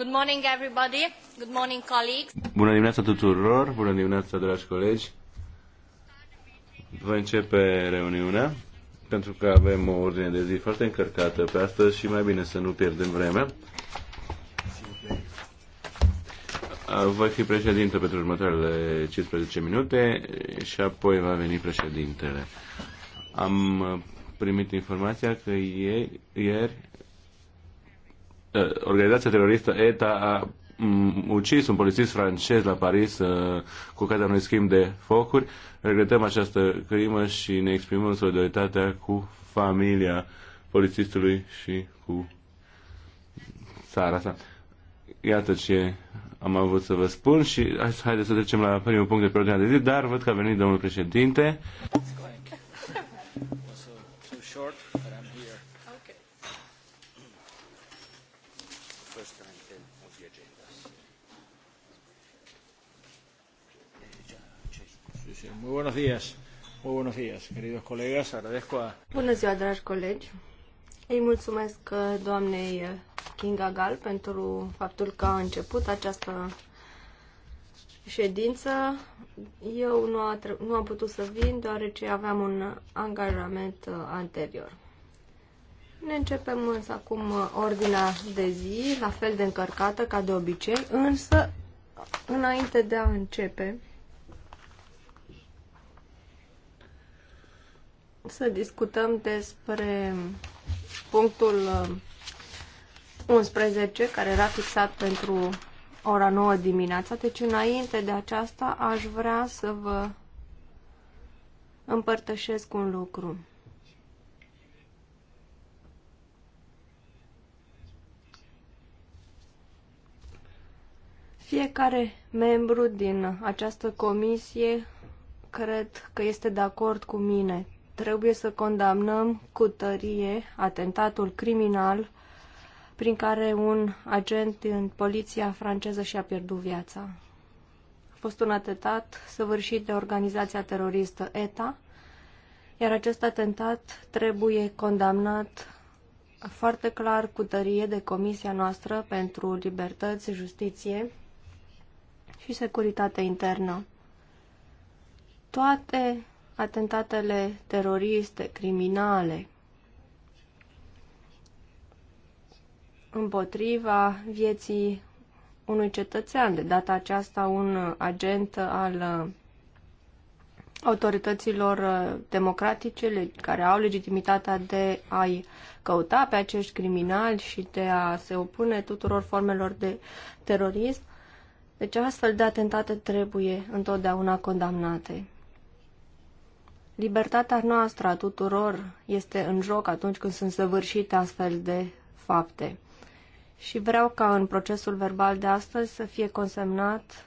Good morning everybody. Good morning colleagues. Bună dimineața tuturor, bună dimineața dragi colegi. Voi începe reuniunea pentru că avem o ordine de zi foarte încărcată pe astăzi și mai bine să nu pierdem vremea. Voi fi președinte pentru următoarele 15 minute și apoi va veni președintele. Am primit informația că ieri, ieri Eh, organizația teroristă ETA a mm, ucis un polițist francez la Paris eh, cu ocazia unui schimb de focuri. Regretăm această crimă și ne exprimăm solidaritatea cu familia polițistului și cu țara sa. Iată ce am avut să vă spun și haideți să trecem la primul punct de pe ordinea de zi, dar văd că a venit domnul președinte. buenos días. Muy buenos días, queridos colegas. Agradezco a... Bună ziua, dragi colegi. Îi mulțumesc uh, doamnei uh, Kinga Gal pentru faptul că a început această ședință. Eu nu, a, nu am putut să vin deoarece aveam un angajament uh, anterior. Ne începem însă acum ordinea de zi, la fel de încărcată ca de obicei, însă înainte de a începe, să discutăm despre punctul 11, uh, care era fixat pentru ora 9 dimineața. Deci, înainte de aceasta, aș vrea să vă împărtășesc un lucru. Fiecare membru din această comisie cred că este de acord cu mine Trebuie să condamnăm cu tărie atentatul criminal prin care un agent din poliția franceză și-a pierdut viața. A fost un atentat săvârșit de organizația teroristă ETA, iar acest atentat trebuie condamnat foarte clar cu tărie de Comisia noastră pentru Libertăți, Justiție și Securitate Internă. Toate atentatele teroriste, criminale, împotriva vieții unui cetățean, de data aceasta un agent al uh, autorităților uh, democratice care au legitimitatea de a-i căuta pe acești criminali și de a se opune tuturor formelor de terorism. Deci astfel de atentate trebuie întotdeauna condamnate. Libertatea noastră a tuturor este în joc atunci când sunt săvârșite astfel de fapte. Și vreau ca în procesul verbal de astăzi să fie consemnat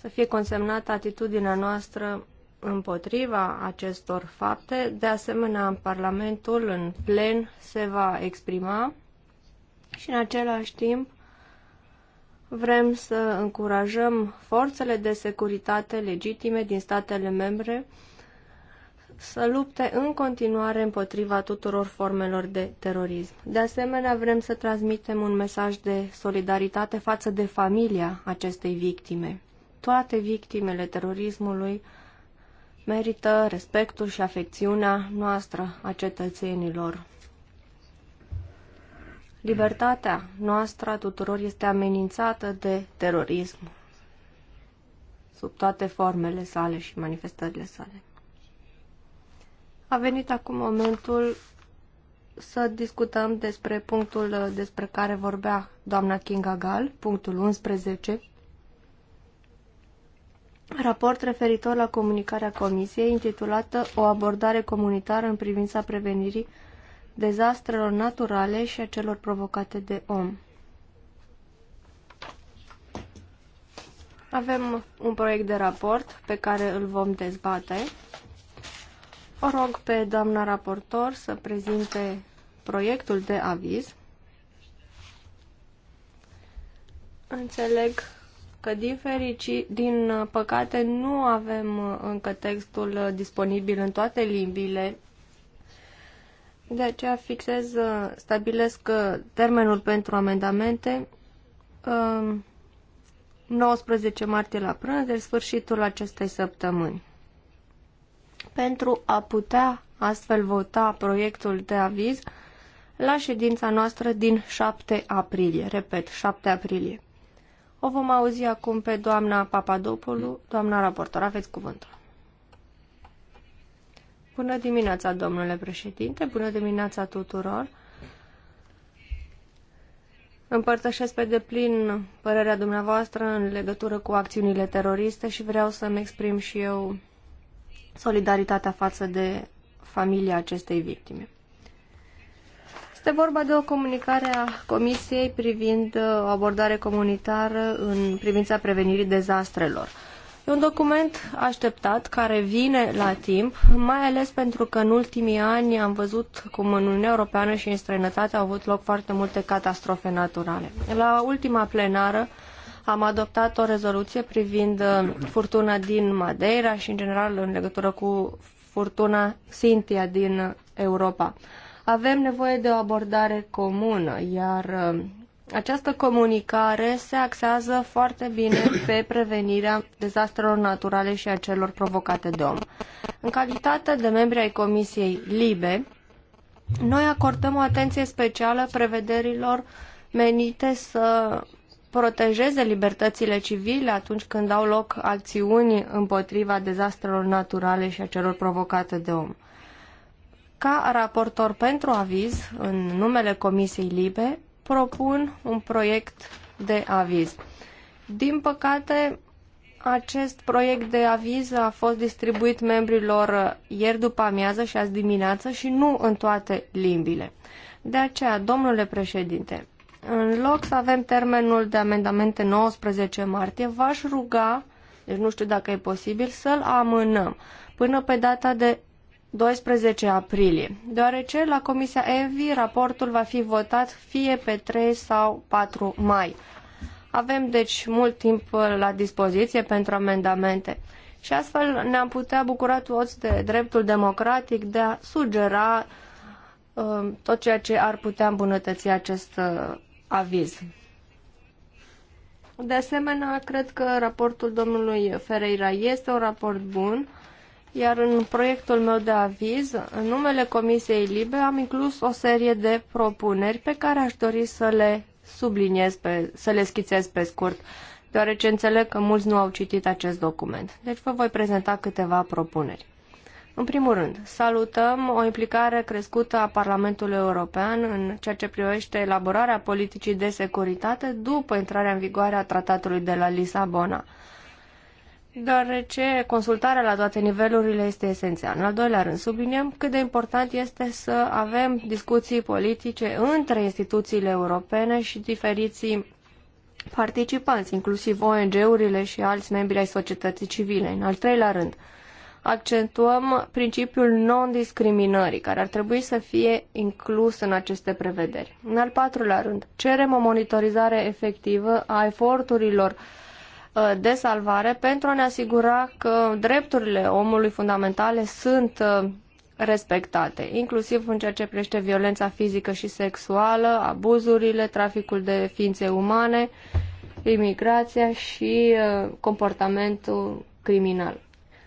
să fie consemnată atitudinea noastră împotriva acestor fapte. De asemenea, Parlamentul în plen se va exprima și în același timp Vrem să încurajăm forțele de securitate legitime din statele membre să lupte în continuare împotriva tuturor formelor de terorism. De asemenea, vrem să transmitem un mesaj de solidaritate față de familia acestei victime. Toate victimele terorismului merită respectul și afecțiunea noastră a cetățenilor. Libertatea noastră a tuturor este amenințată de terorism sub toate formele sale și manifestările sale. A venit acum momentul să discutăm despre punctul despre care vorbea doamna Kinga Gal, punctul 11, raport referitor la comunicarea Comisiei intitulată O abordare comunitară în privința prevenirii dezastrelor naturale și a celor provocate de om. Avem un proiect de raport pe care îl vom dezbate. O rog pe doamna raportor să prezinte proiectul de aviz. Înțeleg că din, ferici, din păcate nu avem încă textul disponibil în toate limbile de aceea fixez, uh, stabilesc uh, termenul pentru amendamente 19 um, martie la prânz, de deci sfârșitul acestei săptămâni. Pentru a putea astfel vota proiectul de aviz la ședința noastră din 7 aprilie. Repet, 7 aprilie. O vom auzi acum pe doamna Papadopoulou, doamna raportor. Aveți cuvântul. Bună dimineața, domnule președinte, bună dimineața tuturor. Împărtășesc pe deplin părerea dumneavoastră în legătură cu acțiunile teroriste și vreau să-mi exprim și eu solidaritatea față de familia acestei victime. Este vorba de o comunicare a Comisiei privind uh, o abordare comunitară în privința prevenirii dezastrelor. E un document așteptat care vine la timp, mai ales pentru că în ultimii ani am văzut cum în Uniunea Europeană și în străinătate au avut loc foarte multe catastrofe naturale. La ultima plenară am adoptat o rezoluție privind uh, furtuna din Madeira și în general în legătură cu furtuna Cynthia din Europa. Avem nevoie de o abordare comună, iar uh, această comunicare se axează foarte bine pe prevenirea dezastrelor naturale și a celor provocate de om. În calitate de membri ai Comisiei LIBE, noi acordăm o atenție specială prevederilor menite să protejeze libertățile civile atunci când au loc acțiuni împotriva dezastrelor naturale și a celor provocate de om. Ca raportor pentru aviz, în numele Comisiei Libe, propun un proiect de aviz. Din păcate, acest proiect de aviz a fost distribuit membrilor ieri după amiază și azi dimineață și nu în toate limbile. De aceea, domnule președinte, în loc să avem termenul de amendamente 19 martie, v-aș ruga, deci nu știu dacă e posibil, să-l amânăm până pe data de 12 aprilie, deoarece la Comisia ENVI raportul va fi votat fie pe 3 sau 4 mai. Avem deci mult timp uh, la dispoziție pentru amendamente și astfel ne-am putea bucura toți de dreptul democratic de a sugera uh, tot ceea ce ar putea îmbunătăți acest uh, aviz. De asemenea, cred că raportul domnului Ferreira este un raport bun iar în proiectul meu de aviz, în numele Comisiei Libe, am inclus o serie de propuneri pe care aș dori să le subliniez, pe, să le schițez pe scurt, deoarece înțeleg că mulți nu au citit acest document. Deci vă voi prezenta câteva propuneri. În primul rând, salutăm o implicare crescută a Parlamentului European în ceea ce privește elaborarea politicii de securitate după intrarea în vigoare a Tratatului de la Lisabona – deoarece consultarea la toate nivelurile este esențială. În al doilea rând, subliniem cât de important este să avem discuții politice între instituțiile europene și diferiții participanți, inclusiv ONG-urile și alți membri ai societății civile. În al treilea rând, accentuăm principiul non-discriminării, care ar trebui să fie inclus în aceste prevederi. În al patrulea rând, cerem o monitorizare efectivă a eforturilor Uh, de salvare pentru a ne asigura că drepturile omului fundamentale sunt uh, respectate, inclusiv în ceea ce privește violența fizică și sexuală, abuzurile, traficul de ființe umane, imigrația și uh, comportamentul criminal.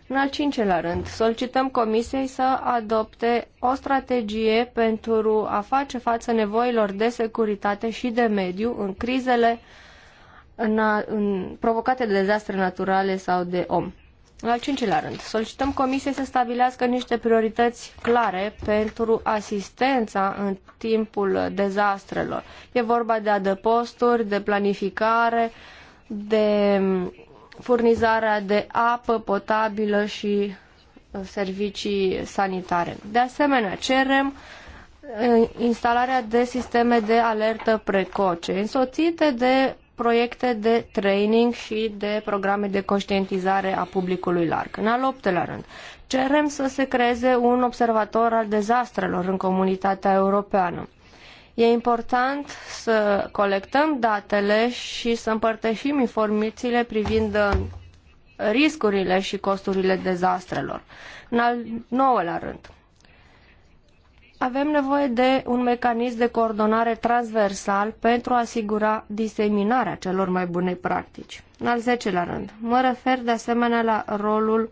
În al cincelea rând, solicităm Comisiei să adopte o strategie pentru a face față nevoilor de securitate și de mediu în crizele uh, în, în, provocate de dezastre naturale sau de om. În al cincilea rând, solicităm Comisiei să stabilească niște priorități clare pentru asistența în timpul dezastrelor. E vorba de adăposturi, de planificare, de furnizarea de apă potabilă și uh, servicii sanitare. De asemenea, cerem uh, instalarea de sisteme de alertă precoce, însoțite de proiecte de training și de programe de conștientizare a publicului larg. În al optelea rând, cerem să se creeze un observator al dezastrelor în comunitatea europeană. E important să colectăm datele și să împărtășim informațiile privind riscurile și costurile dezastrelor. În al nouălea rând, avem nevoie de un mecanism de coordonare transversal pentru a asigura diseminarea celor mai bune practici. În al zecelea rând, mă refer de asemenea la rolul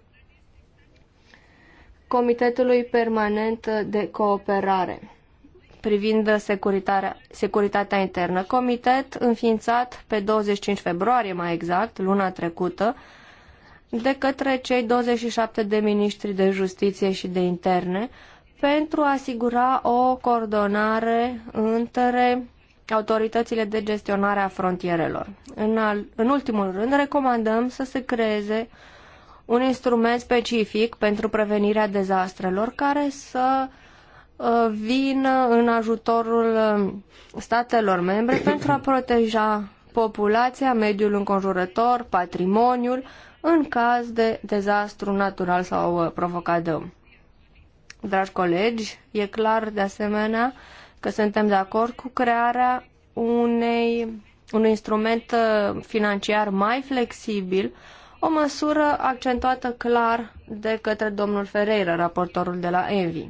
Comitetului Permanent de Cooperare privind securitatea internă. Comitet înființat pe 25 februarie, mai exact, luna trecută, de către cei 27 de miniștri de justiție și de interne, pentru a asigura o coordonare între autoritățile de gestionare a frontierelor. În, al, în ultimul rând, recomandăm să se creeze un instrument specific pentru prevenirea dezastrelor care să uh, vină în ajutorul um, statelor membre pentru a proteja populația, mediul înconjurător, patrimoniul, în caz de dezastru natural sau uh, provocat de om dragi colegi, e clar de asemenea că suntem de acord cu crearea unei, unui instrument uh, financiar mai flexibil, o măsură accentuată clar de către domnul Ferreira, raportorul de la ENVI.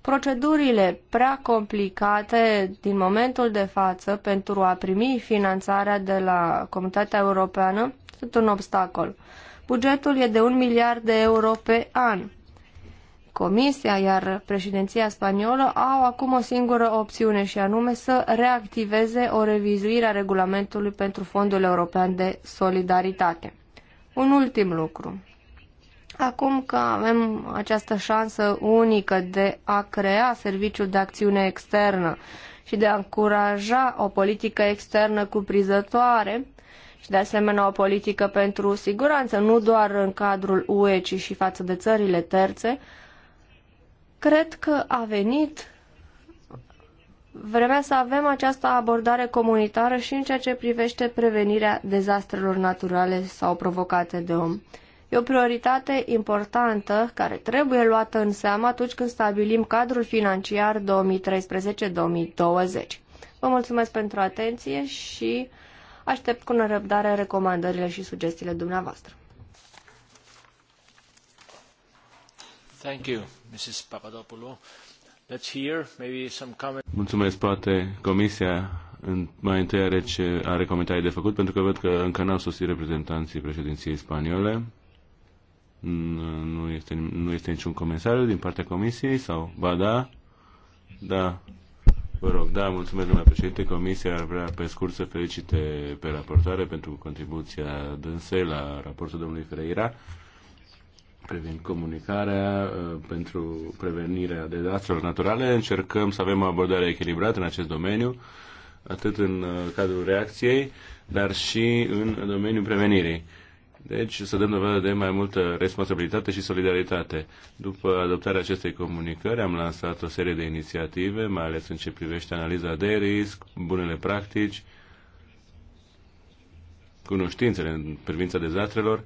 Procedurile prea complicate din momentul de față pentru a primi finanțarea de la Comunitatea Europeană sunt un obstacol. Bugetul e de un miliard de euro pe an Comisia, iar președinția spaniolă au acum o singură opțiune și anume să reactiveze o revizuire a regulamentului pentru Fondul European de Solidaritate. Un ultim lucru. Acum că avem această șansă unică de a crea serviciul de acțiune externă și de a încuraja o politică externă cuprizătoare, și de asemenea o politică pentru siguranță, nu doar în cadrul UE, ci și față de țările terțe, Cred că a venit vremea să avem această abordare comunitară și în ceea ce privește prevenirea dezastrelor naturale sau provocate de om. E o prioritate importantă care trebuie luată în seamă atunci când stabilim cadrul financiar 2013-2020. Vă mulțumesc pentru atenție și aștept cu nerăbdare recomandările și sugestiile dumneavoastră. Thank you. Mrs. Papadopoulou. Let's hear maybe some Mulțumesc, poate Comisia mai întâi are, ce, are comentarii de făcut, pentru că văd că încă n-au sosit reprezentanții președinției spaniole. Nu este, nu este niciun comentariu din partea Comisiei sau ba da? Da. Vă rog, da, mulțumesc, domnule președinte. Comisia ar vrea pe scurt să felicite pe raportoare pentru contribuția dânsei la raportul domnului Ferreira privind comunicarea uh, pentru prevenirea dezastrelor naturale. Încercăm să avem o abordare echilibrată în acest domeniu, atât în uh, cadrul reacției, dar și în domeniul prevenirii. Deci să dăm dovadă de mai multă responsabilitate și solidaritate. După adoptarea acestei comunicări am lansat o serie de inițiative, mai ales în ce privește analiza de risc, bunele practici, cunoștințele în privința dezastrelor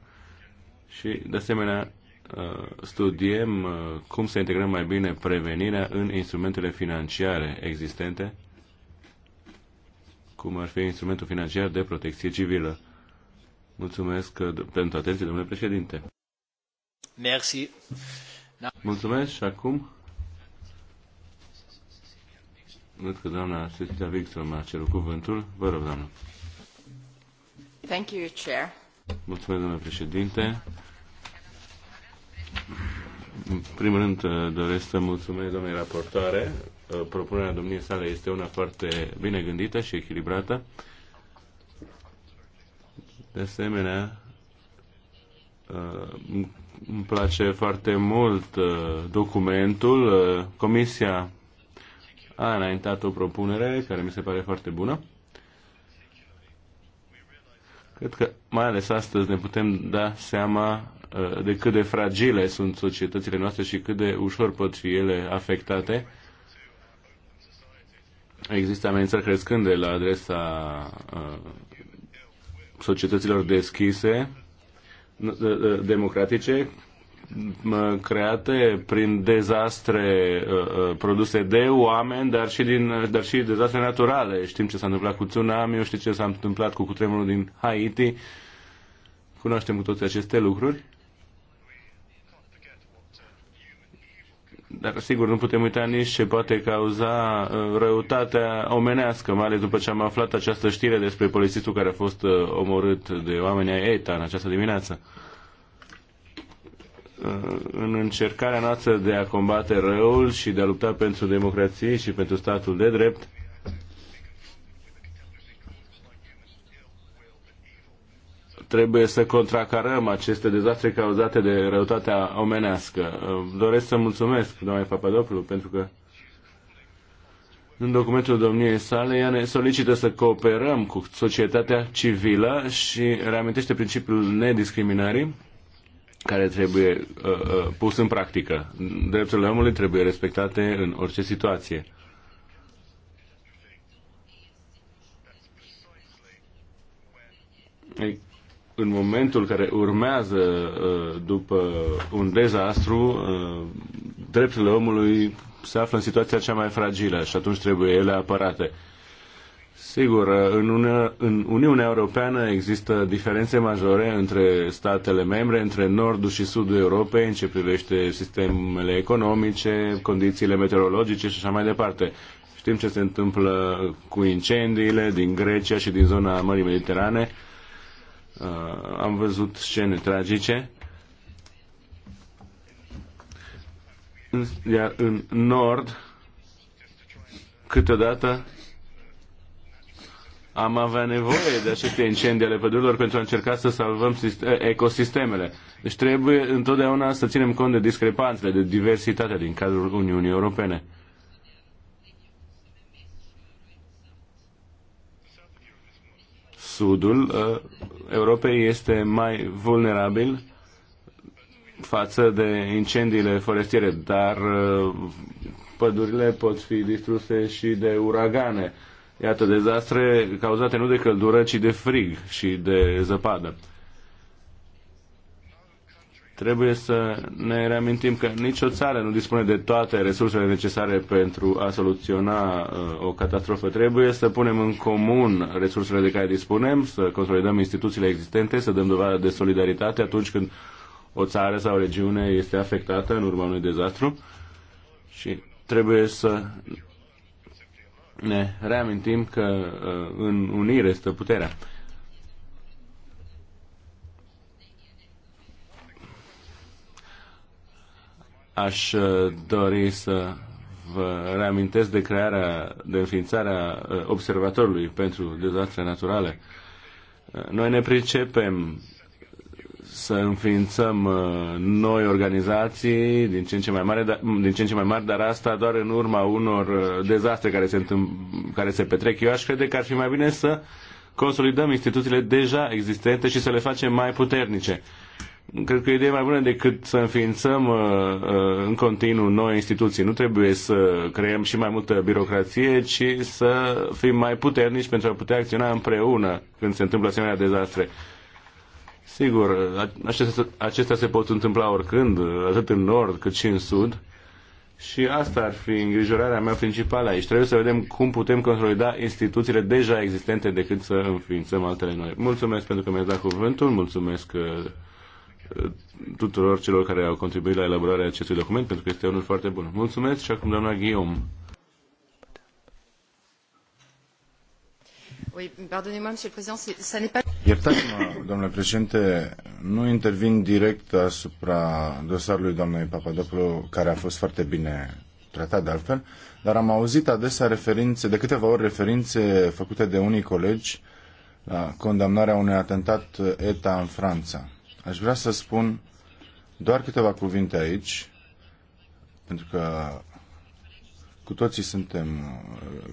și, de asemenea, Uh, studiem uh, cum să integrăm mai bine prevenirea în instrumentele financiare existente, cum ar fi instrumentul financiar de protecție civilă. Mulțumesc uh, pentru atenție, domnule președinte. Merci. Da. Mulțumesc și acum Văd că doamna Cecilia Wikström a cerut cuvântul. Vă rog, doamnă. Thank you, Chair. Mulțumesc, domnule președinte. În primul rând uh, doresc să mulțumesc domnului raportoare. Uh, propunerea domniei sale este una foarte bine gândită și echilibrată. De asemenea, uh, îmi place foarte mult documentul. Comisia a înaintat o propunere care mi se pare foarte bună. Cred că mai ales astăzi ne putem da seama uh, de cât de fragile sunt societățile noastre și cât de ușor pot fi ele afectate. Există amenințări crescânde la adresa uh, societăților deschise, democratice, create prin dezastre uh, uh, produse de oameni, dar și, din, dar și dezastre naturale. Știm ce s-a întâmplat cu tsunami, știm ce s-a întâmplat cu cutremurul din Haiti. Cunoaștem cu toate aceste lucruri. Dar sigur, nu putem uita nici ce poate cauza uh, răutatea omenească, mai ales după ce am aflat această știre despre polițistul care a fost omorât de oamenii ETA în această dimineață. Uh, în încercarea noastră de a combate răul și de a lupta pentru democrație și pentru statul de drept, trebuie să contracarăm aceste dezastre cauzate de răutatea omenească. Uh, doresc să mulțumesc, doamne Papadopoulou, pentru că în documentul domniei sale, ea ne solicită să cooperăm cu societatea civilă și reamintește principiul nediscriminării care trebuie uh, uh, pus în practică. Drepturile omului trebuie respectate în orice situație. Ei, în momentul care urmează uh, după un dezastru, uh, drepturile omului se află în situația cea mai fragilă și atunci trebuie ele apărate. Uh, Sigur, în, une, în Uniunea Europeană există diferențe majore între statele membre, între nordul și sudul Europei, în ce privește sistemele economice, condițiile meteorologice și așa mai departe. Știm ce se întâmplă cu incendiile din Grecia și din zona Mării Mediterane. Uh, am văzut scene tragice. Iar în nord, câteodată am avea nevoie de aceste incendii ale pădurilor pentru a încerca să salvăm eh, ecosistemele. Deci trebuie întotdeauna să ținem cont de discrepanțele, de diversitatea din cadrul Uniunii Europene. Sudul uh, Europei este mai vulnerabil față de incendiile forestiere, dar uh, pădurile pot fi distruse și de uragane. Uh, Iată, dezastre cauzate nu de căldură, ci de frig și de zăpadă. Trebuie să ne reamintim că nicio țară nu dispune de toate resursele necesare pentru a soluționa uh, o catastrofă. Trebuie să punem în comun resursele de care dispunem, să consolidăm instituțiile existente, să dăm dovadă de solidaritate atunci când o țară sau o regiune este afectată în urma unui dezastru și trebuie să ne reamintim că uh, în unire stă puterea. Aș uh, dori să vă reamintesc de crearea, de înființarea uh, observatorului pentru dezastre naturale. Noi ne pricepem să înființăm uh, noi organizații din ce în ce mai, mare, da, din ce în ce mai mari, dar asta doar în urma unor uh, dezastre care se, întâmpl- care se petrec. Eu aș crede că ar fi mai bine să consolidăm instituțiile deja existente și să le facem mai puternice. Cred că e ideea mai bună decât să înființăm uh, uh, în continuu noi instituții. Nu trebuie să creăm și mai multă birocrație, ci să fim mai puternici pentru a putea acționa împreună când se întâmplă asemenea dezastre. Sigur, acestea, acestea se pot întâmpla oricând, atât în nord cât și în sud. Și asta ar fi îngrijorarea mea principală aici. Trebuie să vedem cum putem consolida instituțiile deja existente decât să înființăm altele noi. Mulțumesc pentru că mi-ați dat cuvântul, mulțumesc uh, tuturor celor care au contribuit la elaborarea acestui document, pentru că este unul foarte bun. Mulțumesc și acum doamna Guillaume. Iertați-mă, domnule președinte, nu intervin direct asupra dosarului doamnei Papadopoulou, care a fost foarte bine tratat de altfel, dar am auzit adesea referințe, de câteva ori referințe făcute de unii colegi la condamnarea unui atentat ETA în Franța. Aș vrea să spun doar câteva cuvinte aici, pentru că cu toții suntem,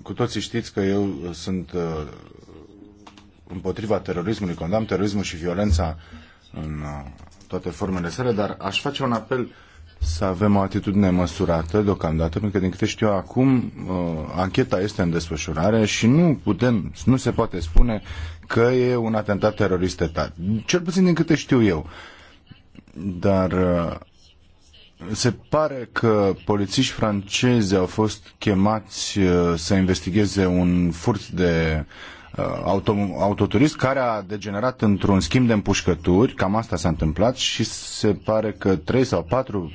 cu toții știți că eu sunt uh, împotriva terorismului, condamn terorismul și violența în uh, toate formele sale, dar aș face un apel să avem o atitudine măsurată deocamdată, pentru că din câte știu eu acum, uh, ancheta este în desfășurare și nu putem, nu se poate spune că e un atentat terorist etat. Cel puțin din câte știu eu. Dar se pare că polițiști francezi au fost chemați uh, să investigheze un furt de uh, auto, autoturist care a degenerat într-un schimb de împușcături, cam asta s-a întâmplat și se pare că trei sau patru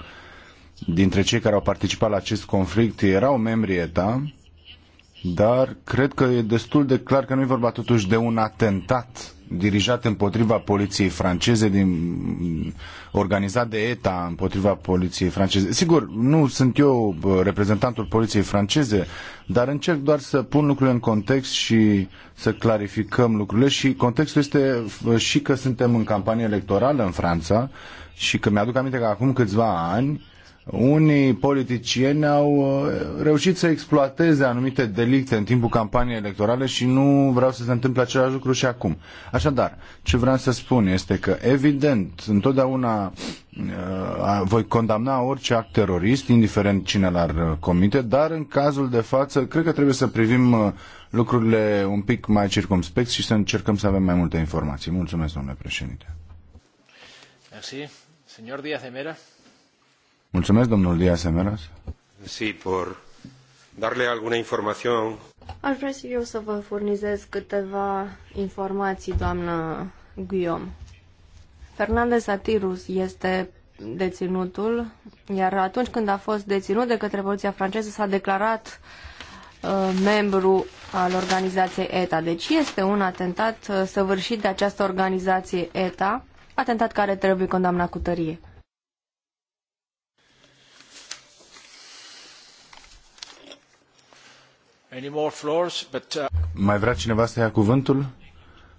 dintre cei care au participat la acest conflict erau membri ETA dar cred că e destul de clar că nu e vorba totuși de un atentat dirijat împotriva poliției franceze, din, organizat de ETA împotriva poliției franceze. Sigur, nu sunt eu reprezentantul poliției franceze, dar încerc doar să pun lucrurile în context și să clarificăm lucrurile și contextul este și că suntem în campanie electorală în Franța și că mi-aduc aminte că acum câțiva ani unii politicieni au uh, reușit să exploateze anumite delicte în timpul campaniei electorale și nu vreau să se întâmple același lucru și acum. Așadar, ce vreau să spun este că, evident, întotdeauna uh, voi condamna orice act terorist, indiferent cine l-ar uh, comite, dar în cazul de față, cred că trebuie să privim lucrurile un pic mai circumspect și să încercăm să avem mai multe informații. Mulțumesc, domnule președinte. Merci. Señor Díaz de Mera. Mulțumesc, domnul Dias Emeras. Sí, por darle alguna información. Aș vrea și eu să vă furnizez câteva informații, doamnă Guillaume. Fernandez Atirus este deținutul, iar atunci când a fost deținut de către poliția franceză s-a declarat uh, membru al organizației ETA. Deci este un atentat uh, săvârșit de această organizație ETA, atentat care trebuie condamnat cu tărie. Uh, Mai vrea cineva să ia cuvântul?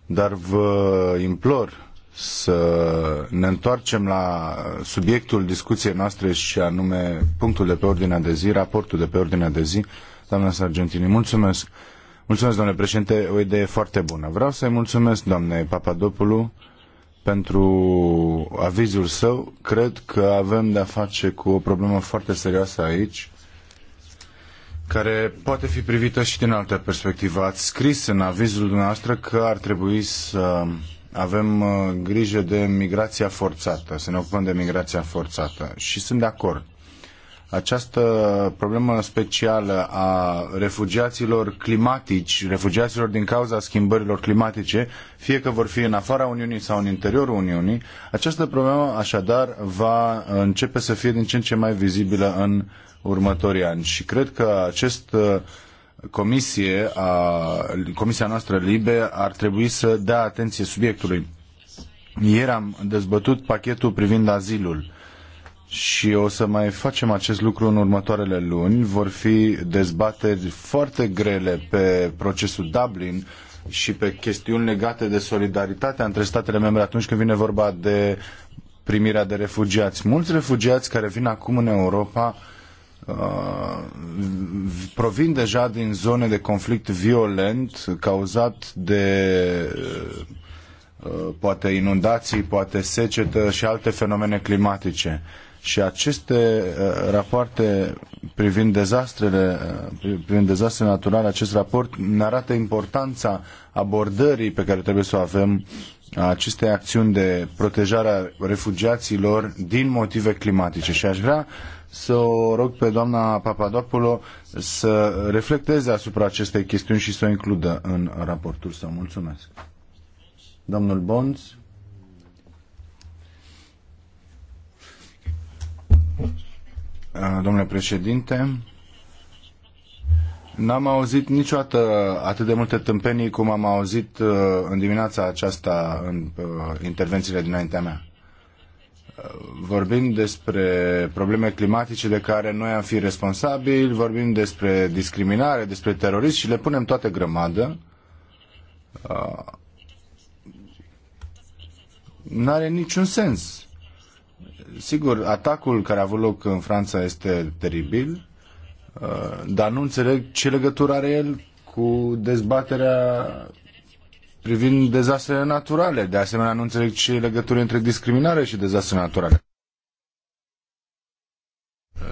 Dar vă implor să ne întoarcem la subiectul discuției noastre și anume punctul de pe ordinea de zi, raportul de pe ordinea de zi. Doamna Sargentini, mulțumesc. Mulțumesc, domnule președinte, o idee foarte bună. Vreau să-i mulțumesc, doamne Papadopoulou, pentru avizul său. Cred că avem de-a face cu o problemă foarte serioasă aici care poate fi privită și din altă perspectivă. Ați scris în avizul dumneavoastră că ar trebui să avem uh, grijă de migrația forțată, să ne ocupăm de migrația forțată. Și sunt de acord această problemă specială a refugiaților climatici, refugiaților din cauza schimbărilor climatice, fie că vor fi în afara Uniunii sau în interiorul Uniunii, această problemă așadar va începe să fie din ce în ce mai vizibilă în următorii ani. Și cred că acest uh, comisie, a, comisia noastră LIBE ar trebui să dea atenție subiectului. Ieri am dezbătut pachetul privind azilul și o să mai facem acest lucru în următoarele luni. Vor fi dezbateri foarte grele pe procesul Dublin și pe chestiuni legate de solidaritatea între statele membre atunci când vine vorba de primirea de refugiați. Mulți refugiați care vin acum în Europa uh, provin deja din zone de conflict violent cauzat de uh, uh poate inundații, poate secetă și alte fenomene climatice. Uh, și aceste uh, rapoarte privind dezastrele, uh, privind dezastrele naturale, acest raport ne arată importanța abordării pe care trebuie să o avem a acestei acțiuni de protejare a refugiaților din motive climatice. Și aș vrea să o rog pe doamna Papadopoulou să reflecteze asupra acestei chestiuni și să o includă în raportul său. Mulțumesc. Domnul Bonds. Uh, domnule președinte, n-am auzit niciodată atât de multe tâmpenii cum am auzit uh, în dimineața aceasta în uh, intervențiile dinaintea mea. Vorbim despre probleme climatice de care noi am fi responsabili, vorbim despre discriminare, despre terorism și le punem toate grămadă. N-are niciun sens Sigur, atacul care a avut loc în Franța este teribil, uh, dar nu înțeleg ce legătură are el cu dezbaterea privind dezastrele naturale. De asemenea, nu înțeleg ce legătură între discriminare și dezastre naturale.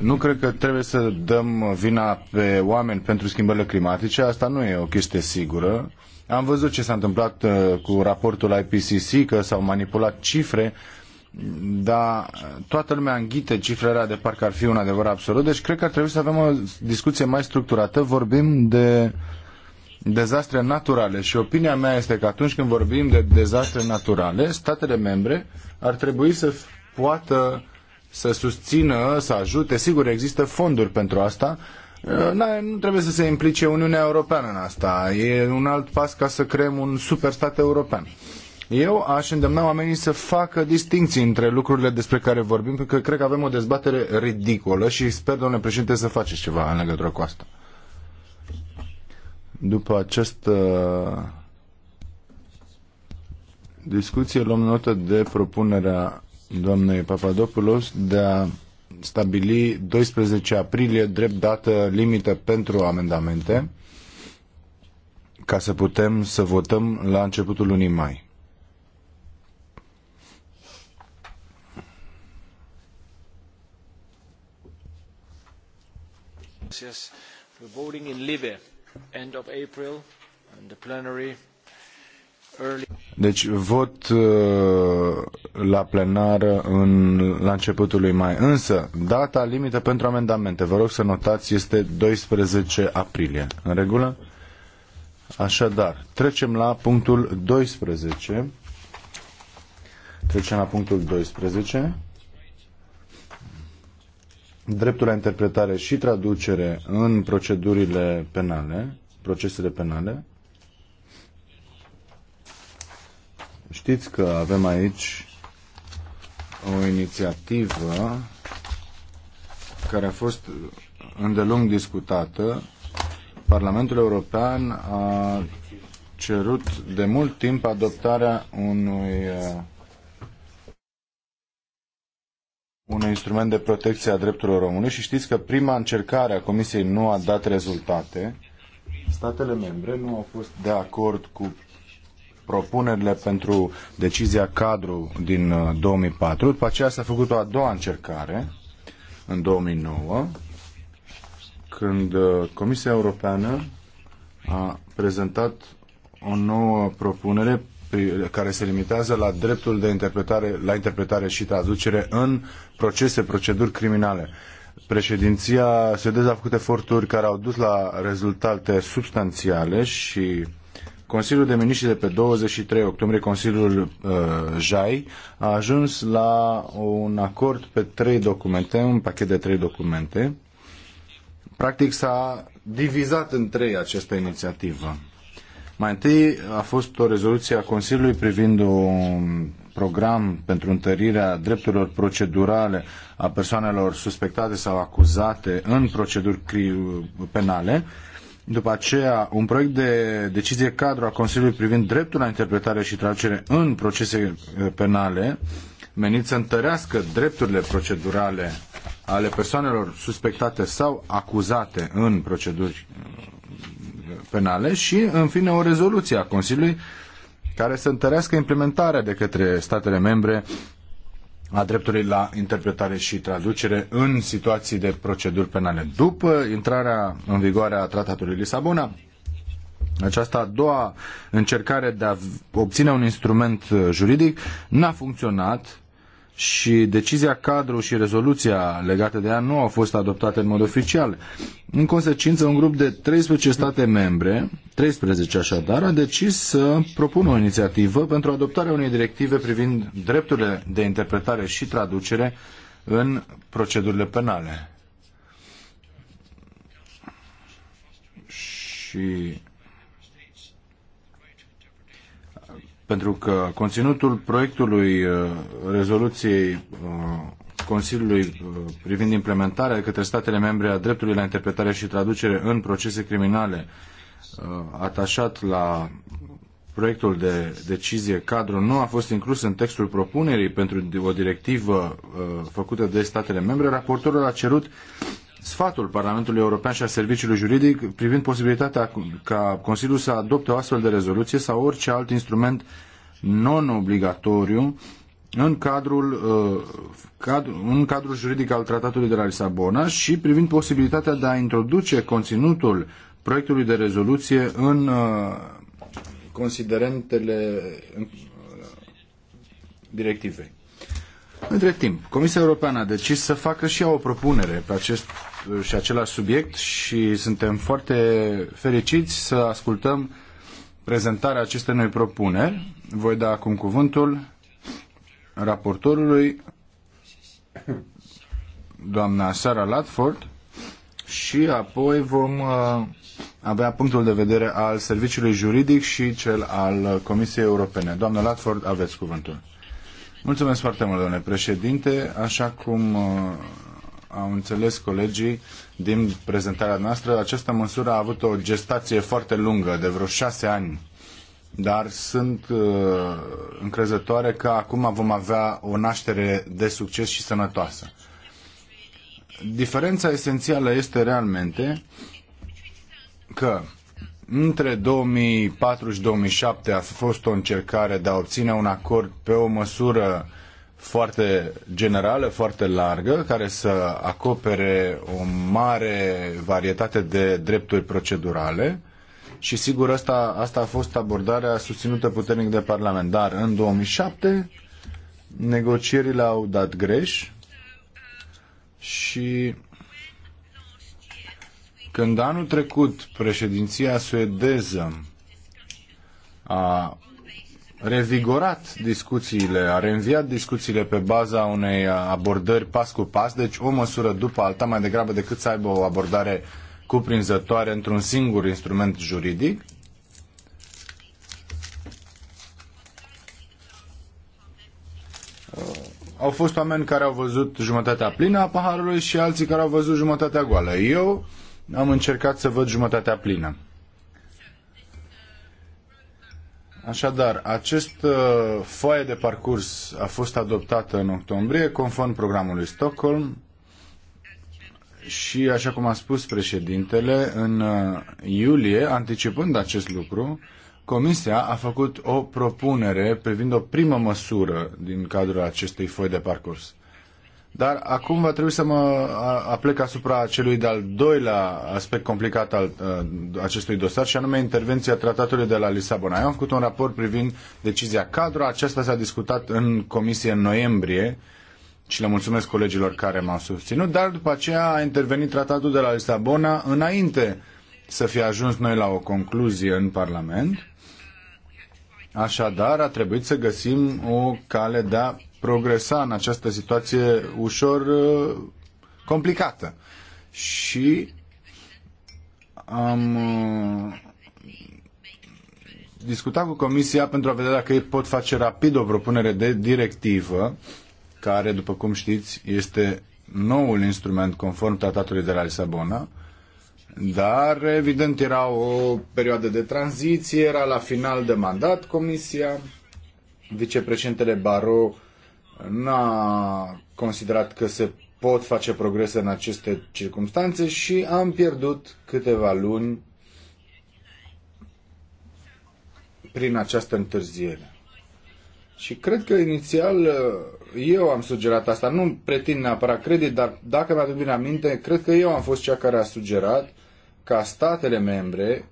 Nu cred că trebuie să dăm vina pe oameni pentru schimbările climatice. Asta nu e o chestie sigură. Am văzut ce s-a întâmplat uh, cu raportul IPCC, că s-au manipulat cifre dar toată lumea înghite cifrele de parcă ar fi un adevăr absolut, deci cred că ar trebui să avem o discuție mai structurată. Vorbim de dezastre naturale și opinia mea este că atunci când vorbim de dezastre naturale, statele membre ar trebui să poată să susțină, să ajute. Sigur, există fonduri pentru asta. Nu trebuie să se implice Uniunea Europeană în asta. E un alt pas ca să creăm un superstat european. Eu aș îndemna oamenii să facă distinții între lucrurile despre care vorbim, pentru că cred că avem o dezbatere ridicolă și sper, domnule președinte, să faceți ceva în legătură cu asta. După această discuție luăm notă de propunerea doamnei Papadopoulos de a stabili 12 aprilie drept dată limită pentru amendamente ca să putem să votăm la începutul lunii mai. voting in Libe, end of April, and the plenary early. Deci vot uh, la plenară în, la începutul lui mai. Însă, data limită pentru amendamente, vă rog să notați, este 12 aprilie. În regulă? Așadar, trecem la punctul 12. Trecem la punctul 12 dreptul la interpretare și traducere în procedurile penale, procesele penale. Știți că avem aici o inițiativă care a fost îndelung discutată. Parlamentul European a cerut de mult timp adoptarea unui uh, un instrument de protecție a drepturilor omului și știți că prima încercare a Comisiei nu a dat rezultate. Statele membre nu au fost de acord cu propunerile pentru decizia cadru din 2004. Uh, După aceea s-a făcut o a doua încercare în 2009, când uh, Comisia Europeană a prezentat o nouă propunere care se limitează la dreptul de interpretare, la interpretare și traducere în procese, proceduri criminale. Președinția suedeză a făcut eforturi care au dus la rezultate substanțiale și Consiliul de Miniștri de pe 23 octombrie, Consiliul uh, JAI, a ajuns la un acord pe trei documente, un pachet de trei documente. Practic s-a divizat în trei această inițiativă. Mai întâi a fost o rezoluție a Consiliului privind un program pentru întărirea drepturilor procedurale a persoanelor suspectate sau acuzate în proceduri penale. După aceea, un proiect de decizie cadru a Consiliului privind dreptul la interpretare și traducere în procese eh, penale, menit să întărească drepturile procedurale ale persoanelor suspectate sau acuzate în proceduri penale și, în fine, o rezoluție a Consiliului care să întărească implementarea de către statele membre a dreptului la interpretare și traducere în situații de proceduri penale. După intrarea în vigoare a Tratatului Lisabona, această a doua încercare de a obține un instrument juridic n-a funcționat și decizia cadru și rezoluția legată de ea nu au fost adoptate în mod oficial. În consecință, un grup de 13 state membre, 13 așadar, a decis să propună o inițiativă pentru adoptarea unei directive privind drepturile de interpretare și traducere în procedurile penale. Și pentru că conținutul proiectului uh, rezoluției uh, Consiliului uh, privind implementarea de către statele membre a dreptului la interpretare și traducere în procese criminale atașat la proiectul de decizie cadru nu a fost inclus în textul propunerii pentru o directivă făcută de statele membre, raportorul a cerut sfatul Parlamentului European și a Serviciului Juridic privind posibilitatea ca Consiliul să adopte o astfel de rezoluție sau orice alt instrument non-obligatoriu în cadrul, uh, în cadrul juridic al Tratatului de la Lisabona și privind posibilitatea de a introduce conținutul proiectului de rezoluție în uh, considerentele uh, directivei. Între timp, Comisia Europeană a decis să facă și ea o propunere pe acest și același subiect și suntem foarte fericiți să ascultăm prezentarea acestei noi propuneri. Voi da acum cuvântul raportorului, doamna Sara Latford, și apoi vom uh, avea punctul de vedere al Serviciului Juridic și cel al Comisiei Europene. Doamna Latford, aveți cuvântul. Mulțumesc foarte mult, domnule președinte. Așa cum uh, au înțeles colegii din prezentarea noastră, această măsură a avut o gestație foarte lungă, de vreo șase ani. Dar sunt uh, încrezătoare că acum vom avea o naștere de succes și sănătoasă. Diferența esențială este realmente că între 2004 și 2007 a fost o încercare de a obține un acord pe o măsură foarte generală, foarte largă, care să acopere o mare varietate de drepturi procedurale și sigur asta, asta a fost abordarea susținută puternic de Parlament. Dar în 2007 negocierile au dat greș și când anul trecut președinția suedeză a revigorat discuțiile, a reînviat discuțiile pe baza unei abordări pas cu pas, deci o măsură după alta, mai degrabă decât să aibă o abordare cuprinzătoare într-un singur instrument juridic. Uh, au fost oameni care au văzut jumătatea plină a paharului și alții care au văzut jumătatea goală. Eu am încercat să văd jumătatea plină. Așadar, acest uh, foaie de parcurs a fost adoptată în octombrie conform programului Stockholm și, așa cum a spus președintele, în uh, iulie, anticipând acest lucru, Comisia a făcut o propunere privind o primă măsură din cadrul acestei foi de parcurs. Dar acum va trebui să mă aplec asupra celui de-al doilea aspect complicat al acestui dosar și anume intervenția tratatului de la Lisabona. Eu am făcut un raport privind decizia cadru, aceasta s-a discutat în comisie în noiembrie și le mulțumesc colegilor care m-au susținut, dar după aceea a intervenit tratatul de la Lisabona înainte să fie ajuns noi la o concluzie în Parlament. Așadar, a trebuit să găsim o cale de a progresa în această situație ușor uh, complicată. Și am uh, discutat cu Comisia pentru a vedea dacă ei pot face rapid o propunere de directivă, care, după cum știți, este noul instrument conform tratatului de la Lisabona, dar, evident, era o perioadă de tranziție, era la final de mandat Comisia, vicepreședintele Barou n-a considerat că se pot face progrese în aceste circunstanțe și am pierdut câteva luni prin această întârziere. Și cred că inițial eu am sugerat asta, nu pretind neapărat credit, dar dacă mi-aduc bine aminte, cred că eu am fost cea care a sugerat ca statele membre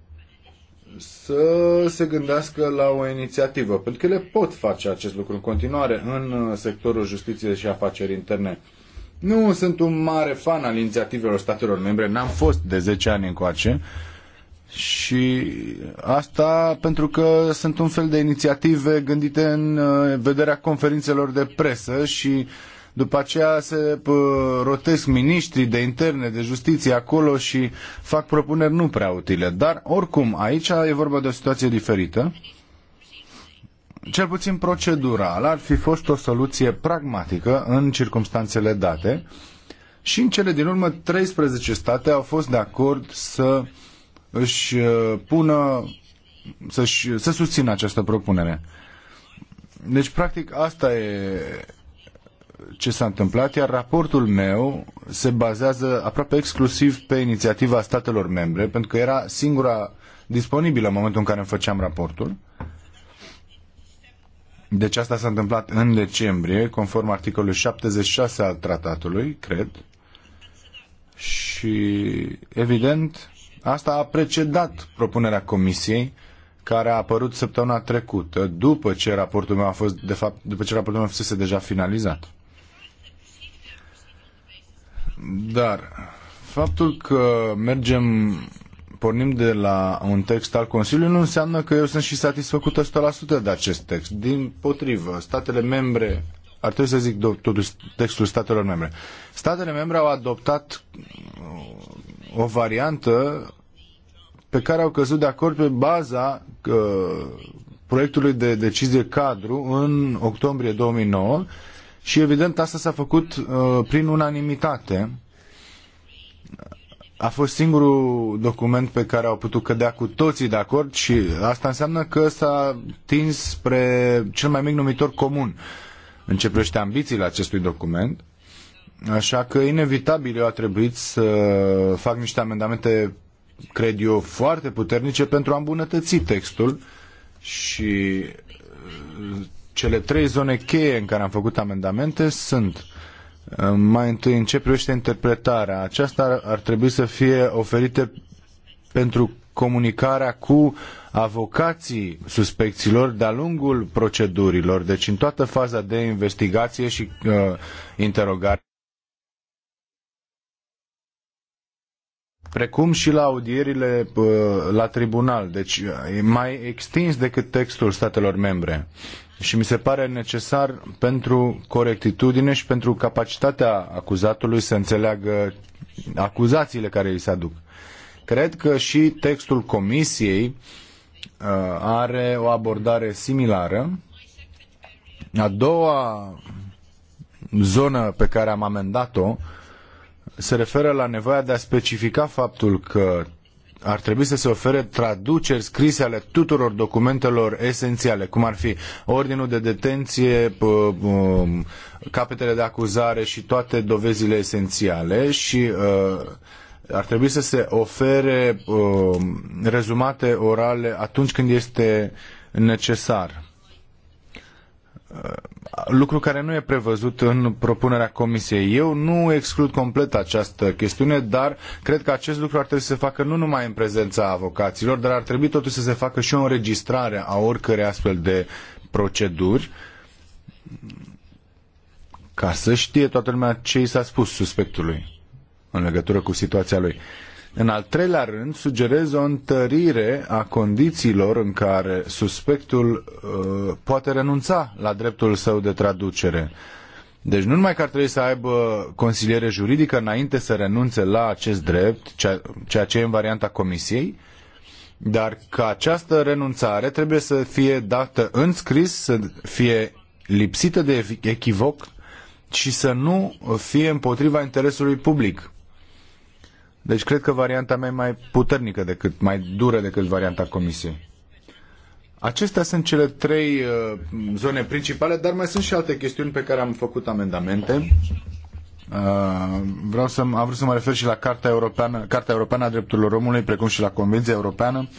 să se gândească la o inițiativă, pentru că le pot face acest lucru în continuare în uh, sectorul justiției și afaceri interne. Nu sunt un mare fan al inițiativelor statelor membre, n-am fost de 10 ani încoace și asta pentru că sunt un fel de inițiative gândite în uh, vederea conferințelor de presă și uh, după aceea se rotesc miniștrii de interne, de justiție acolo și fac propuneri nu prea utile. Dar, oricum, aici e vorba de o situație diferită. Cel puțin procedural ar fi fost o soluție pragmatică în circumstanțele date și în cele din urmă 13 state au fost de acord să își uh, pună să, -și, să susțină această propunere. Deci, practic, asta e ce s-a întâmplat, iar raportul meu se bazează aproape exclusiv pe inițiativa statelor membre, pentru că era singura disponibilă în momentul în care îmi făceam raportul. Deci asta s-a întâmplat în decembrie, conform articolului 76 al tratatului, cred. Și, evident, asta a precedat propunerea comisiei, care a apărut săptămâna trecută, după ce raportul meu a fost, de fapt, după ce raportul meu fusese deja finalizat. Dar faptul că mergem, pornim de la un text al Consiliului, nu înseamnă că eu sunt și satisfăcut 100% de acest text. Din potrivă, statele membre, ar trebui să zic totuși textul statelor membre, statele membre au adoptat uh, o variantă pe care au căzut de acord pe baza că, uh, proiectului de decizie cadru în octombrie 2009 și evident asta s-a făcut uh, prin unanimitate. A fost singurul document pe care au putut cădea cu toții de acord și asta înseamnă că s-a tins spre cel mai mic numitor comun în ce privește ambițiile acestui document. Așa că inevitabil eu a trebuit să fac niște amendamente, cred eu, foarte puternice pentru a îmbunătăți textul și uh, cele trei zone cheie în care am făcut amendamente sunt uh, mai întâi în ce privește interpretarea. Aceasta ar, ar trebui să fie oferită pentru comunicarea cu avocații suspecților de-a lungul procedurilor, deci în toată faza de investigație și uh, interogare. precum și la audierile uh, la tribunal, deci uh, mai extins decât textul statelor membre. Uh, și mi se pare necesar pentru corectitudine și pentru capacitatea acuzatului să înțeleagă acuzațiile care îi se aduc. Cred că și textul comisiei uh, are o abordare similară. A doua zonă pe care am amendat-o se referă la nevoia de a specifica faptul că ar trebui să se ofere traduceri scrise ale tuturor documentelor esențiale, cum ar fi ordinul de detenție, um, capetele de acuzare și toate dovezile esențiale și uh, ar trebui să se ofere um, rezumate orale atunci când este necesar lucru care nu e prevăzut în propunerea comisiei. Eu nu exclud complet această chestiune, dar cred că acest lucru ar trebui să se facă nu numai în prezența avocaților, dar ar trebui totuși să se facă și o înregistrare a oricărei astfel de proceduri ca să știe toată lumea ce i s-a spus suspectului în legătură cu situația lui. În al treilea rând, sugerez o întărire a condițiilor în care suspectul uh, poate renunța la dreptul său de traducere. Deci nu numai că ar trebui să aibă consiliere juridică înainte să renunțe la acest drept, ceea ce e în varianta comisiei, dar că această renunțare trebuie să fie dată în scris, să fie lipsită de echivoc și să nu fie împotriva interesului public. Deci cred că varianta mea e mai puternică decât, mai dură decât varianta comisiei. Acestea sunt cele trei uh, zone principale, dar mai sunt și alte chestiuni pe care am făcut amendamente. Uh, vreau să, am vrut să mă refer și la Carta Europeană, Carta Europeană a Drepturilor Omului, precum și la Convenția Europeană,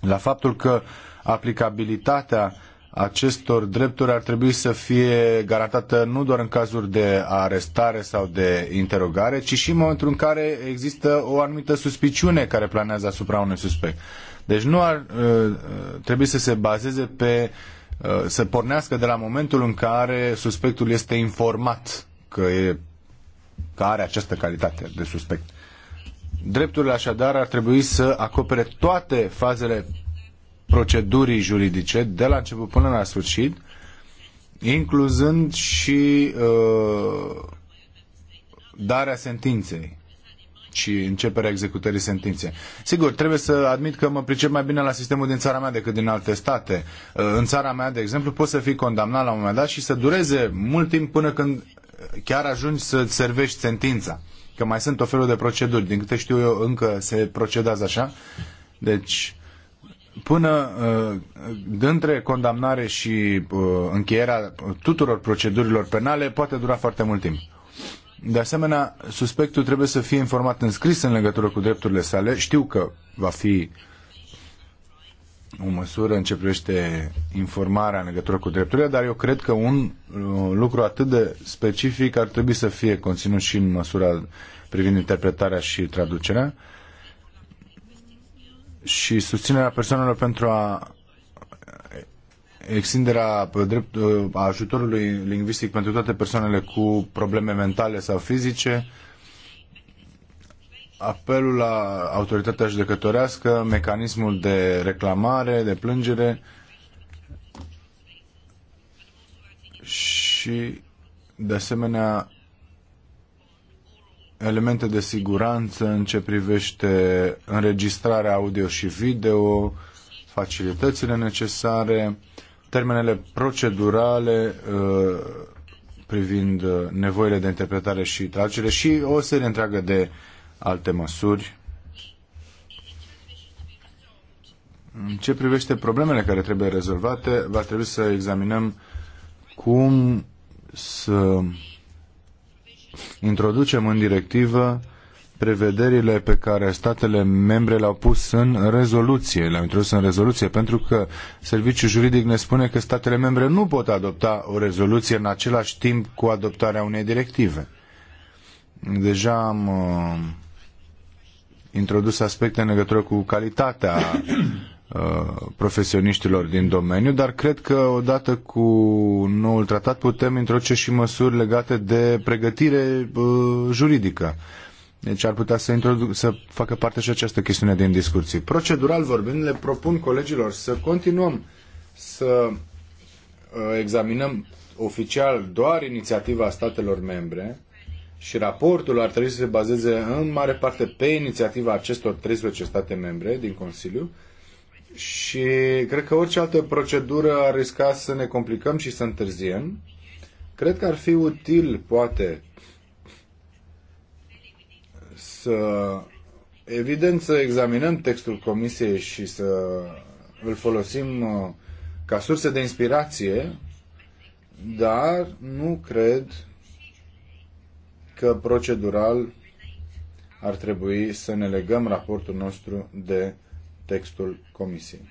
la faptul că aplicabilitatea acestor drepturi ar trebui să fie garantată nu doar în cazuri de arestare sau de interogare, ci și în momentul în care există o anumită suspiciune care planează asupra unui suspect. Deci nu ar uh, uh, trebui să se bazeze pe uh, să pornească de la momentul în care suspectul este informat că, e, că are această calitate de suspect. Drepturile așadar ar trebui să acopere toate fazele procedurii juridice de la început până la sfârșit, incluzând și uh, darea sentinței și începerea executării sentinței. Sigur, trebuie să admit că mă pricep mai bine la sistemul din țara mea decât din alte state. Uh, în țara mea, de exemplu, poți să fii condamnat la un moment dat și să dureze mult timp până când uh, chiar ajungi să-ți servești sentința. Că mai sunt o felul de proceduri. Din câte știu eu, încă se procedează așa. Deci, până uh, dintre condamnare și uh, încheierea tuturor procedurilor penale poate dura foarte mult timp. De asemenea, suspectul trebuie să fie informat în scris în legătură cu drepturile sale. Știu că va fi o măsură în ce privește informarea în legătură cu drepturile, dar eu cred că un uh, lucru atât de specific ar trebui să fie conținut și în măsura privind interpretarea și traducerea și susținerea persoanelor pentru a extinderea drept, a ajutorului lingvistic pentru toate persoanele cu probleme mentale sau fizice, apelul la autoritatea judecătorească, mecanismul de reclamare, de plângere și, de asemenea, elemente de siguranță în ce privește înregistrarea audio și video, facilitățile necesare, termenele procedurale uh, privind uh, nevoile de interpretare și tragere și o serie întreagă de alte măsuri. În ce privește problemele care trebuie rezolvate, va trebui să examinăm cum să introducem în directivă prevederile pe care statele membre le-au pus în rezoluție, le-au introdus în rezoluție, pentru că serviciul juridic ne spune că statele membre nu pot adopta o rezoluție în același timp cu adoptarea unei directive. Deja am uh, introdus aspecte în legătură cu calitatea Uh, profesioniștilor din domeniu, dar cred că odată cu noul tratat putem introduce și măsuri legate de pregătire uh, juridică. Deci ar putea să, introduc, să facă parte și această chestiune din discuții. Procedural vorbind, le propun colegilor să continuăm să uh, examinăm oficial doar inițiativa statelor membre și raportul ar trebui să se bazeze în mare parte pe inițiativa acestor 13 state membre din Consiliu, și cred că orice altă procedură ar risca să ne complicăm și să întârziem. Cred că ar fi util, poate, să, evident, să examinăm textul comisiei și să îl folosim uh, ca sursă de inspirație, dar nu cred că procedural ar trebui să ne legăm raportul nostru de textul comisiei.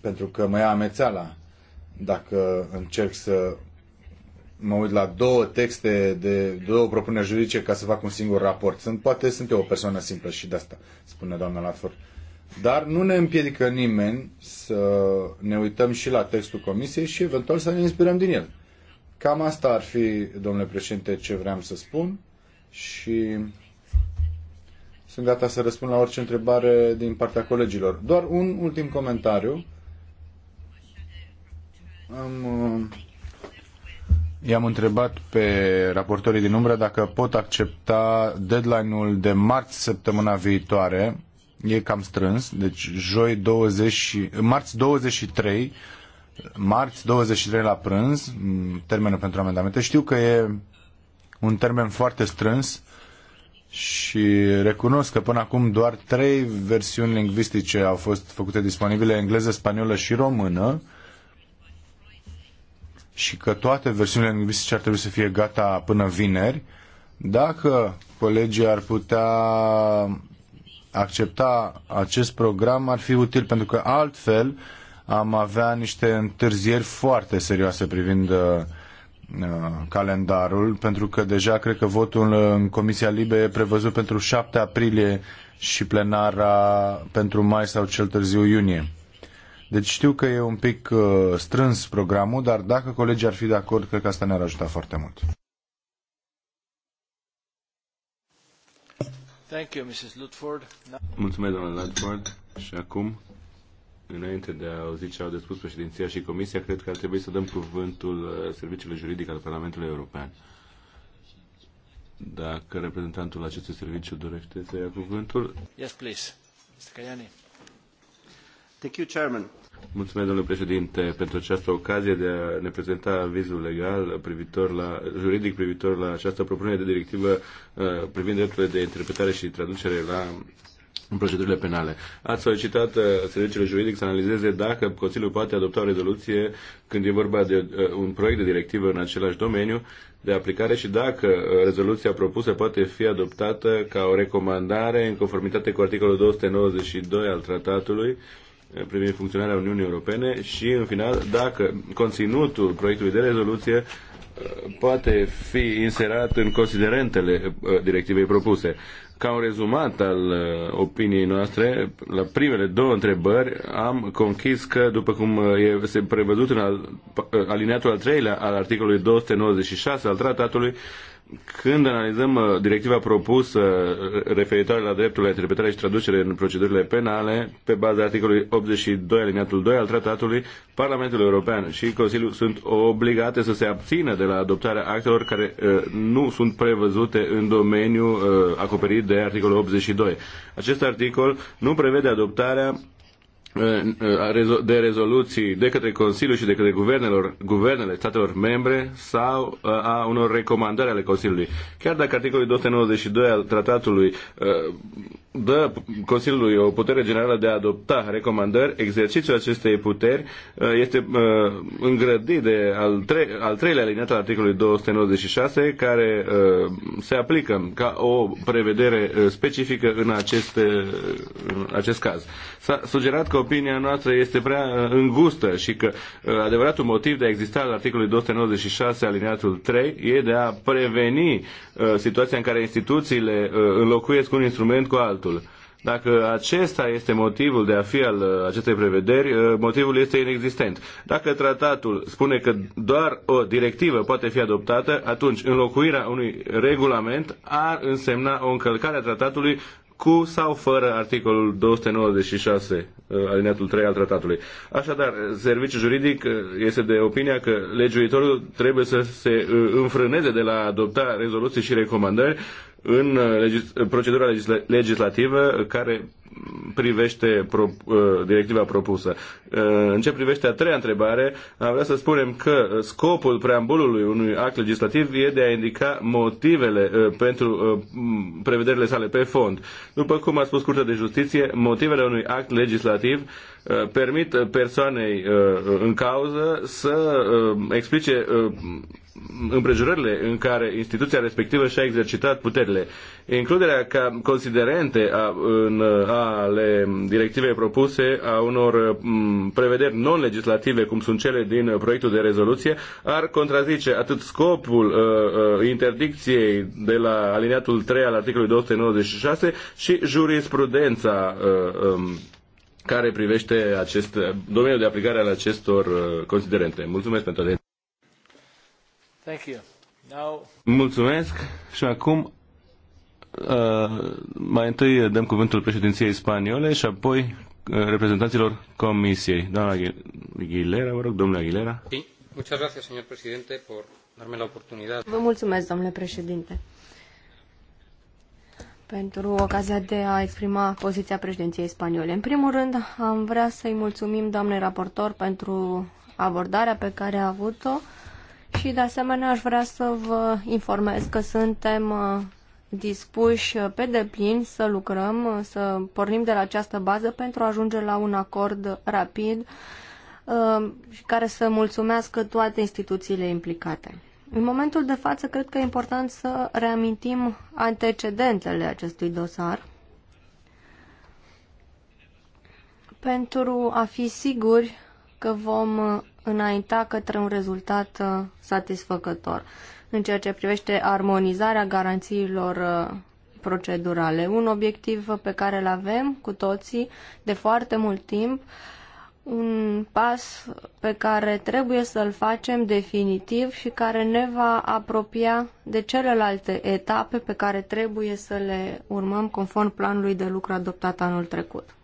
Pentru că mă ia amețeala dacă încerc să mă uit la două texte de două propuneri juridice ca să fac un singur raport. Sunt, poate sunt eu o persoană simplă și de asta, spune doamna Latford. Dar nu ne împiedică nimeni să ne uităm și la textul comisiei și eventual să ne inspirăm din el. Cam asta ar fi, domnule președinte, ce vreau să spun și sunt gata să răspund la orice întrebare din partea colegilor. Doar un ultim comentariu. Am, uh, I-am întrebat pe raportorii din umbră dacă pot accepta deadline-ul de marți săptămâna viitoare. E cam strâns, deci joi 20, marți 23, marți 23 la prânz, termenul pentru amendamente. Știu că e un termen foarte strâns, și recunosc că până acum doar trei versiuni lingvistice au fost făcute disponibile, engleză, spaniolă și română, și că toate versiunile lingvistice ar trebui să fie gata până vineri. Dacă colegii ar putea accepta acest program, ar fi util, pentru că altfel am avea niște întârzieri foarte serioase privind uh, Uh, calendarul, pentru că deja cred că votul în Comisia Libe e prevăzut pentru 7 aprilie și plenara pentru mai sau cel târziu iunie. Deci știu că e un pic uh, strâns programul, dar dacă colegii ar fi de acord, cred că asta ne-ar ajuta foarte mult. Thank you, Mrs. Lutford. Mulțumesc, domnule Ludford. Și acum înainte de a auzi ce au de spus președinția și comisia, cred că ar trebui să dăm cuvântul uh, serviciului juridic al Parlamentului European. Dacă reprezentantul acestui serviciu dorește să ia cuvântul. Yes, please. Mr. Kajani. Thank you, Chairman. Mulțumesc, domnule președinte, pentru această ocazie de a ne prezenta avizul legal privitor la, juridic privitor la această propunere de directivă uh, privind drepturile de interpretare și traducere la în procedurile penale. Ați solicitat uh, serviciile juridic să analizeze dacă Consiliul poate adopta o rezoluție când e vorba de uh, un proiect de directivă în același domeniu de aplicare și dacă uh, rezoluția propusă poate fi adoptată ca o recomandare în conformitate cu articolul 292 al tratatului uh, privind funcționarea Uniunii Europene și, în final, dacă conținutul proiectului de rezoluție uh, poate fi inserat în considerentele directivei propuse. Ca un rezumat al uh, opiniei noastre, la primele două întrebări am conchis că, după cum uh, e, se prevăzut în al, uh, alineatul al treilea al articolului 296 al tratatului, când analizăm uh, directiva propusă uh, referitoare la dreptul la interpretare și traducere în procedurile penale, pe baza articolului 82 aliniatul 2 al tratatului, Parlamentul European și Consiliul sunt obligate să se abțină de la adoptarea actelor care uh, nu sunt prevăzute în domeniul uh, acoperit de articolul 82. Acest articol nu prevede adoptarea de rezoluții de către Consiliu și de către guvernelor, guvernele statelor membre sau a unor recomandări ale Consiliului. Chiar dacă articolul 292 al tratatului dă Consiliului o putere generală de a adopta recomandări, exercițiul acestei puteri uh, este uh, îngrădit de al, tre- al treilea alineat al articolului 296, care uh, se aplică ca o prevedere specifică în acest, în acest caz. S-a sugerat că opinia noastră este prea îngustă și că adevăratul motiv de a exista al articolului 296 alineatul 3 e de a preveni situația în care instituțiile înlocuiesc un instrument cu altul altul. Dacă acesta este motivul de a fi al uh, acestei prevederi, uh, motivul este inexistent. Dacă tratatul spune că doar o directivă poate fi adoptată, atunci înlocuirea unui regulament ar însemna o încălcare a tratatului cu sau fără articolul 296, uh, alineatul 3 al tratatului. Așadar, serviciul juridic este de opinia că legiuitorul trebuie să se înfrâneze de la adopta rezoluții și recomandări Uh, în procedura legisla- legislativă care privește pro, uh, directiva propusă. Uh, în ce privește a treia întrebare, am vrea să spunem că scopul preambulului unui act legislativ e de a indica motivele pentru prevederile sale pe fond. După cum a spus Curtea de Justiție, motivele unui act legislativ Uh, permit uh, persoanei uh, în cauză să explice împrejurările în care instituția respectivă și-a exercitat puterile. Includerea ca considerente a, în, ale directivei propuse a unor m, prevederi non-legislative, cum sunt cele din proiectul de rezoluție, ar contrazice atât scopul a, interdicției de la aliniatul 3 al articolului 296 și jurisprudența a, a, um, care privește acest, domeniul de aplicare al acestor uh, considerente. Mulțumesc pentru atenție. Thank you. Now... Mulțumesc și acum uh, mai întâi dăm cuvântul președinției spaniole și apoi uh, reprezentanților comisiei. Doamna Aguilera, vă rog, domnule Aguilera. Sí. Muchas gracias, señor presidente, por darme la oportunidad. Vă mulțumesc, domnule președinte pentru ocazia de a exprima poziția președinției spaniole. În primul rând, am vrea să-i mulțumim doamnei raportor pentru abordarea pe care a avut-o și, de asemenea, aș vrea să vă informez că suntem uh, dispuși uh, pe deplin să lucrăm, uh, să pornim de la această bază pentru a ajunge la un acord rapid și care să mulțumească toate instituțiile implicate. În momentul de față, cred că e important să reamintim antecedentele acestui dosar pentru a fi siguri că vom înainta către un rezultat uh, satisfăcător în ceea ce privește armonizarea garanțiilor uh, procedurale. Un obiectiv pe care îl avem cu toții de foarte mult timp un pas pe care trebuie să-l facem definitiv și care ne va apropia de celelalte etape pe care trebuie să le urmăm conform planului de lucru adoptat anul trecut.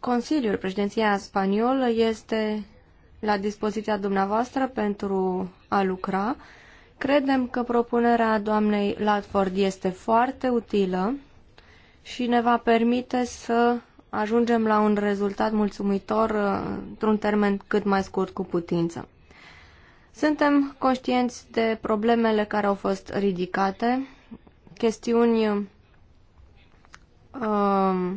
Consiliul, președinția spaniolă, este la dispoziția dumneavoastră pentru a lucra. Credem că propunerea doamnei Latford este foarte utilă și ne va permite să ajungem la un rezultat mulțumitor uh, într-un termen cât mai scurt cu putință. Suntem conștienți de problemele care au fost ridicate, chestiuni uh, uh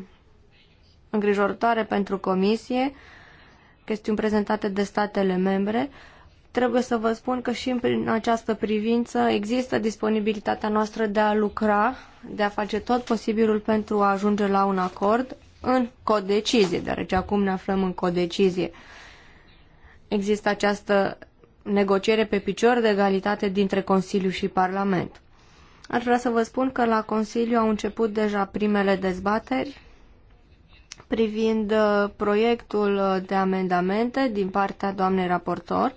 îngrijorătoare pentru comisie, chestiuni prezentate de statele membre trebuie să vă spun că și în această privință există disponibilitatea noastră de a lucra, de a face tot posibilul pentru a ajunge la un acord în codecizie, deoarece acum ne aflăm în codecizie. Există această negociere pe picior de egalitate dintre Consiliu și Parlament. Aș vrea să vă spun că la Consiliu au început deja primele dezbateri privind uh, proiectul uh, de amendamente din partea doamnei raportor,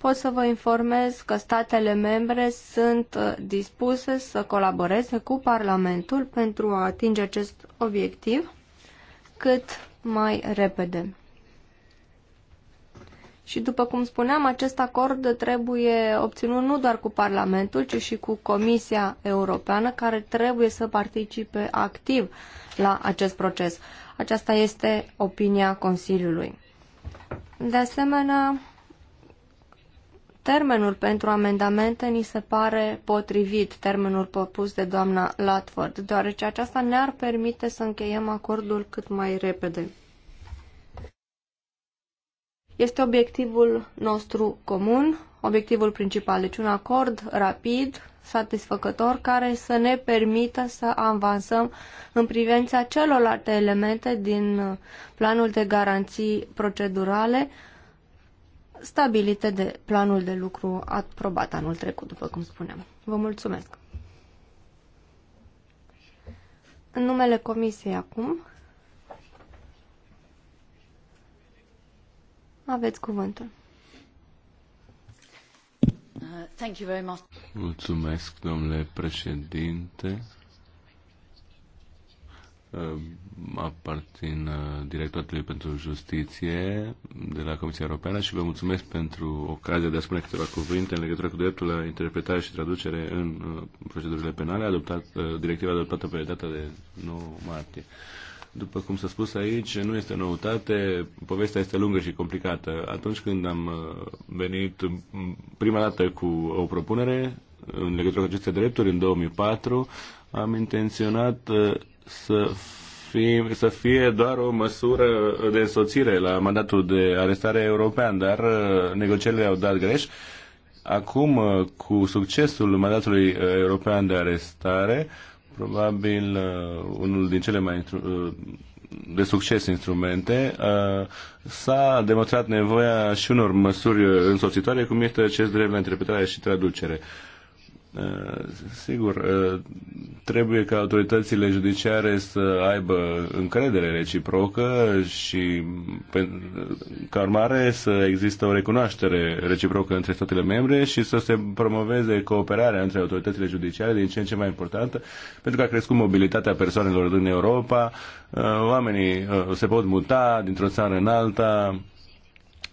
pot să vă informez că statele membre sunt uh, dispuse să colaboreze cu Parlamentul pentru a atinge acest obiectiv cât mai repede. Și după cum spuneam, acest acord trebuie obținut nu doar cu Parlamentul, ci și cu Comisia Europeană, care trebuie să participe activ la acest proces. Aceasta este opinia Consiliului. De asemenea, Termenul pentru amendamente ni se pare potrivit, termenul propus de doamna Latford, deoarece aceasta ne-ar permite să încheiem acordul cât mai repede. Este obiectivul nostru comun, obiectivul principal, deci un acord rapid, satisfăcător, care să ne permită să avansăm în privința celorlalte elemente din planul de garanții procedurale, stabilite de planul de lucru aprobat anul trecut, după cum spuneam. Vă mulțumesc! În numele comisiei acum, aveți cuvântul. Uh, mulțumesc, domnule președinte. Ehm, aparțin uh, directoratului pentru justiție de la Comisia Europeană și vă mulțumesc pentru ocazia de a spune câteva cuvinte în legătură cu dreptul la interpretare și traducere în uh, procedurile penale, adoptat, uh, directiva adoptată pe data de 9 martie. După cum s-a spus aici, nu este noutate, povestea este lungă și complicată. Atunci când am venit prima dată cu o propunere în legătură cu aceste drepturi, în 2004, am intenționat să fie, să fie doar o măsură de însoțire la mandatul de arestare european, dar uh, negocierile au dat greș. Acum, uh, cu succesul mandatului uh, european de arestare, probabil unul din cele mai de succes instrumente, s-a demonstrat nevoia și unor măsuri însoțitoare, cum este acest drept la interpretare și traducere. Uh, sigur, uh, trebuie ca autoritățile judiciare să aibă încredere reciprocă și, ca urmare, să există o recunoaștere reciprocă între statele membre și să se promoveze cooperarea între autoritățile judiciare din ce în ce mai importantă, pentru că a crescut mobilitatea persoanelor din Europa, uh, oamenii se pot muta dintr-o țară în alta,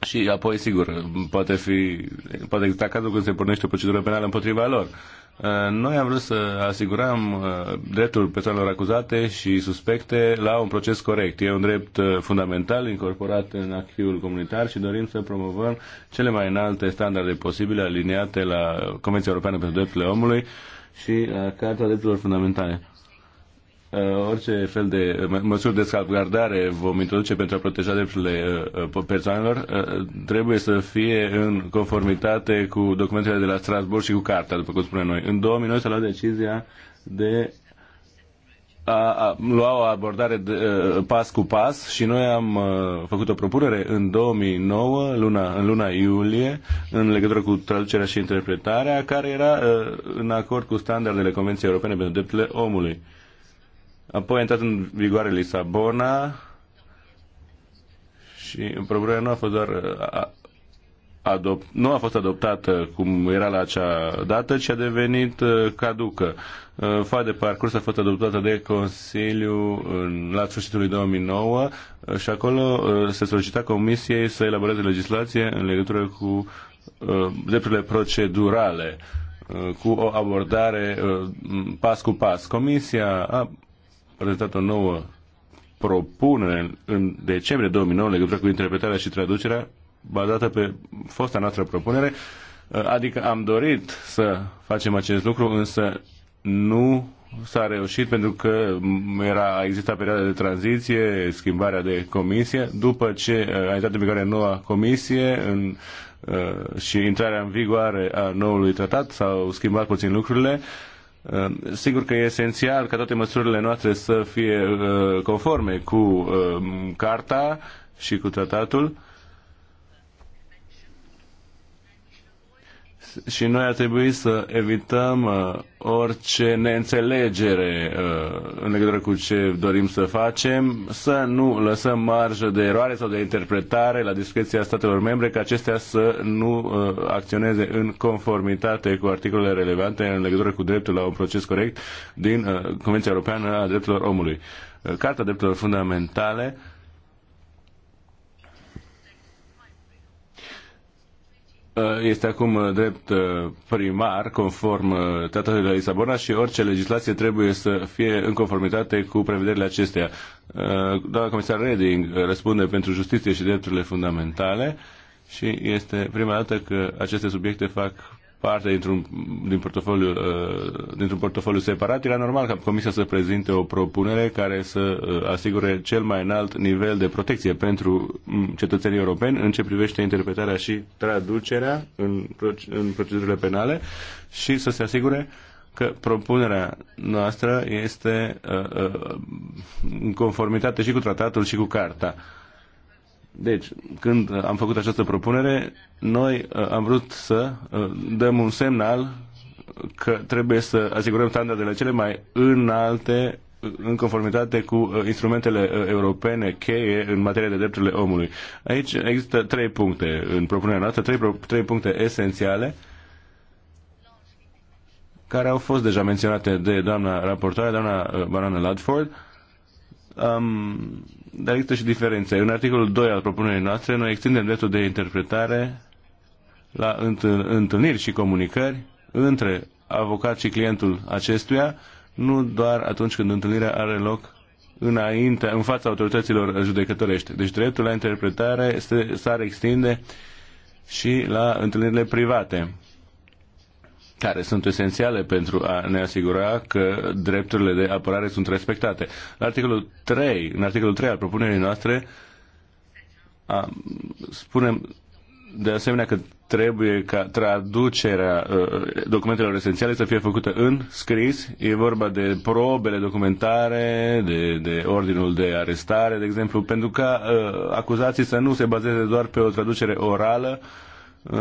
și apoi, sigur, poate, fi, poate exista cazul când se pornește o procedură penală împotriva lor. Uh, noi am vrut să asigurăm uh, dreptul persoanelor acuzate și suspecte la un proces corect. E un drept uh, fundamental incorporat în acțiul comunitar și dorim să promovăm cele mai înalte standarde posibile aliniate la Convenția Europeană pentru Drepturile Omului și la Carta Drepturilor Fundamentale. Uh, orice fel de uh, măsuri de salvgardare vom introduce pentru a proteja drepturile uh, persoanelor trebuie să fie în conformitate cu documentele de la Strasbourg și cu Carta, după cum spunem noi. În 2009 s-a luat decizia de a, a lua o abordare de, pas cu pas și noi am făcut o propunere în 2009, luna, în luna iulie, în legătură cu traducerea și interpretarea, care era în acord cu standardele Convenției Europene pentru Drepturile Omului. Apoi a intrat în vigoare Lisabona și problema nu a fost doar adopt, nu a fost adoptată cum era la acea dată, ci a devenit uh, caducă. Uh, Fa de parcurs a fost adoptată de Consiliu în, la sfârșitul 2009 uh, și acolo se solicita Comisiei să elaboreze legislație în legătură cu drepturile procedurale cu o abordare pas cu pas. Comisia a prezentat o nouă propunere în decembrie 2009 legătură cu interpretarea și traducerea bazată pe fosta noastră propunere. Uh, adică am dorit să facem acest lucru, însă nu s-a reușit pentru că era, exista perioada de tranziție, schimbarea de comisie, după ce uh, a intrat în vigoare noua comisie în, uh, și intrarea în vigoare a noului tratat, s-au schimbat puțin lucrurile. Ehm, sigur că e esențial ca toate măsurile noastre să fie ehm, conforme cu ehm, carta și cu tratatul, și noi ar trebui să evităm uh, orice neînțelegere uh, în legătură cu ce dorim să facem, să nu lăsăm marjă de eroare sau de interpretare la discreția statelor membre ca acestea să nu uh, acționeze în conformitate cu articolele relevante în legătură cu dreptul la un proces corect din Convenția Europeană a Drepturilor Omului. Carta Drepturilor Fundamentale Uh, este acum uh, drept uh, primar conform Tratatului de la Lisabona și orice legislație trebuie să fie în conformitate cu prevederile acesteia. Doamna comisar Reding răspunde pentru justiție și drepturile fundamentale și este prima dată că aceste subiecte fac parte dintr-un, din portofoliu, uh, dintr-un portofoliu separat, era normal ca Comisia să prezinte o propunere care să uh, asigure cel mai înalt nivel de protecție pentru mm, cetățenii europeni în ce privește interpretarea și traducerea în, în procedurile penale și să se asigure că propunerea noastră este uh, în conformitate și cu tratatul și cu carta. Deci, când uh, am făcut această propunere, noi uh, am vrut să uh, dăm un semnal că trebuie să asigurăm standardele cele mai înalte în conformitate cu instrumentele europene cheie în materie de drepturile omului. Aici există trei puncte în propunerea noastră, trei, trei puncte esențiale care au fost deja menționate de doamna raportoare, doamna Banana Ladford. Um, dar există și diferențe. În articolul 2 al propunerii noastre, noi extindem dreptul de interpretare la întâlniri și comunicări între avocat și clientul acestuia, nu doar atunci când întâlnirea are loc înainte, în fața autorităților judecătorești. Deci dreptul la interpretare s-ar extinde și la întâlnirile private care sunt esențiale pentru a ne asigura că drepturile de apărare sunt respectate. La articolul 3, în articolul 3 al propunerii noastre, a, spunem de asemenea că trebuie ca traducerea uh, documentelor esențiale să fie făcută în scris. E vorba de probele documentare, de, de ordinul de arestare, de exemplu, pentru ca uh, acuzații să nu se bazeze doar pe o traducere orală, uh,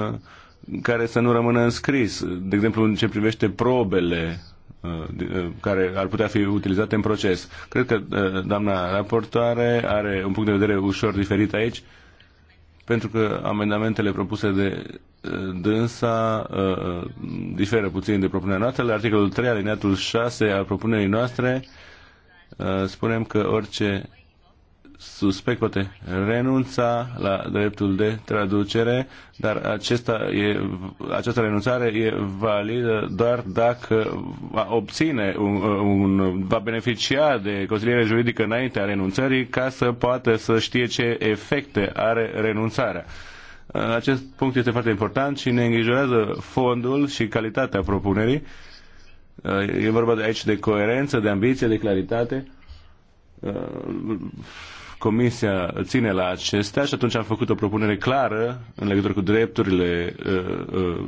care să nu rămână înscris. De exemplu, în ce privește probele uh, uh, care ar putea fi utilizate în proces. Cred că uh, doamna raportoare are un punct de vedere ușor diferit aici, pentru că amendamentele propuse de dânsa diferă puțin de propunerea noastră. La articolul 3, alineatul 6 al propunerii noastre, spunem că orice suspect poate renunța la dreptul de traducere, dar acesta e, această renunțare e validă doar dacă va obține, un, un, va beneficia de consiliere juridică înaintea renunțării ca să poată să știe ce efecte are renunțarea. Acest punct este foarte important și ne îngrijorează fondul și calitatea propunerii. E vorba de aici de coerență, de ambiție, de claritate Comisia ține la acestea și atunci am făcut o propunere clară în legătură cu drepturile uh, uh,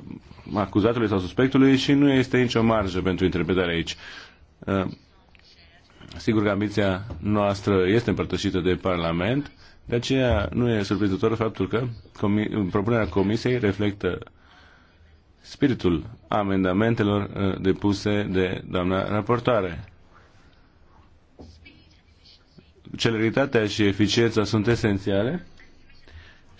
acuzatului sau suspectului și nu este nicio marjă pentru interpretare aici. Uh, sigur că ambiția noastră este împărtășită de Parlament, de aceea nu e surprinzător faptul că comi propunerea Comisiei reflectă spiritul amendamentelor uh, depuse de doamna raportoare celeritatea și eficiența sunt esențiale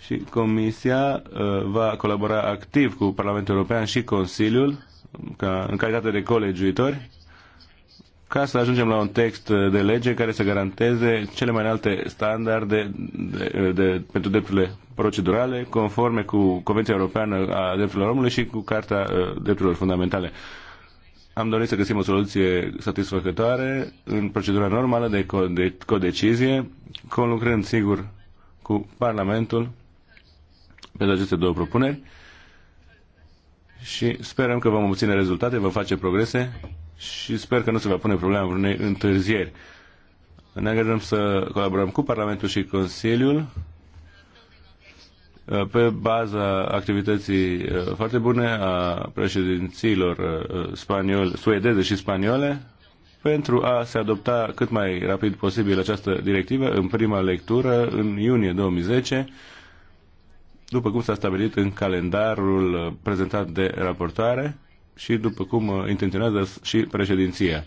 și Comisia uh, va colabora activ cu Parlamentul European și Consiliul uh, ca, în calitate de colegiuitori ca să ajungem la un text uh, de lege care să garanteze cele mai înalte standarde de, de, de, pentru drepturile procedurale, conforme cu Convenția Europeană a Drepturilor Omului și cu Carta Drepturilor Fundamentale am dorit să găsim o soluție satisfăcătoare în procedura normală de codecizie, conlucrând, sigur, cu Parlamentul pentru aceste două propuneri și sperăm că vom obține rezultate, vom face progrese și sper că nu se va pune problema vreunei întârzieri. Ne angajăm să colaborăm cu Parlamentul și Consiliul Uh, pe baza activității uh, foarte bune a președinților uh, spaniole, suedeze și spaniole pentru a se adopta cât mai rapid posibil această directivă în prima lectură în iunie 2010 după cum s-a stabilit în calendarul prezentat de raportare și după cum intenționează și președinția.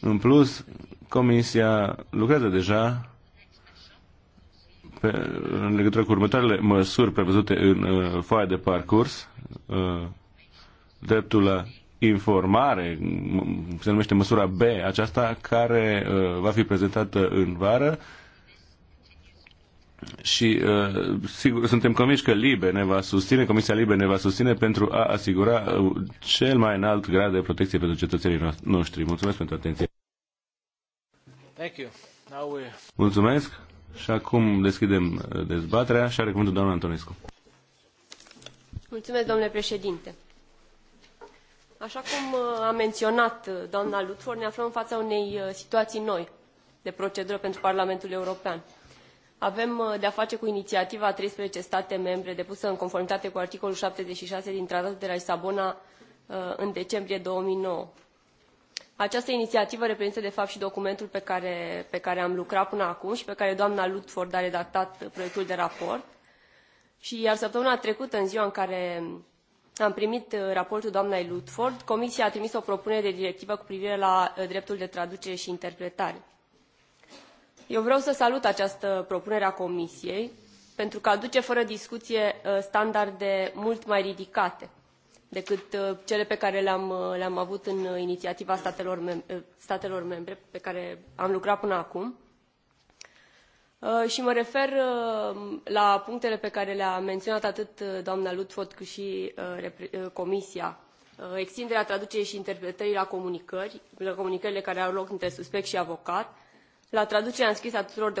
În plus, Comisia lucrează deja pe, în legătură cu următoarele măsuri prevăzute în uh, foaia de parcurs, uh, dreptul la informare, se numește măsura B, aceasta care uh, va fi prezentată în vară și uh, sigur, suntem convinși că LIBE ne va susține, Comisia LIBE ne va susține pentru a asigura uh, cel mai înalt grad de protecție pentru cetățenii noștri. Mulțumesc pentru atenție. Thank you. Now we... Mulțumesc. Și acum deschidem uh, dezbaterea și are cuvântul doamna Antonescu. Mulțumesc, domnule președinte. Așa cum uh, a menționat uh, doamna Lutfor, ne aflăm în fața unei situații noi de procedură pentru Parlamentul European. Avem de-a face cu inițiativa a 13 state membre depusă în conformitate cu articolul 76 din Tratatul de la Lisabona în decembrie 2009. Această inițiativă reprezintă, de fapt, și documentul pe care, pe care am lucrat până acum și pe care doamna Ludford a redactat proiectul de raport. Și iar săptămâna trecută, în ziua în care am primit uh, raportul doamnei Ludford, Comisia a trimis o propunere de directivă cu privire la uh, dreptul de traducere și interpretare. Eu vreau să salut această propunere a Comisiei, pentru că aduce fără discuție uh, standarde mult mai ridicate – decât uh, cele pe care le-am uh, le avut în uh, inițiativa statelor, mem statelor membre pe care am lucrat până acum. Și mă refer la punctele pe care le-a menționat atât doamna Lutfot cât și Comisia. Extinderea traducerii și interpretării la comunicări, la comunicările care au loc între suspect și avocat, la traducerea în scris a tuturor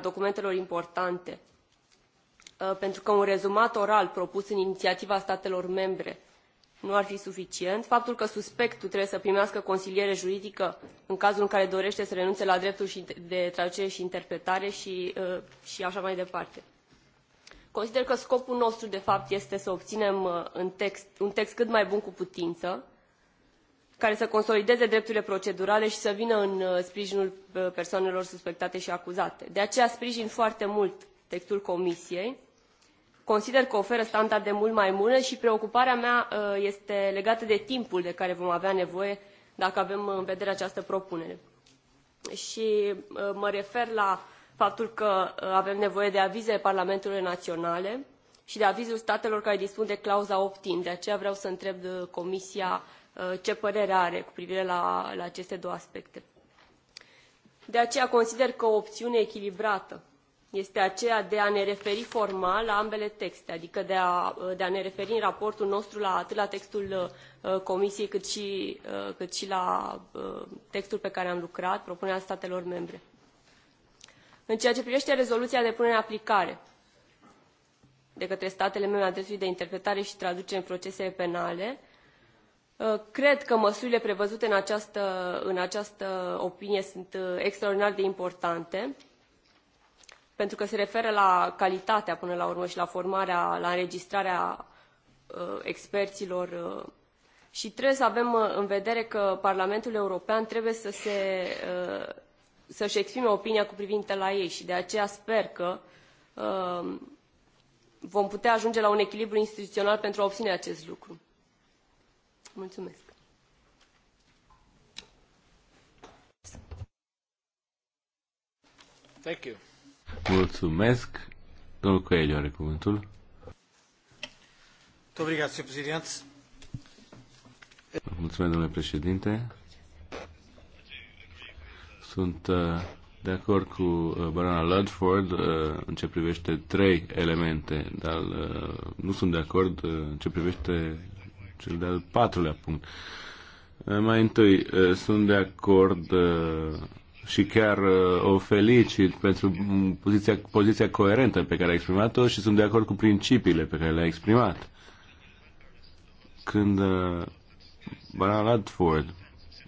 documentelor importante, Uh, pentru că un rezumat oral propus în inițiativa statelor membre nu ar fi suficient, faptul că suspectul trebuie să primească consiliere juridică în cazul în care dorește să renunțe la dreptul de traducere și interpretare și, uh, și așa mai departe. Consider că scopul nostru, de fapt, este să obținem uh, text, un text cât mai bun cu putință, care să consolideze drepturile procedurale și să vină în sprijinul persoanelor suspectate și acuzate. De aceea sprijin foarte mult textul Comisiei, consider că oferă standarde mult mai bune și preocuparea mea uh, este legată de timpul de care vom avea nevoie dacă avem în vedere această propunere. Și uh, mă refer la faptul că uh, avem nevoie de avize parlamentelor naționale și de avizul statelor care dispun de clauza opt-in. De aceea vreau să întreb Comisia ce părere are cu privire la, la aceste două aspecte. De aceea consider că o opțiune echilibrată este aceea de a ne referi formal la ambele texte, adică de a, de a ne referi în raportul nostru la, atât la textul uh, Comisiei cât și, uh, cât și la uh, textul pe care am lucrat, propunerea statelor membre. În ceea ce privește rezoluția de punere în aplicare de către statele membre dreptului de interpretare și traducere în procesele penale, Cred că măsurile prevăzute în această, în această opinie sunt extraordinar de importante pentru că se referă la calitatea până la urmă și la formarea, la înregistrarea uh, experților uh, și trebuie să avem uh, în vedere că Parlamentul European trebuie să se, uh, să-și exprime opinia cu privire la ei și de aceea sper că uh, vom putea ajunge la un echilibru instituțional pentru a obține acest lucru. Mulțumesc. Thank you. Mulțumesc. Domnul Coelho are cuvântul. Mulțumesc, domnule președinte. Sunt uh, de acord cu uh, barona Ludford uh, în ce privește trei elemente, dar nu sunt de acord în ce privește cel de-al patrulea punct. Mai întâi, sunt de acord și chiar uh, o felicit pentru poziția, poziția coerentă pe care a exprimat-o și sunt de acord cu principiile pe care le-a exprimat. Când uh, Baran Ladford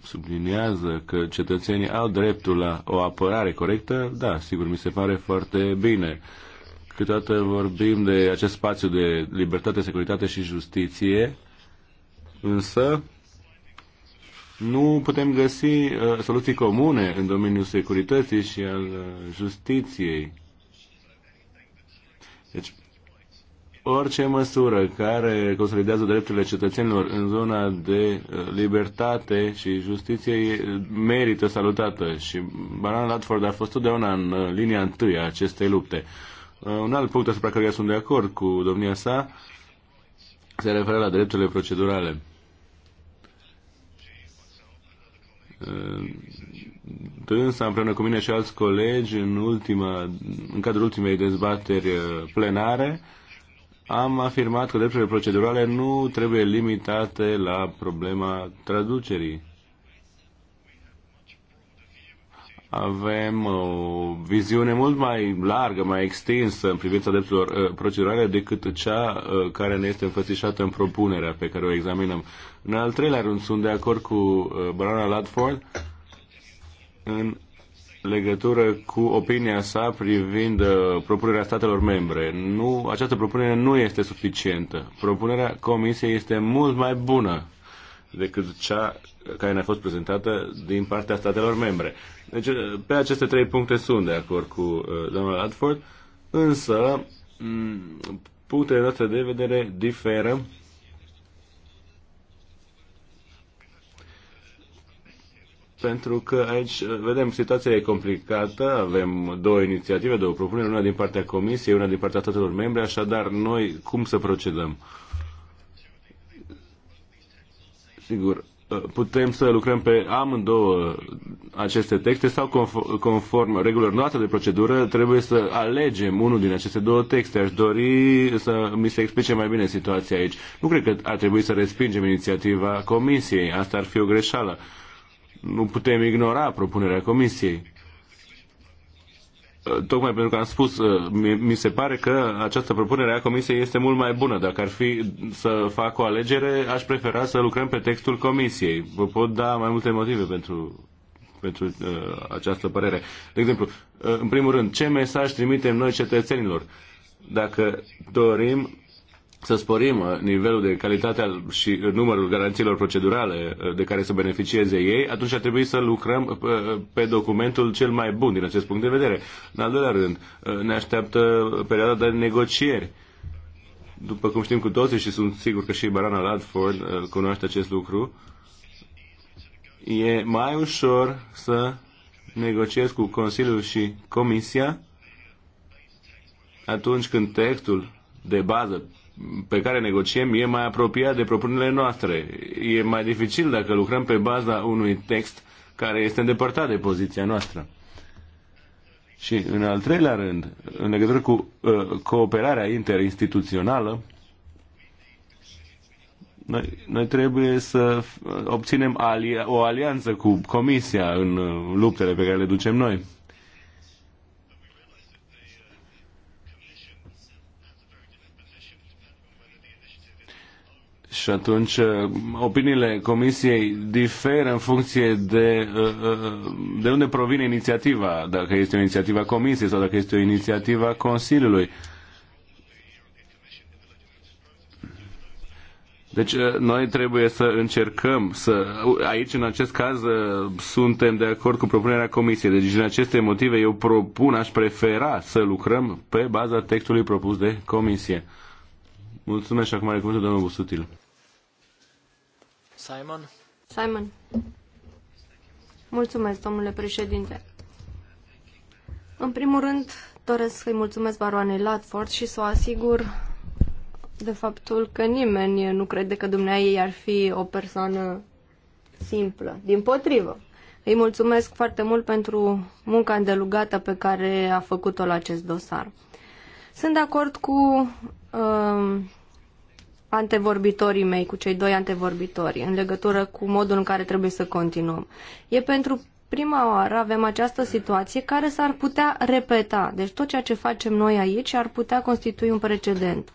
subliniază că cetățenii au dreptul la o apărare corectă, da, sigur, mi se pare foarte bine. Câteodată vorbim de acest spațiu de libertate, securitate și justiție, însă nu putem găsi uh, soluții comune în domeniul securității și al uh, justiției. Deci, orice măsură care consolidează drepturile cetățenilor în zona de uh, libertate și justiție merită salutată și Baran Latford a fost totdeauna în uh, linia întâi a acestei lupte. Uh, un alt punct asupra care sunt de acord cu domnia sa se referă la drepturile procedurale. Ă, dânsa împreună cu mine și alți colegi în, ultima, în cadrul ultimei dezbateri ă, plenare am afirmat că drepturile procedurale nu trebuie limitate la problema traducerii. avem o viziune mult mai largă, mai extinsă în privința drepturilor uh, procedurale decât cea uh, care ne este înfățișată în propunerea pe care o examinăm. În al treilea rând, sunt de acord cu uh, Barona Ladford în legătură cu opinia sa privind propunerea statelor membre. Nu, această propunere nu este suficientă. Propunerea Comisiei este mult mai bună decât cea care ne-a fost prezentată din partea statelor membre. Deci, eh, pe aceste trei puncte sunt de acord cu uh, domnul Radford, însă mm, punctele noastre de vedere diferă pentru că aici eh, vedem situația e complicată, avem două inițiative, două propuneri, una din partea Comisiei, una din partea statelor membre, așadar noi cum să procedăm? Sigur, putem să lucrăm pe amândouă aceste texte sau conform, conform regulilor noastre de procedură trebuie să alegem unul din aceste două texte. Aș dori să mi se explice mai bine situația aici. Nu cred că ar trebui să respingem inițiativa Comisiei. Asta ar fi o greșeală. Nu putem ignora propunerea Comisiei. Uh, tocmai pentru că am spus, uh, mi se pare că această propunere a Comisiei este mult mai bună. Dacă ar fi să fac o alegere, aș prefera să lucrăm pe textul Comisiei. Vă pot da mai multe motive pentru, pentru uh, această părere. De exemplu, uh, în primul rând, ce mesaj trimitem noi cetățenilor? Dacă dorim să sporim uh, nivelul de calitate și uh, numărul garanțiilor procedurale uh, de care să beneficieze ei, atunci ar trebui să lucrăm pe documentul cel mai bun din acest punct de vedere. În al doilea rând, ne așteaptă perioada de negocieri. După cum știm cu toții și sunt sigur că și Barana Ladford cunoaște acest lucru, e mai ușor să negociezi cu Consiliul și Comisia atunci când textul de bază pe care negociem e mai apropiat de propunerile noastre. E mai dificil dacă lucrăm pe baza unui text care este îndepărtat de poziția noastră. Și în al treilea rând, în legătură cu uh, cooperarea interinstituțională, noi, noi trebuie să uh, obținem alia, o alianță cu Comisia în uh, luptele pe care le ducem noi. și atunci uh, opiniile Comisiei diferă în funcție de, uh, uh, de unde provine inițiativa, dacă este o inițiativă a Comisiei sau dacă este o inițiativă a Consiliului. Deci noi trebuie să încercăm să... Aici, în acest caz, suntem de acord cu propunerea Comisiei. Deci, din aceste motive, eu propun, aș prefera să lucrăm pe baza textului propus de Comisie. Mulțumesc și acum are cuvântul domnul Busutil. Simon. Simon. Mulțumesc, domnule președinte. În primul rând, doresc să-i mulțumesc baroanei Latford și să o asigur de faptul că nimeni nu crede că ei ar fi o persoană simplă. Din potrivă, îi mulțumesc foarte mult pentru munca îndelugată pe care a făcut-o la acest dosar. Sunt de acord cu uh, antevorbitorii mei, cu cei doi antevorbitori, în legătură cu modul în care trebuie să continuăm. E pentru prima oară avem această situație care s-ar putea repeta. Deci tot ceea ce facem noi aici ar putea constitui un precedent.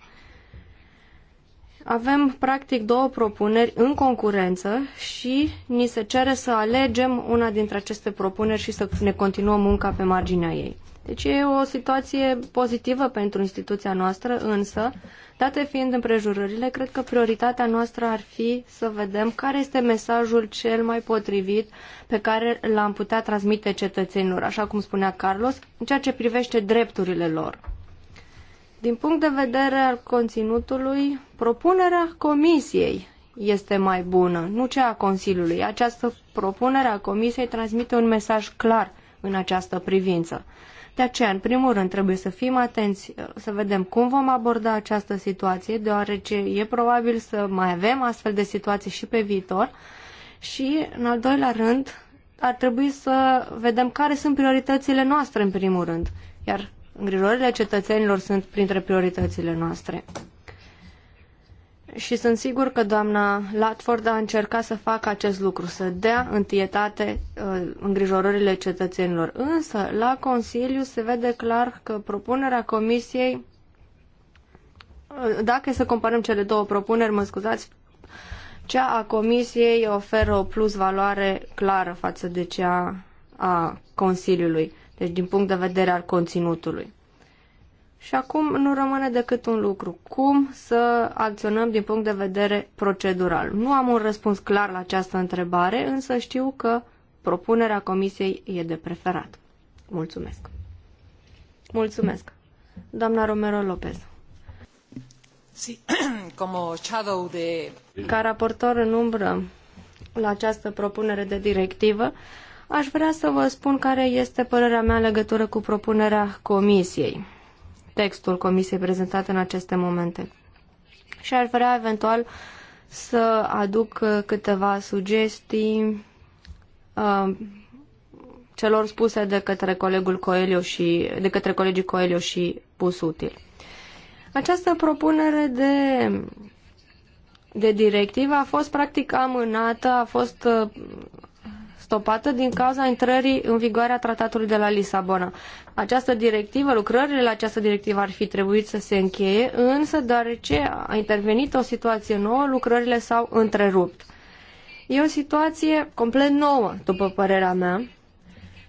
Avem practic două propuneri în concurență și ni se cere să alegem una dintre aceste propuneri și să ne continuăm munca pe marginea ei. Deci e o situație pozitivă pentru instituția noastră, însă, date fiind împrejurările, cred că prioritatea noastră ar fi să vedem care este mesajul cel mai potrivit pe care l-am putea transmite cetățenilor, așa cum spunea Carlos, în ceea ce privește drepturile lor. Din punct de vedere al conținutului, propunerea Comisiei este mai bună, nu cea a Consiliului. Această propunere a Comisiei transmite un mesaj clar în această privință. De aceea, în primul rând, trebuie să fim atenți, să vedem cum vom aborda această situație, deoarece e probabil să mai avem astfel de situații și pe viitor. Și, în al doilea rând, ar trebui să vedem care sunt prioritățile noastre, în primul rând. Iar Îngrijorările cetățenilor sunt printre prioritățile noastre. Și sunt sigur că doamna Latford a încercat să facă acest lucru, să dea întietate uh, îngrijorările cetățenilor. Însă, la Consiliu se vede clar că propunerea Comisiei, uh, dacă să comparăm cele două propuneri, mă scuzați, cea a Comisiei oferă o plus valoare clară față de cea a Consiliului deci din punct de vedere al conținutului. Și acum nu rămâne decât un lucru, cum să acționăm din punct de vedere procedural. Nu am un răspuns clar la această întrebare, însă știu că propunerea comisiei e de preferat. Mulțumesc. Mulțumesc. Doamna Romero Lopez. Sí, como shadow de... Ca raportor în umbră la această propunere de directivă, Aș vrea să vă spun care este părerea mea în legătură cu propunerea comisiei, textul comisiei prezentat în aceste momente. Și ar vrea eventual să aduc câteva sugestii uh, celor spuse de către colegul Coelio și de către colegii Coelio și Busutil. Această propunere de de directivă a fost practic amânată, a fost uh, stopată din cauza intrării în vigoare a tratatului de la Lisabona. Această directivă, lucrările la această directivă ar fi trebuit să se încheie, însă deoarece a intervenit o situație nouă, lucrările s-au întrerupt. E o situație complet nouă, după părerea mea,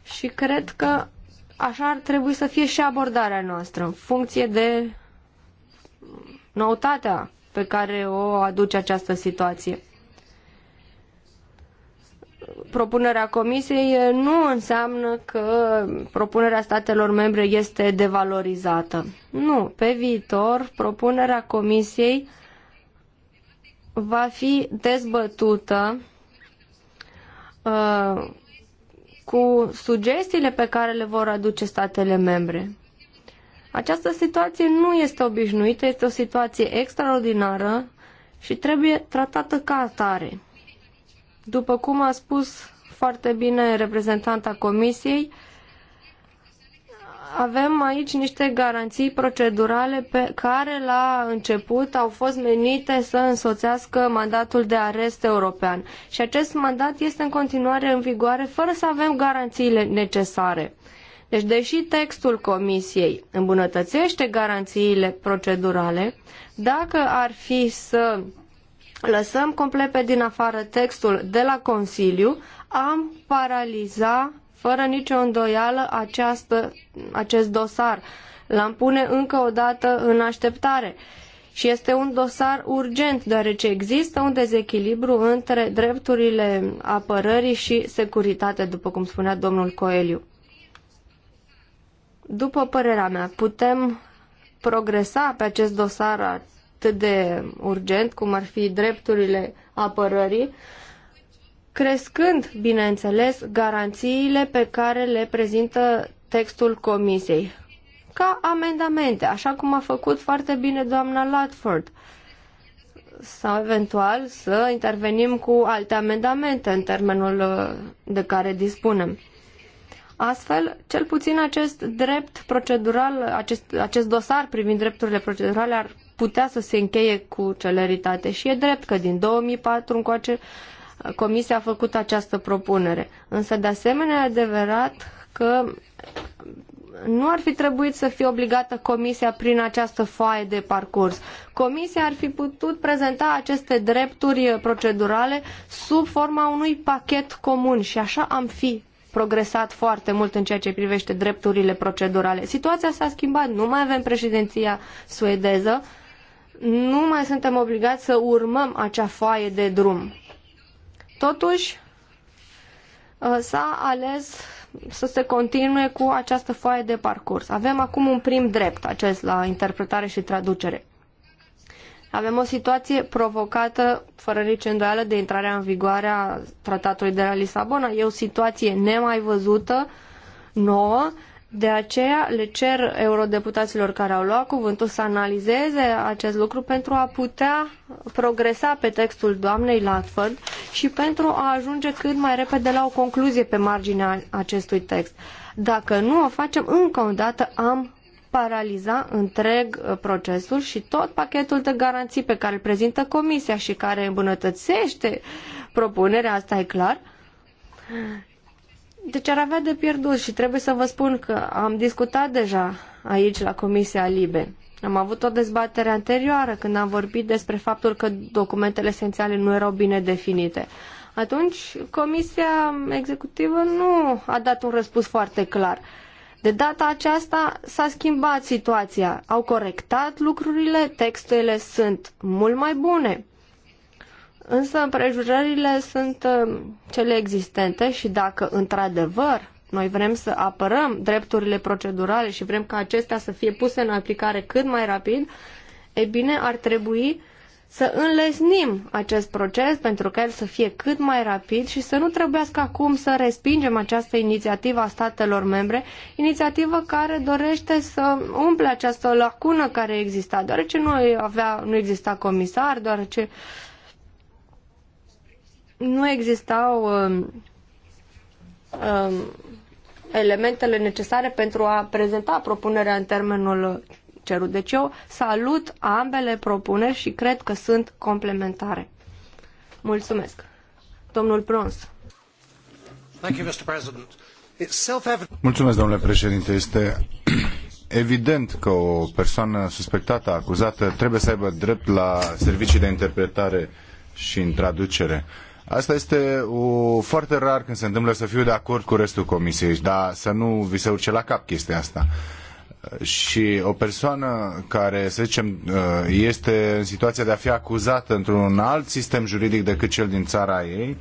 și cred că așa ar trebui să fie și abordarea noastră, în funcție de noutatea pe care o aduce această situație propunerea Comisiei nu înseamnă că propunerea statelor membre este devalorizată. Nu, pe viitor propunerea Comisiei va fi dezbătută uh, cu sugestiile pe care le vor aduce statele membre. Această situație nu este obișnuită, este o situație extraordinară și trebuie tratată ca atare. După cum a spus foarte bine reprezentanta Comisiei, avem aici niște garanții procedurale pe care la început au fost menite să însoțească mandatul de arest european. Și acest mandat este în continuare în vigoare fără să avem garanțiile necesare. Deci, deși textul Comisiei îmbunătățește garanțiile procedurale, dacă ar fi să lăsăm complet pe din afară textul de la Consiliu, am paraliza fără nicio îndoială această, acest dosar. L-am pune încă o dată în așteptare. Și este un dosar urgent, deoarece există un dezechilibru între drepturile apărării și securitate, după cum spunea domnul Coeliu. După părerea mea, putem progresa pe acest dosar atât de urgent cum ar fi drepturile apărării, crescând, bineînțeles, garanțiile pe care le prezintă textul comisiei, ca amendamente, așa cum a făcut foarte bine doamna Latford sau eventual să intervenim cu alte amendamente în termenul uh, de care dispunem. Astfel, cel puțin acest drept procedural, acest, acest dosar privind drepturile procedurale ar putea să se încheie cu celeritate și e drept că din 2004 încoace Comisia a făcut această propunere. Însă, de asemenea, e adevărat că nu ar fi trebuit să fie obligată Comisia prin această foaie de parcurs. Comisia ar fi putut prezenta aceste drepturi procedurale sub forma unui pachet comun și așa am fi progresat foarte mult în ceea ce privește drepturile procedurale. Situația s-a schimbat, nu mai avem președinția suedeză, nu mai suntem obligați să urmăm acea foaie de drum. Totuși, uh, s-a ales să se continue cu această foaie de parcurs. Avem acum un prim drept acest la interpretare și traducere. Avem o situație provocată, fără nici îndoială, de intrarea în vigoare a tratatului de la Lisabona. E o situație nemai văzută, nouă, de aceea le cer eurodeputaților care au luat cuvântul să analizeze acest lucru pentru a putea progresa pe textul doamnei Latford și pentru a ajunge cât mai repede la o concluzie pe marginea acestui text. Dacă nu o facem, încă o dată am paraliza întreg uh, procesul și tot pachetul de garanții pe care îl prezintă Comisia și care îmbunătățește propunerea, asta e clar, deci ar avea de pierdut și trebuie să vă spun că am discutat deja aici la Comisia Libe. Am avut o dezbatere anterioară când am vorbit despre faptul că documentele esențiale nu erau bine definite. Atunci, Comisia Executivă nu a dat un răspuns foarte clar. De data aceasta s-a schimbat situația. Au corectat lucrurile, textele sunt mult mai bune. Însă împrejurările sunt uh, cele existente și dacă într-adevăr noi vrem să apărăm drepturile procedurale și vrem ca acestea să fie puse în aplicare cât mai rapid, e bine, ar trebui să înlesnim acest proces pentru ca el să fie cât mai rapid și să nu trebuiască acum să respingem această inițiativă a statelor membre, inițiativă care dorește să umple această lacună care exista, deoarece nu, avea, nu exista comisar, deoarece uh, nu existau uh, uh, elementele necesare pentru a prezenta propunerea în termenul cerut. Deci eu salut ambele propuneri și cred că sunt complementare. Mulțumesc. Domnul Prons. Mulțumesc, domnule președinte. Este evident că o persoană suspectată, acuzată, trebuie să aibă drept la servicii de interpretare și în traducere. Asta este o, foarte rar când se întâmplă să fiu de acord cu restul comisiei, dar să nu vi se urce la cap chestia asta. Și o persoană care, să zicem, uh, este în situația de a fi acuzată într-un alt sistem juridic decât cel din țara ei, uh,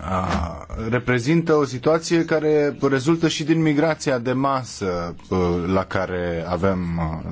a, reprezintă o situație care rezultă și din migrația de masă la care, avem,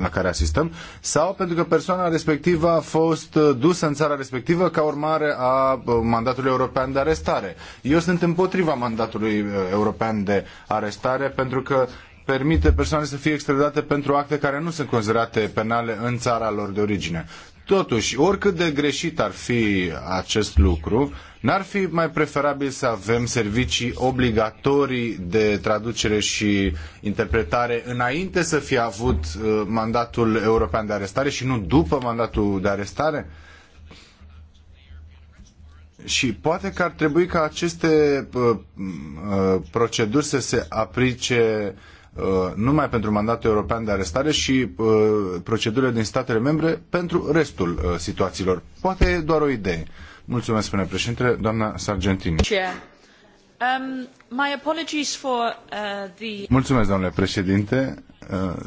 la care asistăm sau pentru că persoana respectivă a fost dusă în țara respectivă ca urmare a mandatului european de arestare. Eu sunt împotriva mandatului european de arestare pentru că permite persoane să fie extradate pentru acte care nu sunt considerate penale în țara lor de origine. Totuși, oricât de greșit ar fi acest lucru, n-ar fi mai preferabil să avem servicii obligatorii de traducere și interpretare înainte să fie avut uh, mandatul european de arestare și nu după mandatul de arestare? Și poate că ar trebui ca aceste uh, uh, proceduri să se aplice Uh, numai pentru mandatul european de arestare și uh, procedurile din statele membre pentru restul uh, situațiilor. Poate e doar o idee. Mulțumesc, spune președintele, doamna Sargentini. Um, Mulțumesc, domnule președinte.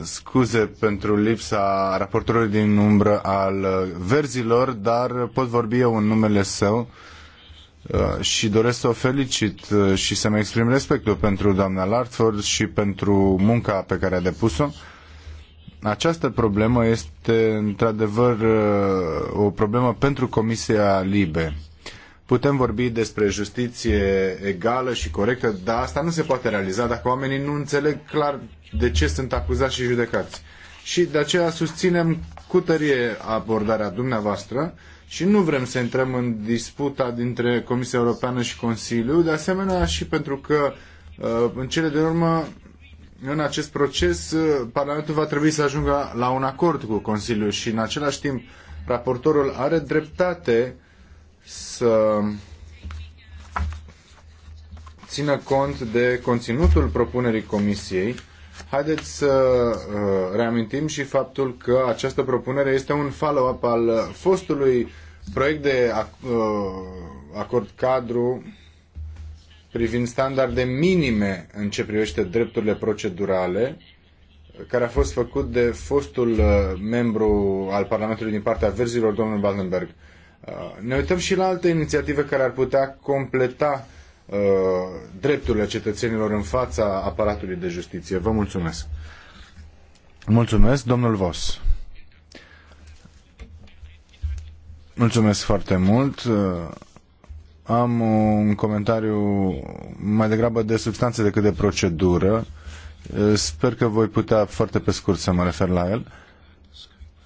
Scuze pentru lipsa raportorului din umbră al verzilor, dar pot vorbi eu în numele său. Uh, și doresc să o felicit uh, și să-mi exprim respectul pentru doamna Lartford și pentru munca pe care a depus-o. Această problemă este într-adevăr uh, o problemă pentru Comisia Libe. Putem vorbi despre justiție egală și corectă, dar asta nu se poate realiza dacă oamenii nu înțeleg clar de ce sunt acuzați și judecați. Și de aceea susținem cu tărie abordarea dumneavoastră uh, și nu vrem să intrăm în disputa dintre Comisia Europeană și Consiliu, de asemenea și pentru că uh, în cele de urmă în acest proces uh, Parlamentul va trebui să ajungă la un acord cu Consiliul și în același timp raportorul are dreptate să țină cont de conținutul propunerii Comisiei Haideți să uh, reamintim și faptul că această propunere este un follow-up al fostului proiect de uh, acord cadru privind standarde minime în ce privește drepturile procedurale, care a fost făcut de fostul uh, membru al Parlamentului din partea verzilor, domnul Baldenberg. Ne uităm și la alte inițiative care ar putea completa Uh, drepturile cetățenilor în fața aparatului de justiție. Vă mulțumesc. Mulțumesc, domnul Vos. Mulțumesc foarte mult. Uh, am un comentariu mai degrabă de substanță decât de procedură. Uh, sper că voi putea foarte pe scurt să mă refer la el.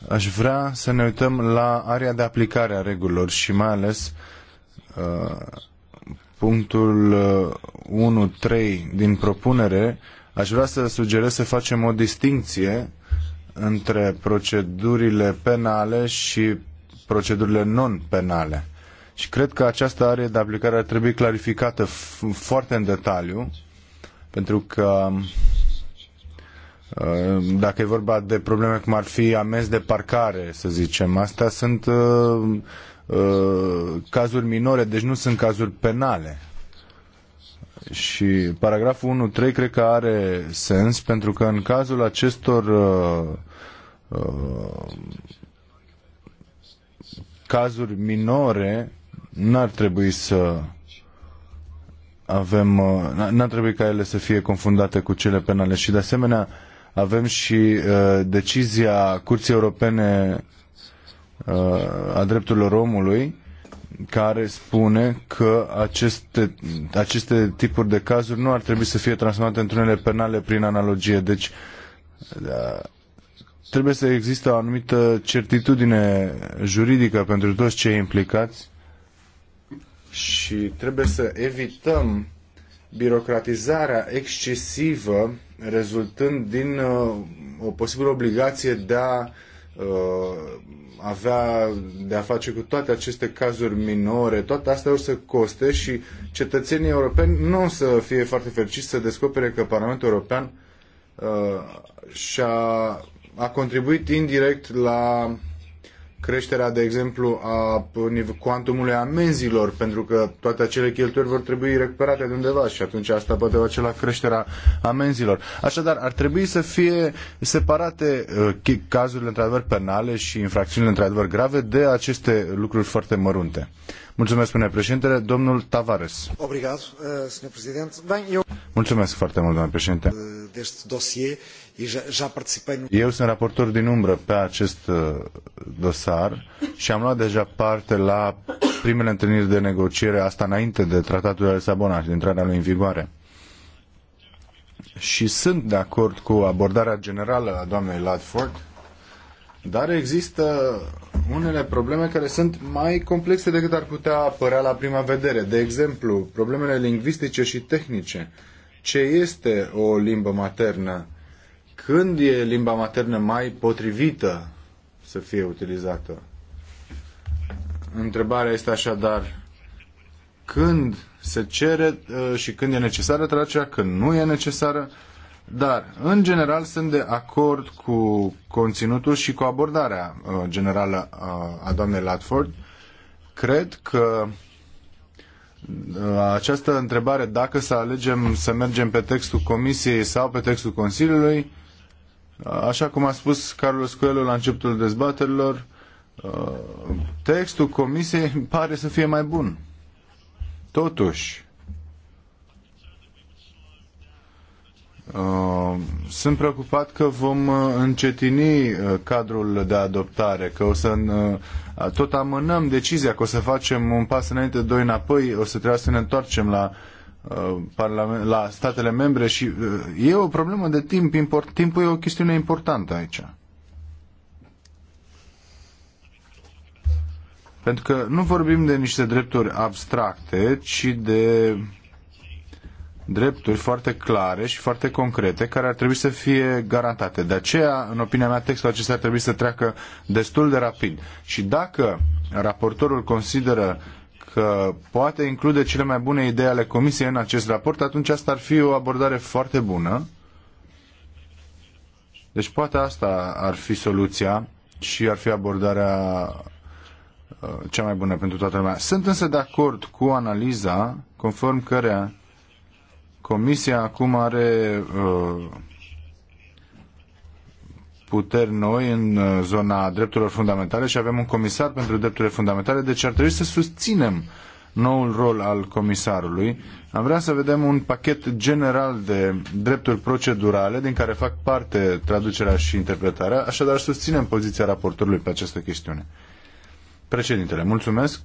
Aș vrea să ne uităm la area de aplicare a regulilor și mai ales uh, punctul 1.3 uh, din propunere, aș vrea să sugerez să facem o distinție între procedurile penale și procedurile non-penale. Și cred că această are de aplicare ar trebui clarificată foarte în detaliu, pentru că um, uh, dacă e vorba de probleme cum ar fi amenzi de parcare, să zicem, astea sunt uh, Uh, cazuri minore, deci nu sunt cazuri penale. Și paragraful 1.3 cred că are sens pentru că în cazul acestor uh, uh cazuri minore n-ar trebui să avem, uh, n-ar trebui ca ele să fie confundate cu cele penale și de asemenea avem și uh, decizia Curții Europene Uh, a drepturilor omului care spune că aceste, aceste tipuri de cazuri nu ar trebui să fie transformate în unele penale prin analogie. Deci uh, trebuie să existe o anumită certitudine juridică pentru toți cei implicați și trebuie să evităm birocratizarea excesivă rezultând din uh, o posibilă obligație de a Uh, avea de a face cu toate aceste cazuri minore, toate astea o să coste și cetățenii europeni nu o să fie foarte fericiți să descopere că Parlamentul European uh, și-a a contribuit indirect la creșterea, de exemplu, a cuantumului amenzilor, pentru că toate acele cheltuieli vor trebui recuperate de undeva și atunci asta poate face la creșterea amenzilor. Așadar, ar trebui să fie separate uh, cazurile într-adevăr penale și infracțiunile într-adevăr grave de aceste lucruri foarte mărunte. Mulțumesc, domnule președintele. Domnul Tavares. Obrigado, uh, Mulțumesc foarte mult, domnule președinte. Uh, eu sunt raportor din umbră pe acest uh, dosar și am luat deja parte la primele întâlniri de negociere, asta înainte de tratatul de Lisabona și de intrarea lui în vigoare. Și sunt de acord cu abordarea generală a doamnei Ladford, dar există unele probleme care sunt mai complexe decât ar putea părea la prima vedere. De exemplu, problemele lingvistice și tehnice. Ce este o limbă maternă? când e limba maternă mai potrivită să fie utilizată? Întrebarea este așadar, când se cere uh, și când e necesară tracerea, când nu e necesară, dar, în general, sunt de acord cu conținutul și cu abordarea uh, generală uh, a doamnei Latford. Cred că această întrebare, dacă să alegem să mergem pe textul Comisiei sau pe textul Consiliului, Așa cum a spus Carlos Coelho la începutul dezbaterilor, uh, textul comisiei pare să fie mai bun. Totuși, uh, sunt preocupat că vom uh, încetini cadrul de adoptare, că o să tot amânăm decizia, că o să facem un pas înainte, doi înapoi, o să trebuie să ne întoarcem la Uh, la statele membre și uh, e o problemă de timp. timpul e o chestiune importantă aici. Pentru că nu vorbim de niște drepturi abstracte, ci de drepturi foarte clare și foarte concrete care ar trebui să fie garantate. De aceea, în opinia mea, textul acesta ar trebui să treacă destul de rapid. Și dacă raportorul consideră că poate include cele mai bune idei ale Comisiei în acest raport, atunci asta ar fi o abordare foarte bună. Deci poate asta ar fi soluția și ar fi abordarea uh, cea mai bună pentru toată lumea. Sunt însă de acord cu analiza conform cărea Comisia acum are uh, puteri noi în uh, zona drepturilor fundamentale și avem un comisar pentru drepturile fundamentale, deci ar trebui să susținem noul rol al comisarului. Am vrea să vedem un pachet general de drepturi procedurale din care fac parte traducerea și interpretarea, așadar susținem poziția raportorului pe această chestiune. Președintele, mulțumesc.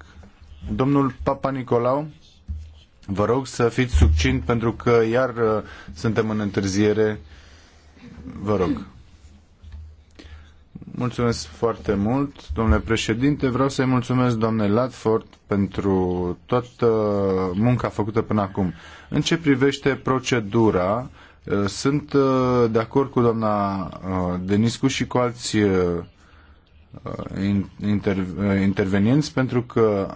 Domnul Papa Nicolau, vă rog să fiți succint pentru că iar uh, suntem în întârziere. Vă rog. Mulțumesc foarte mult, domnule președinte. Vreau să-i mulțumesc doamnei Latford pentru toată munca făcută până acum. În ce privește procedura, eh, sunt eh, de acord cu doamna eh, Deniscu și cu alți intervenienți pentru că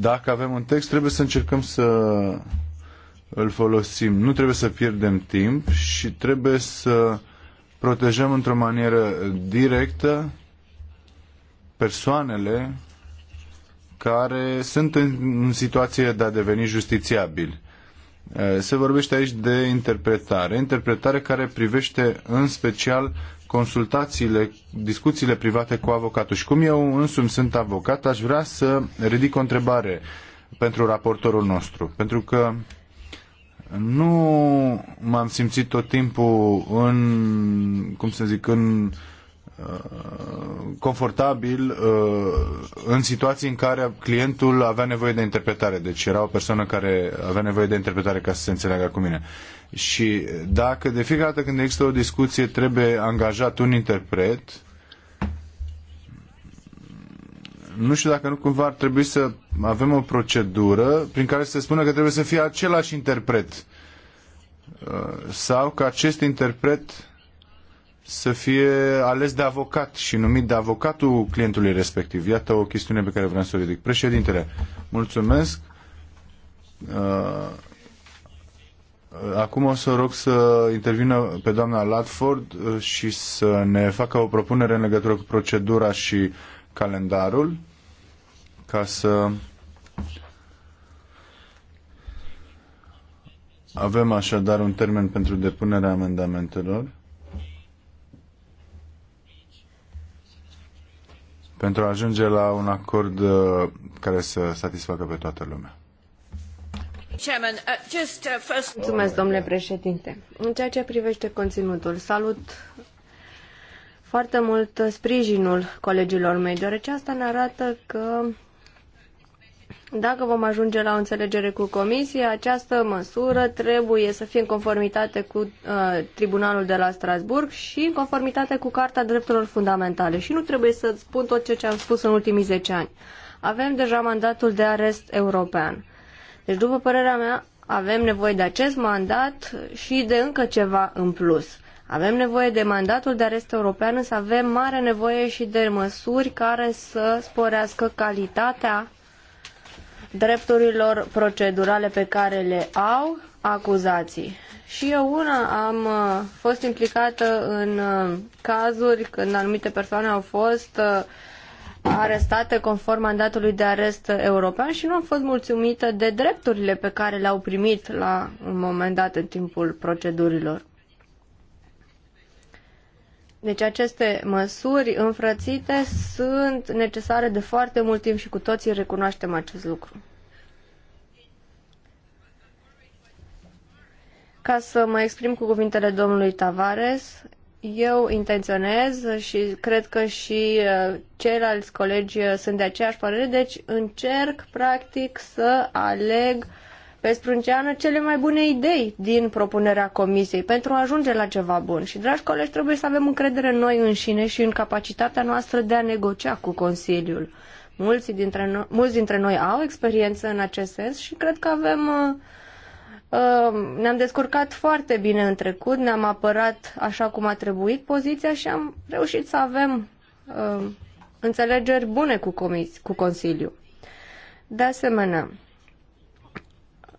dacă avem un text trebuie să încercăm să îl folosim. Nu trebuie să pierdem timp și trebuie să protejăm într-o manieră directă persoanele care sunt în situație de a deveni justițiabili. Eh, se vorbește aici de interpretare, interpretare care privește în special consultațiile, discuțiile private cu avocatul. Și cum eu însumi sunt avocat, aș vrea să ridic o întrebare pentru raportorul nostru. Pentru că nu m-am simțit tot timpul în, cum să zic, în uh, confortabil uh, în situații în care clientul avea nevoie de interpretare. Deci era o persoană care avea nevoie de interpretare ca să se înțeleagă cu mine. Și dacă de fiecare dată când există o discuție trebuie angajat un interpret nu știu dacă nu cumva ar trebui să avem o procedură prin care să se spună că trebuie să fie același interpret uh, sau că acest interpret să fie ales de avocat și numit de avocatul clientului respectiv. Iată o chestiune pe care vreau să o ridic. Președintele, mulțumesc. Uh, acum o să rog să intervină pe doamna Latford uh, și să ne facă o propunere în legătură cu procedura și calendarul ca să avem așadar un termen pentru depunerea amendamentelor pentru a ajunge la un acord uh, care să satisfacă pe toată lumea. Uh, uh, Mulțumesc, domnule președinte. În ceea ce privește conținutul, salut foarte mult sprijinul colegilor mei, deoarece asta ne arată că dacă vom ajunge la o înțelegere cu Comisia, această măsură trebuie să fie în conformitate cu uh, Tribunalul de la Strasburg și în conformitate cu Carta Drepturilor Fundamentale. Și nu trebuie să spun tot ceea ce am spus în ultimii 10 ani. Avem deja mandatul de arest european. Deci, după părerea mea, avem nevoie de acest mandat și de încă ceva în plus. Avem nevoie de mandatul de arest european, însă avem mare nevoie și de măsuri care să sporească calitatea drepturilor procedurale pe care le au acuzații. Și eu una am uh, fost implicată în uh, cazuri când anumite persoane au fost uh, arestate conform mandatului de arest european și nu am fost mulțumită de drepturile pe care le-au primit la un moment dat în timpul procedurilor. Deci aceste măsuri înfrățite sunt necesare de foarte mult timp și cu toții recunoaștem acest lucru. Ca să mă exprim cu cuvintele domnului Tavares, eu intenționez și cred că și uh, ceilalți colegi sunt de aceeași părere, deci încerc practic să aleg uh, pe sprânceană cele mai bune idei din propunerea comisiei pentru a ajunge la ceva bun. Și, dragi colegi, trebuie să avem încredere în noi înșine și în capacitatea noastră de a negocia cu Consiliul. Mulți dintre, no- mulți dintre noi au experiență în acest sens și cred că avem uh, uh, ne-am descurcat foarte bine în trecut, ne-am apărat așa cum a trebuit poziția și am reușit să avem uh, înțelegeri bune cu, comis, cu Consiliu. De asemenea,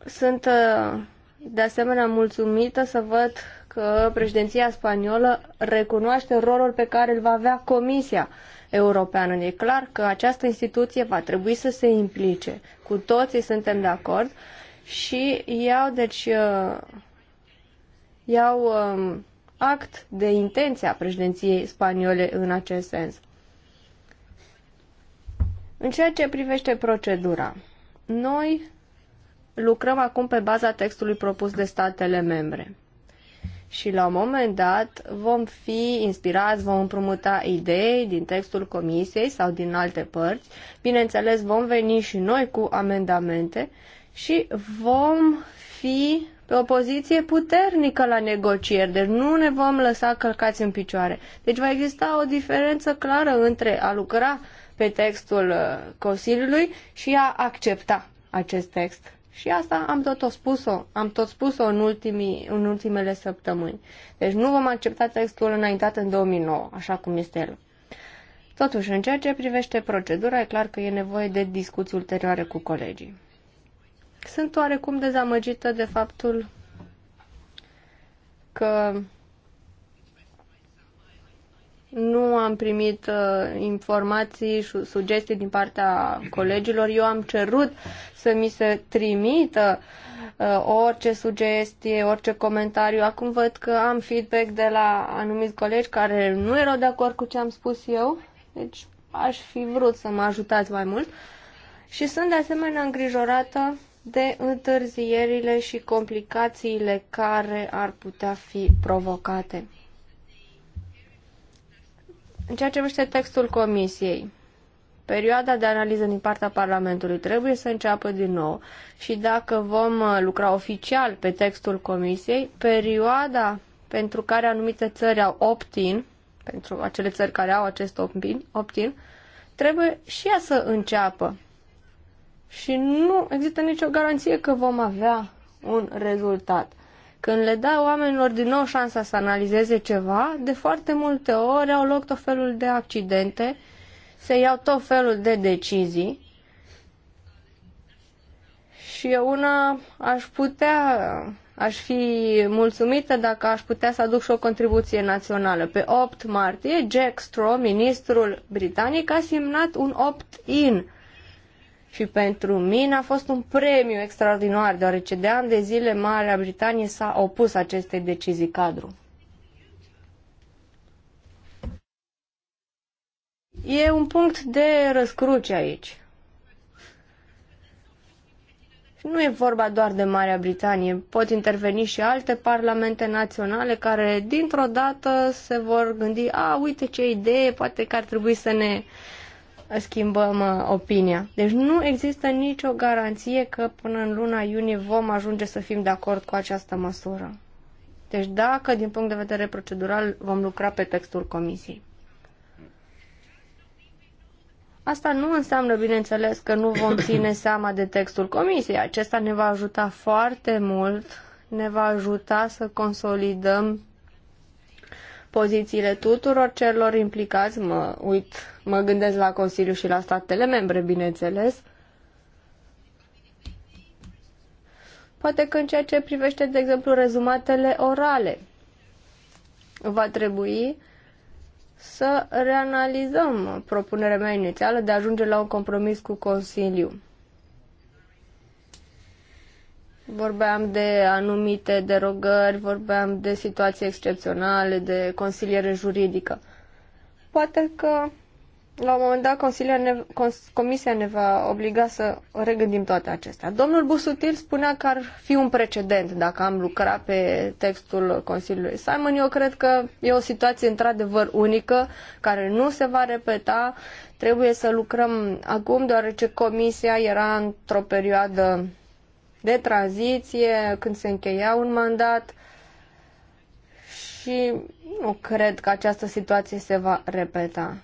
sunt uh, de asemenea mulțumită să văd că președinția spaniolă recunoaște rolul pe care îl va avea Comisia Europeană. E clar că această instituție va trebui să se implice. Cu toții suntem de acord și iau, deci, uh, iau um, act de intenția președinției spaniole în acest sens. În ceea ce privește procedura, noi lucrăm acum pe baza textului propus de statele membre. Și la un moment dat vom fi inspirați, vom împrumuta idei din textul comisiei sau din alte părți. Bineînțeles, vom veni și noi cu amendamente și vom fi pe o poziție puternică la negocieri, deci nu ne vom lăsa călcați în picioare. Deci va exista o diferență clară între a lucra pe textul uh, Consiliului și a accepta acest text. Și asta am tot spus-o, am tot spus-o în, ultimii, în ultimele săptămâni. Deci nu vom accepta textul înaintat în 2009, așa cum este el. Totuși, în ceea ce privește procedura, e clar că e nevoie de discuții ulterioare cu colegii. Sunt oarecum dezamăgită de faptul că nu am primit uh, informații și sugestii din partea colegilor. Eu am cerut să mi se trimită uh, orice sugestie, orice comentariu. Acum văd că am feedback de la anumiți colegi care nu erau de acord cu ce am spus eu. Deci aș fi vrut să mă ajutați mai mult. Și sunt de asemenea îngrijorată de întârzierile și complicațiile care ar putea fi provocate. În ceea ce privește textul comisiei, perioada de analiză din partea Parlamentului trebuie să înceapă din nou și dacă vom uh, lucra oficial pe textul comisiei, perioada pentru care anumite țări au opt-in, pentru acele țări care au acest opt-in, trebuie și ea să înceapă. Și nu există nicio garanție că vom avea un rezultat. Când le dai oamenilor din nou șansa să analizeze ceva, de foarte multe ori au loc tot felul de accidente, se iau tot felul de decizii și eu una aș putea, aș fi mulțumită dacă aș putea să aduc și o contribuție națională. Pe 8 martie, Jack Straw, ministrul britanic, a semnat un opt-in și pentru mine a fost un premiu extraordinar, deoarece de ani de zile Marea Britanie s-a opus acestei decizii cadru. E un punct de răscruce aici. Nu e vorba doar de Marea Britanie, pot interveni și alte parlamente naționale care dintr-o dată se vor gândi, a, uite ce idee, poate că ar trebui să ne uh, schimbăm uh, opinia. Deci nu există nicio garanție că până în luna iunie vom ajunge să fim de acord cu această măsură. Deci dacă, din punct de vedere procedural, vom lucra pe textul comisiei. Asta nu înseamnă, bineînțeles, că nu vom ține seama de textul comisiei. Acesta ne va ajuta foarte mult, ne va ajuta să consolidăm pozițiile tuturor celor implicați, mă uit, mă gândesc la Consiliu și la statele membre, bineînțeles. Poate că în ceea ce privește, de exemplu, rezumatele orale, va trebui să reanalizăm propunerea mea inițială de a ajunge la un compromis cu Consiliu. Vorbeam de anumite derogări, vorbeam de situații excepționale, de consiliere juridică. Poate că la un moment dat ne, Comisia ne va obliga să regândim toate acestea. Domnul Busutil spunea că ar fi un precedent dacă am lucrat pe textul Consiliului Simon. Eu cred că e o situație într-adevăr unică, care nu se va repeta. Trebuie să lucrăm acum, deoarece Comisia era într-o perioadă de tranziție, când se încheia un mandat și nu cred că această situație se va repeta.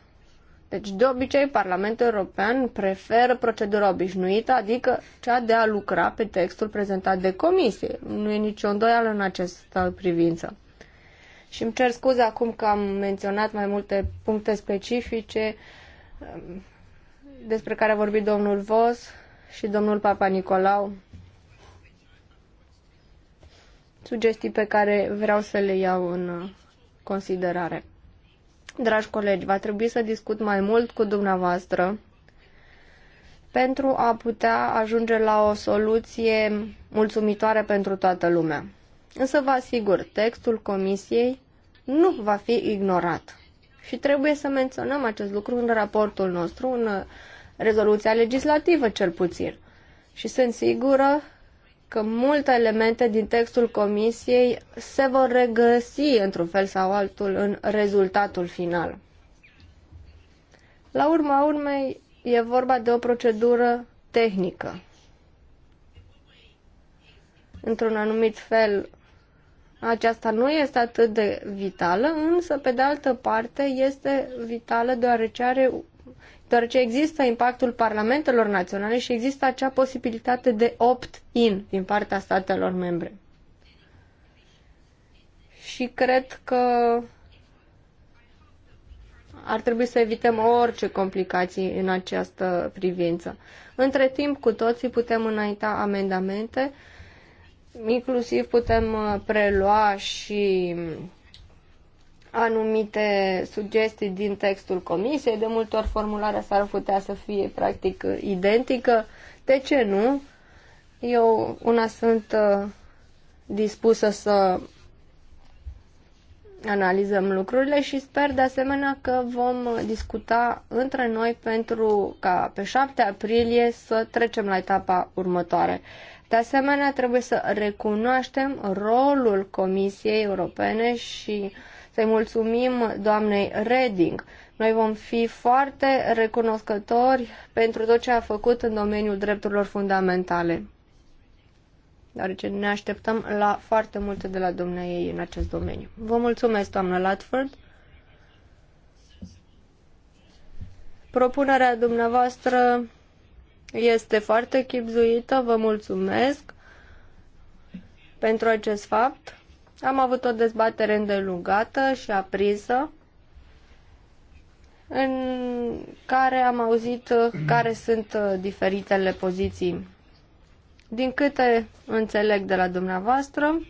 Deci, de obicei, Parlamentul European preferă procedura obișnuită, adică cea de a lucra pe textul prezentat de comisie. Nu e nicio îndoială în această privință. Și îmi cer scuze acum că am menționat mai multe puncte specifice um, despre care a vorbit domnul Vos și domnul Papa Nicolau sugestii pe care vreau să le iau în considerare. Dragi colegi, va trebui să discut mai mult cu dumneavoastră pentru a putea ajunge la o soluție mulțumitoare pentru toată lumea. Însă vă asigur, textul comisiei nu va fi ignorat. Și trebuie să menționăm acest lucru în raportul nostru, în rezoluția legislativă cel puțin. Și sunt sigură că multe elemente din textul comisiei se vor regăsi într-un fel sau altul în rezultatul final. La urma urmei, e vorba de o procedură tehnică. Într-un anumit fel, aceasta nu este atât de vitală, însă, pe de altă parte, este vitală deoarece are deoarece există impactul parlamentelor naționale și există acea posibilitate de opt-in din partea statelor membre. Și cred că ar trebui să evităm orice complicații în această privință. Între timp, cu toții putem înainta amendamente, inclusiv putem uh, prelua și anumite sugestii din textul comisiei, de multe ori formularea s-ar putea să fie practic identică. De ce nu? Eu una sunt uh, dispusă să analizăm lucrurile și sper de asemenea că vom discuta între noi pentru ca pe 7 aprilie să trecem la etapa următoare. De asemenea, trebuie să recunoaștem rolul Comisiei Europene și uh, să-i mulțumim doamnei Reding. Noi vom fi foarte recunoscători pentru tot ce a făcut în domeniul drepturilor fundamentale, deoarece ne așteptăm la foarte multe de la ei în acest domeniu. Vă mulțumesc, doamnă Latford. Propunerea dumneavoastră este foarte chipzuită, vă mulțumesc pentru acest fapt. Am avut o dezbatere îndelungată și aprinsă în care am auzit uh, care sunt uh, diferitele poziții. Din câte înțeleg de la dumneavoastră,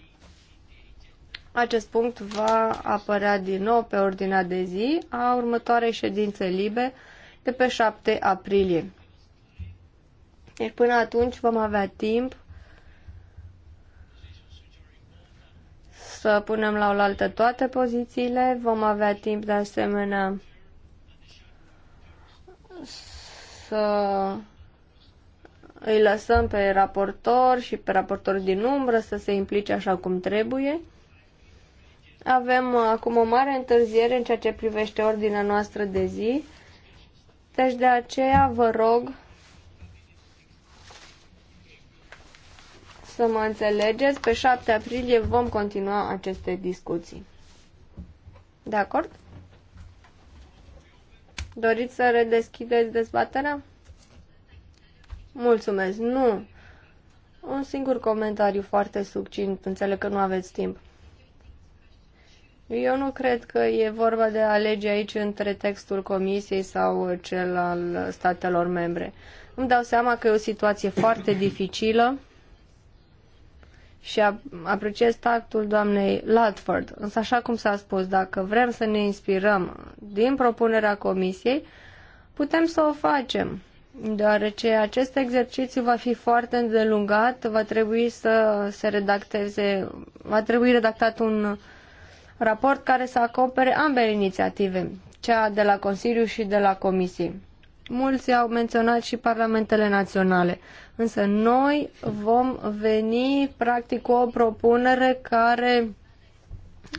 acest punct va apărea din nou pe ordinea de zi a următoarei ședințe libe de pe 7 aprilie. Deci până atunci vom avea timp să punem la oaltă toate pozițiile. Vom avea timp de asemenea să îi lăsăm pe raportor și pe raportor din umbră să se implice așa cum trebuie. Avem acum o mare întârziere în ceea ce privește ordinea noastră de zi, deci de aceea vă rog să mă înțelegeți, pe 7 aprilie vom continua aceste discuții. De acord? Doriți să redeschideți dezbaterea? Mulțumesc. Nu. Un singur comentariu foarte succint. Înțeleg că nu aveți timp. Eu nu cred că e vorba de alege aici între textul comisiei sau cel al statelor membre. Îmi dau seama că e o situație foarte dificilă și apreciez tactul doamnei Latford. Însă, așa cum s-a spus, dacă vrem să ne inspirăm din propunerea comisiei, putem să o facem, deoarece acest exercițiu va fi foarte îndelungat, va trebui să se redacteze, va trebui redactat un raport care să acopere ambele inițiative, cea de la Consiliu și de la Comisie. Mulți au menționat și parlamentele naționale. Însă noi vom veni practic cu o propunere care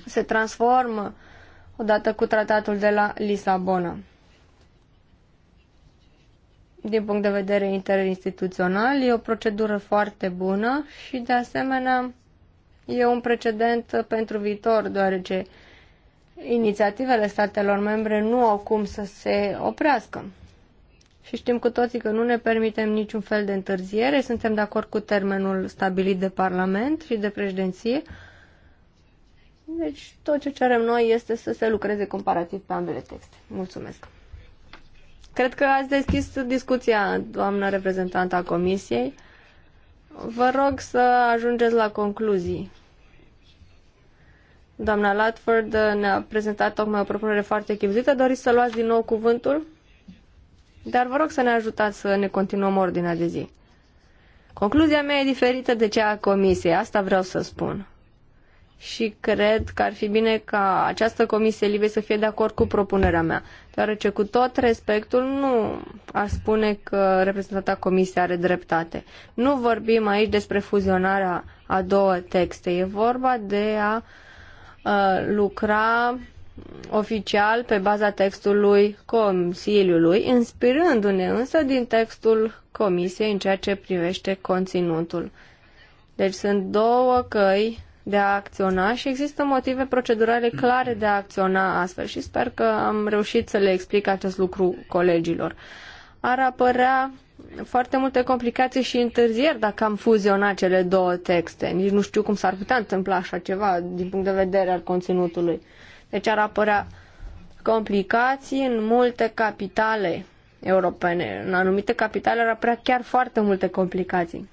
se transformă odată cu tratatul de la Lisabona. Din punct de vedere interinstituțional, e o procedură foarte bună și, de asemenea, e un precedent pentru viitor, deoarece inițiativele statelor membre nu au cum să se oprească și știm cu toții că nu ne permitem niciun fel de întârziere, suntem de acord cu termenul stabilit de Parlament și de președinție. Deci tot ce cerem noi este să se lucreze comparativ pe ambele texte. Mulțumesc! Cred că ați deschis discuția, doamnă reprezentanta a Comisiei. Vă rog să ajungeți la concluzii. Doamna Latford ne-a prezentat tocmai o propunere foarte echilibrată. Doriți să luați din nou cuvântul? Dar vă rog să ne ajutați să ne continuăm ordinea de zi. Concluzia mea e diferită de cea a comisiei, asta vreau să spun. Și cred că ar fi bine ca această comisie libe să fie de acord cu propunerea mea, deoarece cu tot respectul nu aș spune că reprezentanta comisie are dreptate. Nu vorbim aici despre fuzionarea a două texte, e vorba de a uh, lucra oficial pe baza textului Consiliului, inspirându-ne însă din textul Comisiei în ceea ce privește conținutul. Deci sunt două căi de a acționa și există motive procedurale clare de a acționa astfel și sper că am reușit să le explic acest lucru colegilor. Ar apărea foarte multe complicații și întârzieri dacă am fuzionat cele două texte. Nici nu știu cum s-ar putea întâmpla așa ceva din punct de vedere al conținutului. Deci ar apărea complicații în multe capitale europene. În anumite capitale ar apărea chiar foarte multe complicații.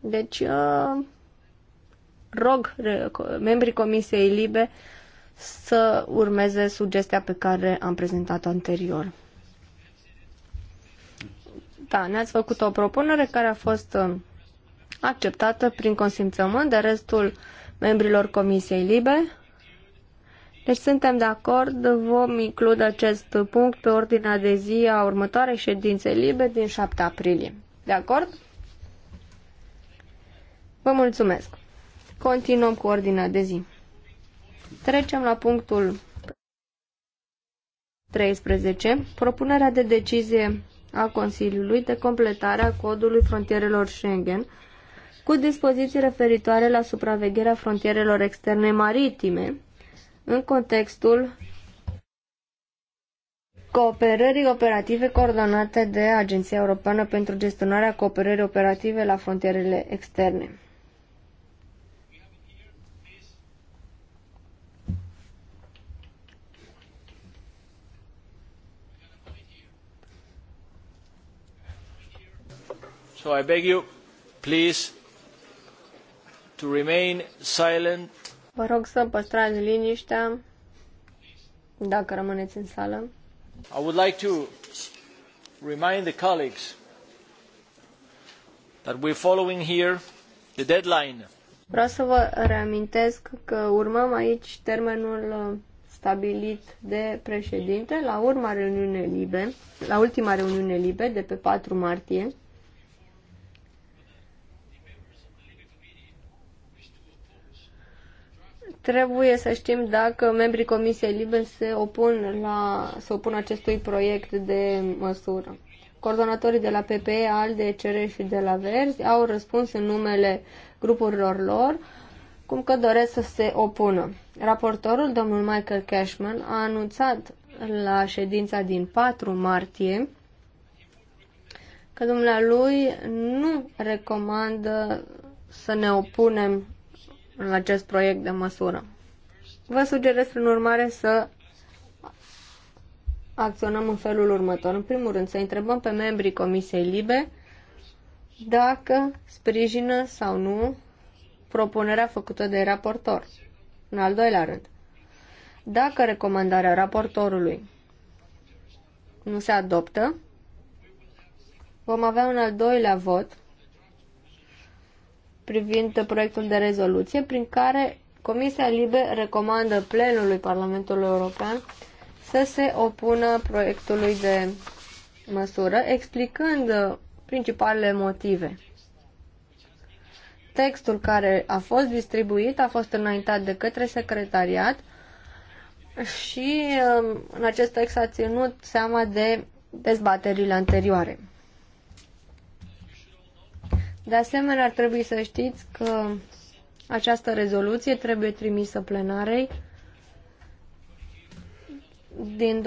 Deci uh, rog membrii Comisiei Libe să urmeze sugestia pe care am prezentat-o anterior. Da, ne-ați făcut o propunere care a fost uh, acceptată prin consimțământ de restul membrilor Comisiei Libe. Deci suntem de acord, vom include acest punct pe ordinea de zi a următoarei ședințe libe din 7 aprilie. De acord? Vă mulțumesc. Continuăm cu ordinea de zi. Trecem la punctul 13. Propunerea de decizie a Consiliului de completare a codului frontierelor Schengen cu dispoziții referitoare la supravegherea frontierelor externe maritime în contextul cooperării operative coordonate de Agenția Europeană pentru gestionarea cooperării operative la frontierele externe. So I beg you, please, to remain silent Vă rog să păstrați liniștea dacă rămâneți în sală. I would like to remind the colleagues that we're following here the deadline. Vreau să vă reamintesc că urmăm aici termenul uh, stabilit de președinte la urma reuniune libe, la ultima reuniune libe de pe 4 martie. Trebuie să știm dacă membrii Comisiei Libe se opun, la, se opun acestui proiect de măsură. Coordonatorii de la PPE, ALDE, CERE și de la Verzi au răspuns în numele grupurilor lor cum că doresc să se opună. Raportorul, domnul Michael Cashman, a anunțat la ședința din 4 martie că dumnealui nu recomandă să ne opunem în acest proiect de măsură. Vă sugerez, prin urmare, să acționăm în felul următor. În primul rând, să întrebăm pe membrii Comisiei Libe dacă sprijină sau nu propunerea făcută de raportor. În al doilea rând, dacă recomandarea raportorului nu se adoptă, vom avea un al doilea vot privind proiectul de rezoluție prin care Comisia Libe recomandă plenului Parlamentului European să se opună proiectului de măsură, explicând principalele motive. Textul care a fost distribuit a fost înaintat de către secretariat și um, în acest text a ținut seama de dezbaterile anterioare. De asemenea, ar trebui să știți că această rezoluție trebuie trimisă plenarei din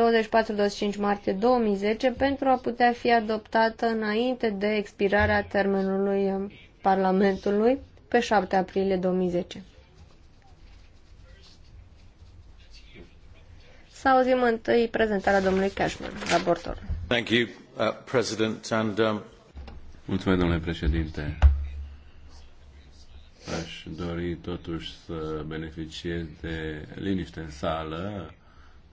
24-25 martie 2010 pentru a putea fi adoptată înainte de expirarea termenului Parlamentului pe 7 aprilie 2010. Să auzim întâi prezentarea domnului Cashman, raportor. Thank you, uh, President, and um, Mulțumesc, domnule președinte. Aș dori totuși să beneficiez de liniște în sală,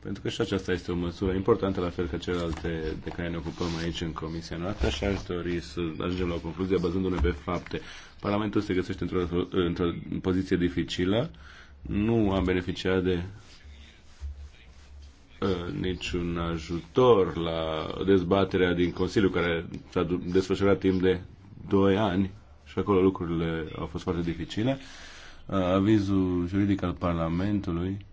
pentru că și aceasta este o măsură importantă, la fel ca celelalte de care ne ocupăm aici în comisia noastră și aș dori să ajungem la o concluzie bazându-ne pe fapte. Parlamentul se găsește într-o, într, -o, într -o poziție dificilă, nu a beneficiat de Uh, niciun ajutor la dezbaterea din Consiliu care s-a desfășurat timp de 2 ani și acolo lucrurile au fost foarte dificile. Uh, avizul juridic al Parlamentului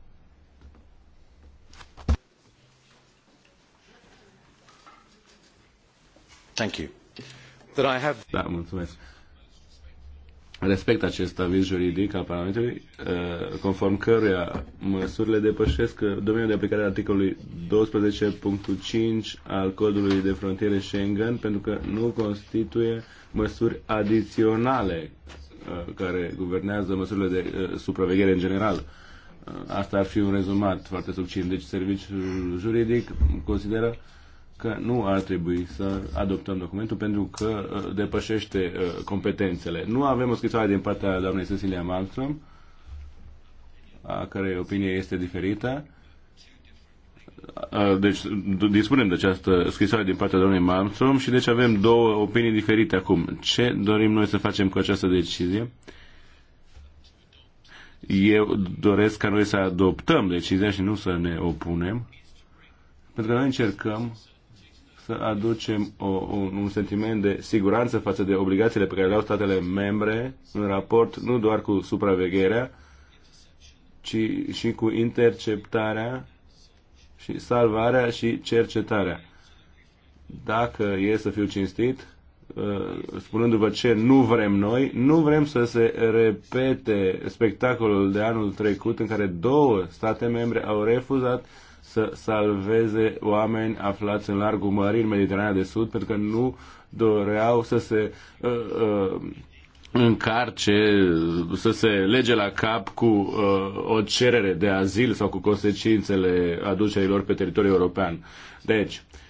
Thank you. That I have... Da, mulțumesc respect acest aviz juridic al Parlamentului, uh, conform căruia măsurile depășesc uh, domeniul de aplicare al articolului 12.5 al Codului de Frontiere Schengen, pentru că nu constituie măsuri adiționale uh, care guvernează măsurile de supraveghere în general. Asta ar fi un rezumat foarte succint. Deci serviciul juridic consideră că nu ar trebui să adoptăm documentul pentru că uh, depășește uh, competențele. Nu avem o scrisoare din partea doamnei Cecilia Malmström, a cărei opinie este diferită. Uh, deci dispunem de această scrisoare din partea doamnei Malmström și deci avem două opinii diferite acum. Ce dorim noi să facem cu această decizie? Eu doresc ca noi să adoptăm decizia și nu să ne opunem, pentru că noi încercăm să aducem o, un, un sentiment de siguranță față de obligațiile pe care le au statele membre în raport nu doar cu supravegherea, ci și cu interceptarea și salvarea și cercetarea. Dacă e să fiu cinstit, uh, spunându-vă ce nu vrem noi, nu vrem să se repete spectacolul de anul trecut în care două state membre au refuzat să salveze oameni aflați în largul mării, în Mediterana de Sud, pentru că nu doreau să se uh, uh, încarce, să se lege la cap cu uh, o cerere de azil sau cu consecințele aducerilor pe teritoriul european. Deci, uh,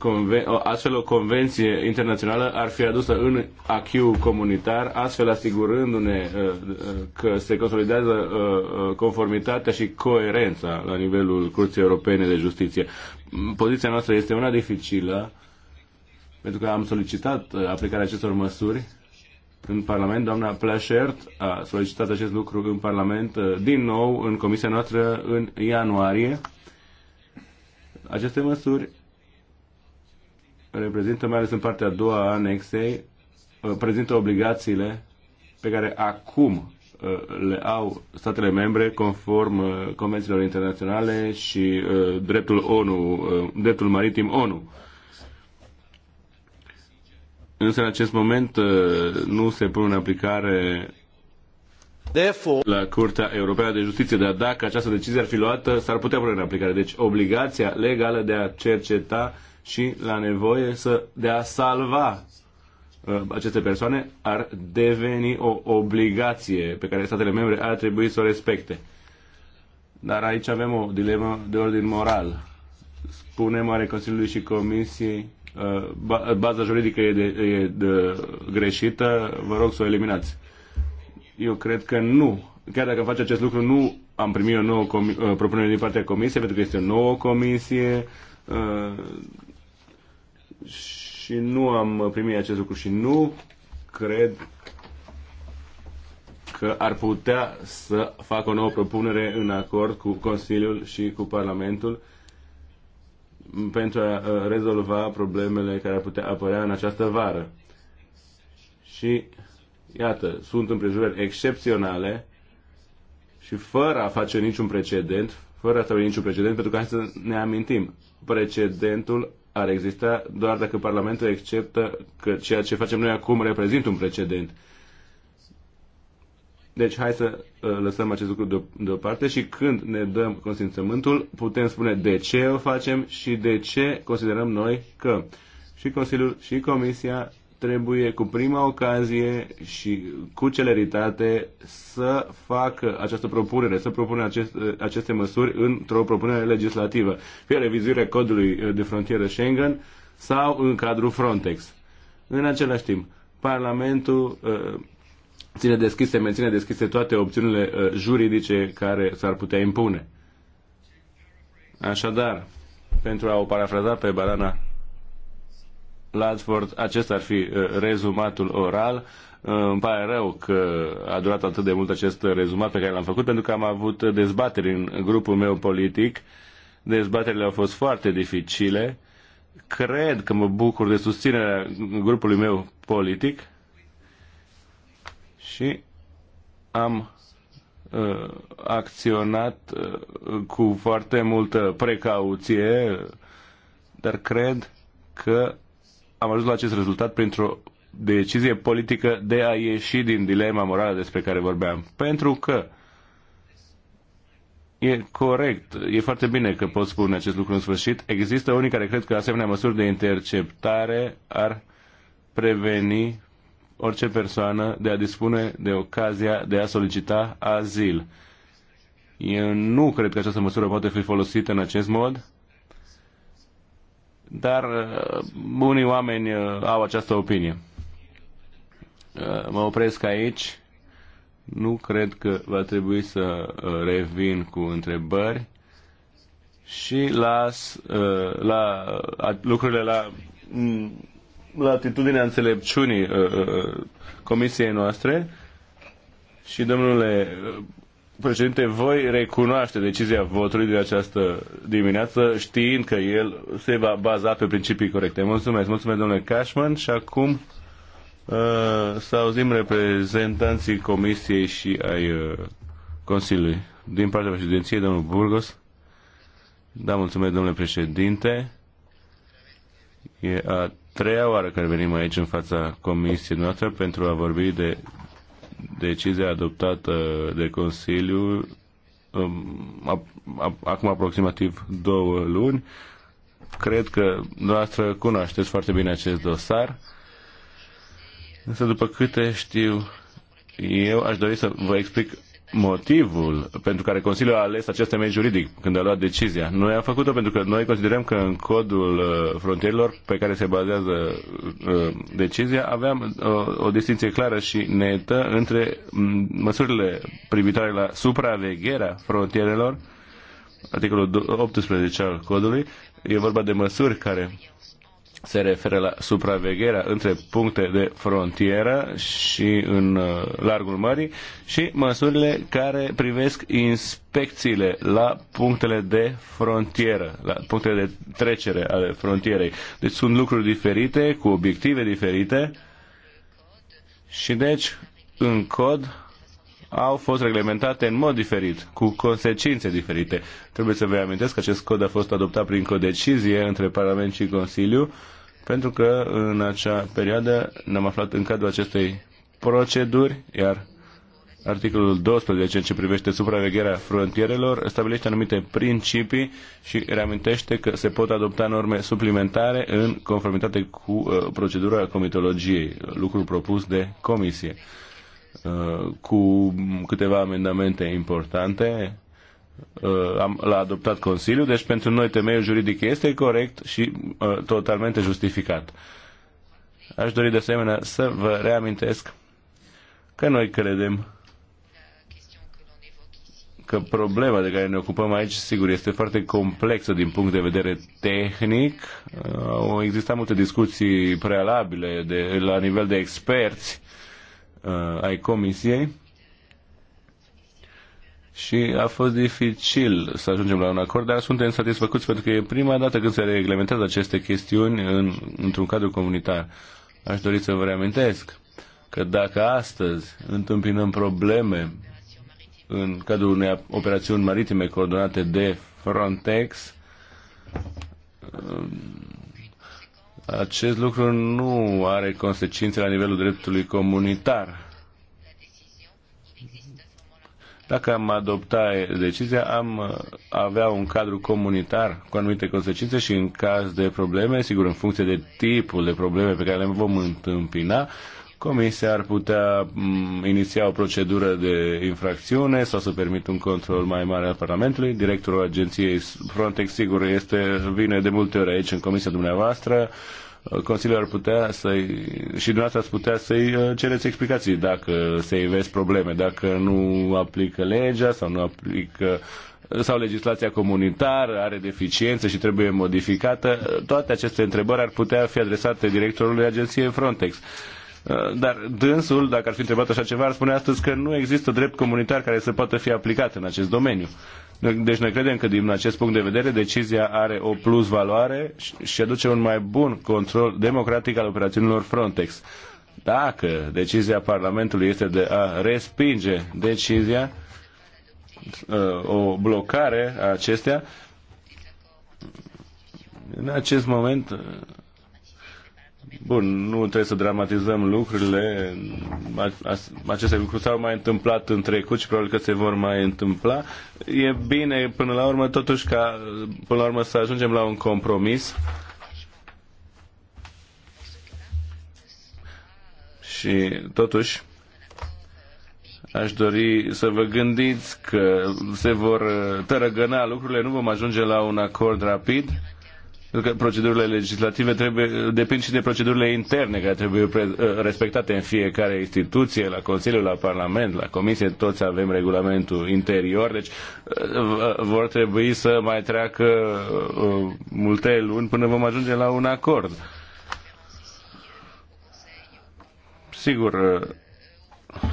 conven- astfel o convenție internațională ar fi adusă în acquis comunitar, astfel asigurându-ne uh, uh, că se consolidează uh, conformitatea și coerența la nivelul Curții Europene de Justiție. Poziția noastră este una dificilă, pentru că am solicitat aplicarea acestor măsuri în Parlament. Doamna Plashert a solicitat acest lucru în Parlament din nou în comisia noastră în ianuarie. Aceste măsuri reprezintă, mai ales în partea a doua a anexei, uh, prezintă obligațiile pe care acum uh, le au statele membre conform uh, convențiilor internaționale și dreptul ONU, dreptul maritim ONU. Însă în acest moment nu se pun în aplicare la Curtea Europeană de Justiție, dar dacă această decizie ar fi luată, s-ar putea pune în aplicare. Deci obligația legală de a cerceta uh, și la nevoie să, de a salva uh, aceste persoane ar deveni o obligație pe care statele membre ar trebui să o respecte. Dar aici avem o dilemă de ordin moral. Spunem oare Consiliului și Comisiei uh, baza juridică e, de, e de greșită, vă rog să o eliminați. Eu cred că nu. Chiar dacă face acest lucru, nu am primit o nouă uh, propunere din partea Comisiei, pentru că este o nouă comisie, și nu am primit acest lucru și nu cred că ar putea să facă o nouă propunere în acord cu Consiliul și cu Parlamentul pentru a rezolva problemele care ar putea apărea în această vară. Și, iată, sunt împrejurări excepționale și fără a face niciun precedent, fără a stabili niciun precedent, pentru că hai să ne amintim, precedentul ar exista doar dacă Parlamentul acceptă că ceea ce facem noi acum reprezintă un precedent. Deci hai să uh, lăsăm acest lucru deoparte și când ne dăm consimțământul, putem spune de ce o facem și de ce considerăm noi că și Consiliul și Comisia trebuie cu prima ocazie și cu celeritate să facă această propunere, să propună acest, aceste măsuri într-o propunere legislativă, fie revizuirea codului de frontieră Schengen sau în cadrul Frontex. În același timp, Parlamentul uh, ține deschise, menține deschise toate opțiunile uh, juridice care s-ar putea impune. Așadar, pentru a o parafraza pe Barana Ladford, acesta ar fi uh, rezumatul oral. Uh, îmi pare rău că a durat atât de mult acest rezumat pe care l-am făcut, pentru că am avut dezbateri în grupul meu politic. Dezbaterile au fost foarte dificile. Cred că mă bucur de susținerea grupului meu politic și am uh, acționat uh, cu foarte multă precauție, dar cred că am ajuns la acest rezultat printr-o decizie politică de a ieși din dilema morală despre care vorbeam. Pentru că e corect, e foarte bine că pot spune acest lucru în sfârșit. Există unii care cred că asemenea măsuri de interceptare ar preveni orice persoană de a dispune de ocazia de a solicita azil. Eu nu cred că această măsură poate fi folosită în acest mod dar uh, unii oameni uh, au această opinie. Uh, mă opresc aici. Nu cred că va trebui să revin cu întrebări și las la, lucrurile la mm, la atitudinea înțelepciunii uh, uh, comisiei noastre și domnule președinte, voi recunoaște decizia votului din această dimineață, știind că el se va baza pe principii corecte. Mulțumesc, mulțumesc domnule Cashman și acum uh, să auzim reprezentanții Comisiei și ai uh, Consiliului. Din partea președinției, domnul Burgos. Da, mulțumesc, domnule președinte. E a treia oară că venim aici în fața comisiei noastre pentru a vorbi de decizia adoptată de Consiliu um, acum aproximativ două luni. Cred că noastră cunoașteți foarte bine acest dosar. Însă, după câte știu eu, aș dori să vă explic motivul pentru care Consiliul a ales acest temei juridic când a luat decizia. Noi am făcut-o pentru că noi considerăm că în codul uh, frontierilor pe care se bazează uh, decizia aveam o, uh, o distinție clară și netă între mm, măsurile privitoare la supravegherea frontierelor, articolul 18 al codului, e vorba de măsuri care se referă la supravegherea între puncte de frontieră și în uh, largul mării și măsurile care privesc inspecțiile la punctele de frontieră, la punctele de trecere ale frontierei. Deci sunt lucruri diferite, cu obiective diferite și deci în cod au fost reglementate în mod diferit, cu consecințe diferite. Trebuie să vă amintesc că acest cod a fost adoptat prin codecizie între Parlament și Consiliu, pentru că în acea perioadă ne-am aflat în cadrul acestei proceduri, iar articolul 12 în ce privește supravegherea frontierelor stabilește anumite principii și reamintește că se pot adopta norme suplimentare în conformitate cu uh, procedura comitologiei, lucru propus de comisie. Uh, cu câteva amendamente importante uh, l-a adoptat Consiliul, deci pentru noi temeiul juridic este corect și uh, totalmente justificat. Aș dori de asemenea să vă reamintesc că noi credem că problema de care ne ocupăm aici, sigur, este foarte complexă din punct de vedere tehnic. Au existat multe discuții prealabile de, la nivel de experți uh, ai Comisiei și a fost dificil să ajungem la un acord, dar suntem satisfăcuți pentru că e prima dată când se reglementează aceste chestiuni în, într-un cadru comunitar. Aș dori să vă reamintesc că dacă astăzi întâmpinăm probleme în cadrul unei operațiuni maritime coordonate de Frontex, uh, acest lucru nu are consecințe la nivelul dreptului comunitar. Dacă am adopta decizia, am avea un cadru comunitar cu anumite consecințe și în caz de probleme, sigur, în funcție de tipul de probleme pe care le vom întâmpina, Comisia ar putea mm, iniția o procedură de infracțiune sau să permită un control mai mare al Parlamentului. Directorul agenției Frontex, sigur, este, vine de multe ori aici în Comisia dumneavoastră Consiliul ar putea să și dumneavoastră ați putea să-i uh, cereți explicații dacă se ivesc probleme, dacă nu aplică legea sau nu aplică sau legislația comunitară are deficiențe și trebuie modificată, toate aceste întrebări ar putea fi adresate directorului agenției Frontex. Uh, Eh, dar dânsul, dacă ar fi întrebat așa ceva, ar spune astăzi că nu există drept comunitar care să poată fi aplicat în acest domeniu. Deci noi credem că din acest punct de vedere decizia are o plus valoare și aduce un mai bun control democratic al operațiunilor Frontex. Dacă decizia Parlamentului este de a respinge decizia, eh, o blocare a acestea, în acest moment Bun, nu trebuie să dramatizăm lucrurile. Aceste lucruri s-au mai întâmplat în trecut și probabil că se vor mai întâmpla. E bine, până la urmă, totuși, ca până la urmă să ajungem la un compromis. Și totuși, aș dori să vă gândiți că se vor uh, tărăgăna lucrurile, nu vom ajunge la un acord rapid pentru că procedurile legislative trebuie, depind și de procedurile interne care trebuie uh, respectate în fiecare instituție, la Consiliu, la Parlament, la Comisie, toți avem regulamentul interior, deci uh, uh, vor trebui să mai treacă multe luni până vom ajunge la un acord. Sigur.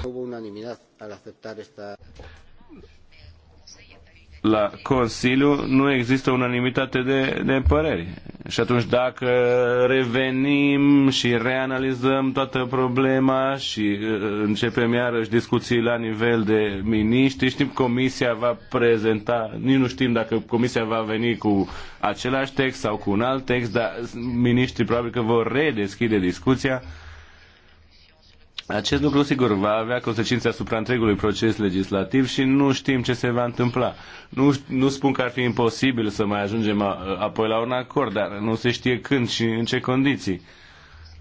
Hubo unanimidad al aceptar esta la Consiliu nu există unanimitate de, de păreri. Și atunci dacă revenim și reanalizăm toată problema și uh, începem iarăși discuții la nivel de miniștri, știm comisia va prezenta, nici nu știm dacă comisia va veni cu același text sau cu un alt text, dar miniștrii probabil că vor redeschide discuția acest lucru, sigur, va avea consecințe asupra întregului proces legislativ și nu știm ce se va întâmpla. Nu, nu spun că ar fi imposibil să mai ajungem a, apoi la un acord, dar nu se știe când și în ce condiții.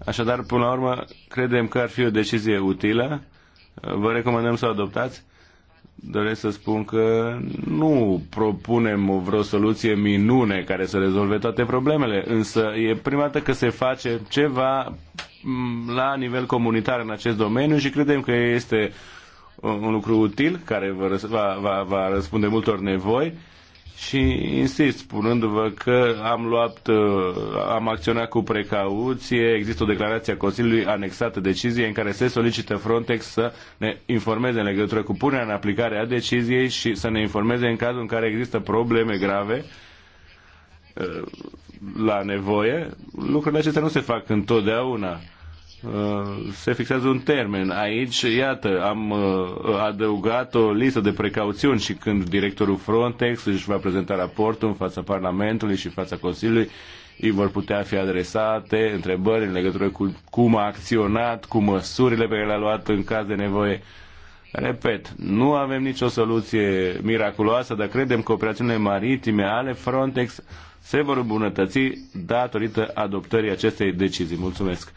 Așadar, până la urmă, credem că ar fi o decizie utilă. Vă recomandăm să o adoptați. Doresc să spun că nu propunem vreo soluție minune care să rezolve toate problemele, însă e prima dată că se face ceva la nivel comunitar în acest domeniu și credem că este uh, un lucru util care va, va, va răspunde multor nevoi și insist spunându-vă că am luat, uh, am acționat cu precauție, există o declarație a Consiliului anexată decizie în care se solicită Frontex să ne informeze în legătură cu punerea în aplicare a deciziei și să ne informeze în cazul în care există probleme grave uh, la nevoie, lucrurile acestea nu se fac întotdeauna. Uh, se fixează un termen. Aici, iată, am uh, adăugat o listă de precauțiuni și când directorul Frontex își va prezenta raportul în fața Parlamentului și în fața Consiliului, îi vor putea fi adresate întrebări în legătură cu cum a acționat, cu măsurile pe care le-a luat în caz de nevoie. Repet, nu avem nicio soluție miraculoasă, dar credem că operațiunile maritime ale Frontex se vor îmbunătăți datorită adoptării acestei decizii. Mulțumesc!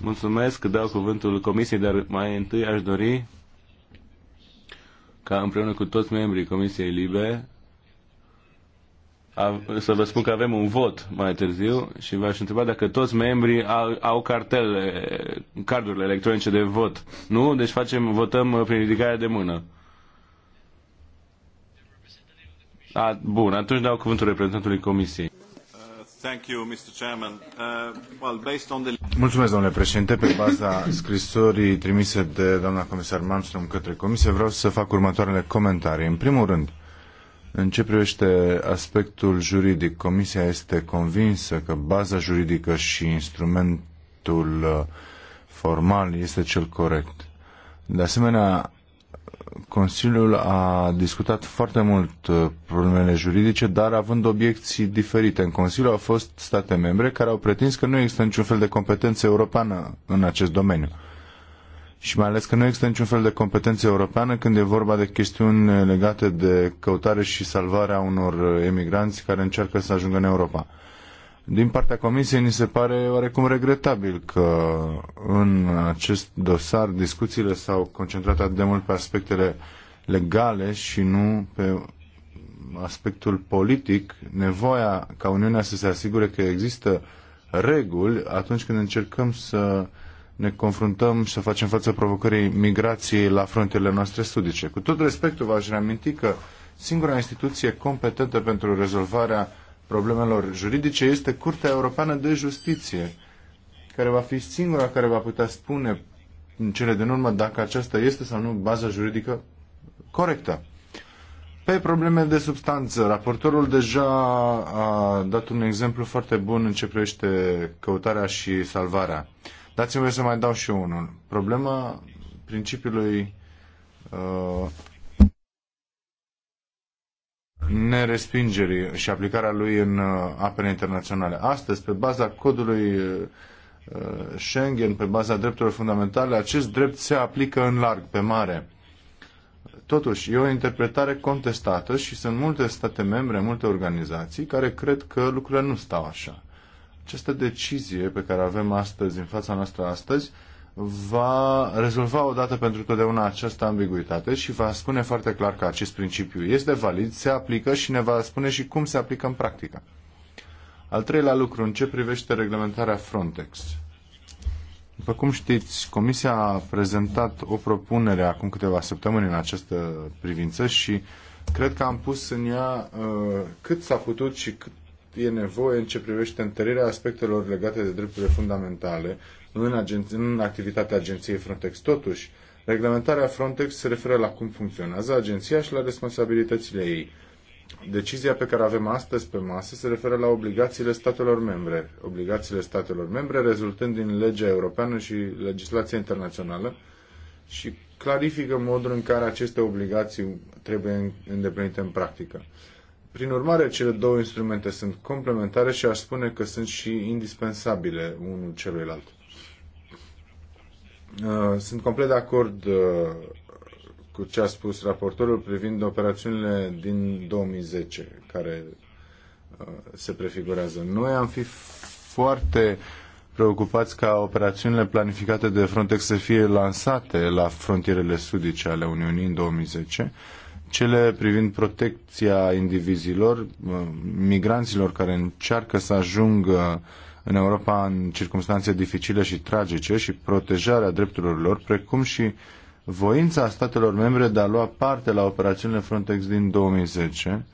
Mulțumesc că dau cuvântul Comisiei, dar mai întâi aș dori ca împreună cu toți membrii Comisiei Libe a, să vă spun că avem un vot mai târziu și v-aș întreba dacă toți membrii au, au cartele, cardurile electronice de vot. Nu? Deci facem, votăm prin ridicarea de mână. A, bun, atunci dau cuvântul reprezentantului Comisiei. Uh, uh, Mulțumesc, domnule președinte. Pe baza scrisorii trimise de doamna comisar Malmström către comisie, vreau să fac următoarele comentarii. În primul rând, în ce privește aspectul juridic, comisia este convinsă că baza juridică și instrumentul uh, formal este cel corect. De asemenea, Consiliul a discutat foarte mult uh, problemele juridice, dar având obiecții diferite. În Consiliu au fost state membre care au pretins că nu există niciun fel de competență europeană în acest domeniu. Și mai ales că nu există niciun fel de competență europeană când e vorba de chestiuni legate de căutare și salvarea unor emigranți care încearcă să ajungă în Europa. Din partea Comisiei, ni se pare oarecum regretabil că în acest dosar discuțiile s-au concentrat atât de mult pe aspectele legale și nu pe aspectul politic, nevoia ca Uniunea să se asigure că există reguli atunci când încercăm să ne confruntăm și să facem față provocării migrației la frontierele noastre sudice. Cu tot respectul, v-aș reaminti că singura instituție competentă pentru rezolvarea problemelor juridice este Curtea Europeană de Justiție, care va fi singura care va putea spune în cele din urmă dacă aceasta este sau nu baza juridică corectă. Pe probleme de substanță, raportorul deja a dat un exemplu foarte bun în ce privește căutarea și salvarea. Dați-mi să mai dau și unul. Problema principiului uh, nerespingerii și aplicarea lui în uh, apele internaționale. Astăzi, pe baza codului uh, uh, Schengen, pe baza drepturilor fundamentale, acest drept se aplică în larg, pe mare. Totuși, e o interpretare contestată și sunt multe state membre, multe organizații care cred că lucrurile nu stau așa. Această decizie pe care avem astăzi, în fața noastră astăzi, va rezolva odată pentru totdeauna această ambiguitate și va spune foarte clar că acest principiu este valid, se aplică și ne va spune și cum se aplică în practică. Al treilea lucru, în ce privește reglementarea Frontex. După cum știți, Comisia a prezentat o propunere acum câteva săptămâni în această privință și cred că am pus în ea uh, cât s-a putut și cât e nevoie în ce privește întărirea aspectelor legate de drepturile fundamentale în, agen- în activitatea agenției Frontex. Totuși, reglementarea Frontex se referă la cum funcționează agenția și la responsabilitățile ei. Decizia pe care avem astăzi pe masă se referă la obligațiile statelor membre. Obligațiile statelor membre rezultând din legea europeană și legislația internațională și clarifică modul în care aceste obligații trebuie îndeplinite în practică. Prin urmare, cele două instrumente sunt complementare și aș spune că sunt și indispensabile unul celuilalt. Uh, sunt complet de acord uh, cu ce a spus raportorul privind operațiunile din 2010 care uh, se prefigurează. Noi am fi foarte preocupați ca operațiunile planificate de Frontex să fie lansate la frontierele sudice ale Uniunii în 2010, cele privind protecția indivizilor, migranților care încearcă să ajungă în Europa în circunstanțe dificile și tragice și protejarea drepturilor lor, precum și voința statelor membre de a lua parte la operațiunile Frontex din 2010,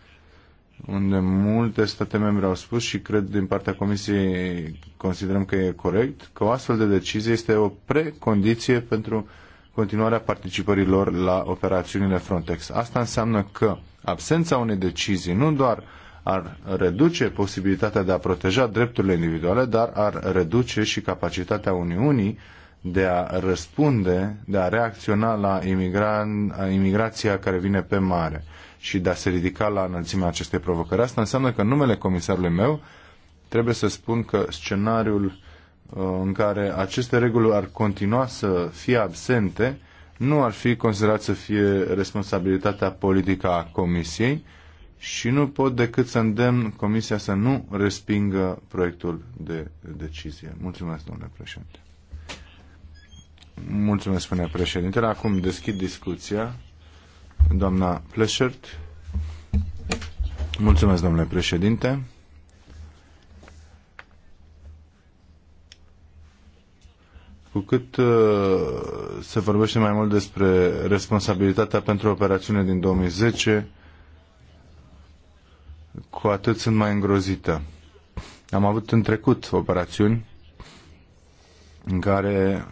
unde multe state membre au spus și cred din partea Comisiei considerăm că e corect, că o astfel de decizie este o precondiție pentru continuarea participării lor la operațiunile Frontex. Asta înseamnă că absența unei decizii nu doar uh, ar reduce posibilitatea de a proteja drepturile individuale, dar ar reduce și capacitatea Uniunii de a răspunde, de a reacționa la imigran, imigrația care vine pe mare și de a se ridica la înălțimea acestei provocări. Asta înseamnă că în numele comisarului meu trebuie să spun că scenariul uh, în care aceste reguli ar continua să fie absente nu ar fi considerat să fie responsabilitatea politică a Comisiei, și nu pot decât să îndemn Comisia să nu respingă proiectul de decizie. Mulțumesc, domnule președinte. Mulțumesc, spune președintele. Acum deschid discuția. Doamna Pleșert. Mulțumesc, domnule președinte. Cu cât uh, se vorbește mai mult despre responsabilitatea pentru operațiune din 2010, cu atât sunt mai îngrozită. Am avut în trecut operațiuni în care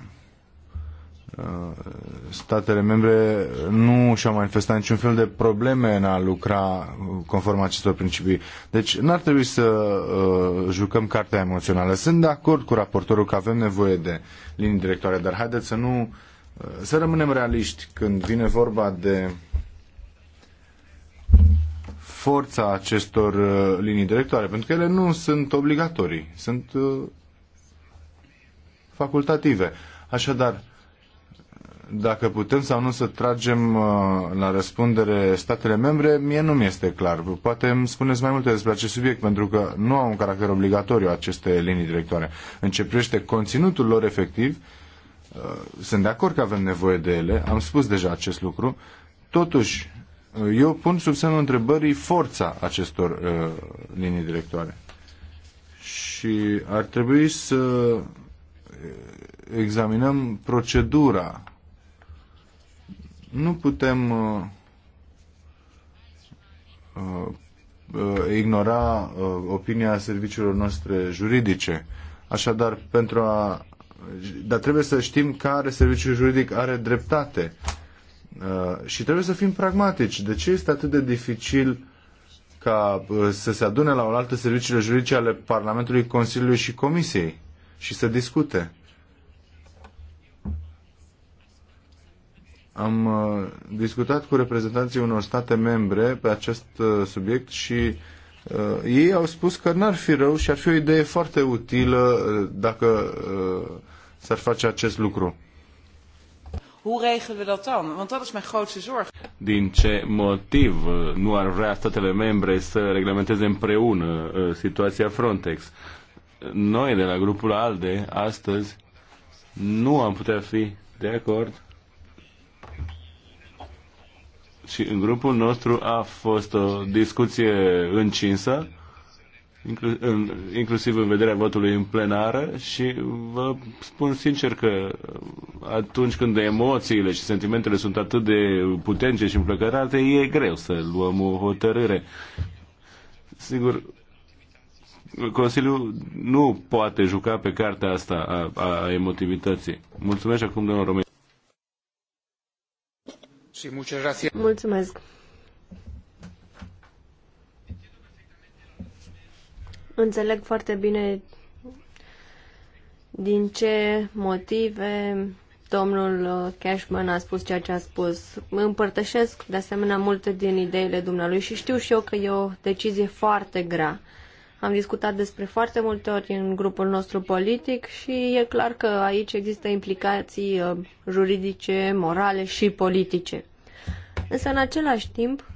uh, statele membre nu și-au manifestat niciun fel de probleme în a lucra conform acestor principii. Deci n-ar trebui să uh, jucăm cartea emoțională. Sunt de acord cu raportorul că avem nevoie de linii directoare, dar haideți să nu uh, să rămânem realiști când vine vorba de forța acestor uh, linii directoare, pentru că ele nu sunt obligatorii, sunt uh, facultative. Așadar, dacă putem sau nu să tragem uh, la răspundere statele membre, mie nu mi-este clar. Poate îmi spuneți mai multe despre acest subiect, pentru că nu au un caracter obligatoriu aceste linii directoare. Începește conținutul lor efectiv, sunt de acord că avem nevoie de ele, am spus deja acest lucru, totuși eu pun sub semnul întrebării forța acestor uh, linii directoare. Și ar trebui să uh, examinăm procedura. Nu putem uh, uh, ignora uh, opinia serviciilor noastre juridice. Așadar, pentru a. Dar trebuie să știm care serviciu juridic are dreptate. Uh, Uh, și trebuie să fim pragmatici. De ce este atât de dificil ca uh, să se adune la oaltă serviciile juridice ale Parlamentului, Consiliului și Comisiei și să discute? Am uh, discutat cu reprezentanții unor state membre pe acest subiect și uh, ei au spus că n-ar fi rău și ar fi o idee foarte utilă dacă uh, s-ar face acest lucru. Hoe regelen we dat dan? Want dat is mijn grootste zorg. Din ce motiv uh, nu ar vrea statele membre să reglementeze împreună uh, situația Frontex? Noi de la grupul ALDE astăzi nu am putea fi de acord și în grupul nostru a fost o discuție încinsă inclusiv în vederea votului în plenară și vă spun sincer că atunci când emoțiile și sentimentele sunt atât de puternice și împlăcărate, e greu să luăm o hotărâre. Sigur, Consiliul nu poate juca pe cartea asta a, a emotivității. Mulțumesc acum, domnul Romeo. Mulțumesc. Înțeleg foarte bine din ce motive domnul uh, Cashman a spus ceea ce a spus. împărtășesc de asemenea multe din ideile dumnealui și știu și eu că e o decizie foarte grea. Am discutat despre foarte multe ori în grupul nostru politic și e clar că aici există implicații uh, juridice, morale și politice. Însă, în același timp,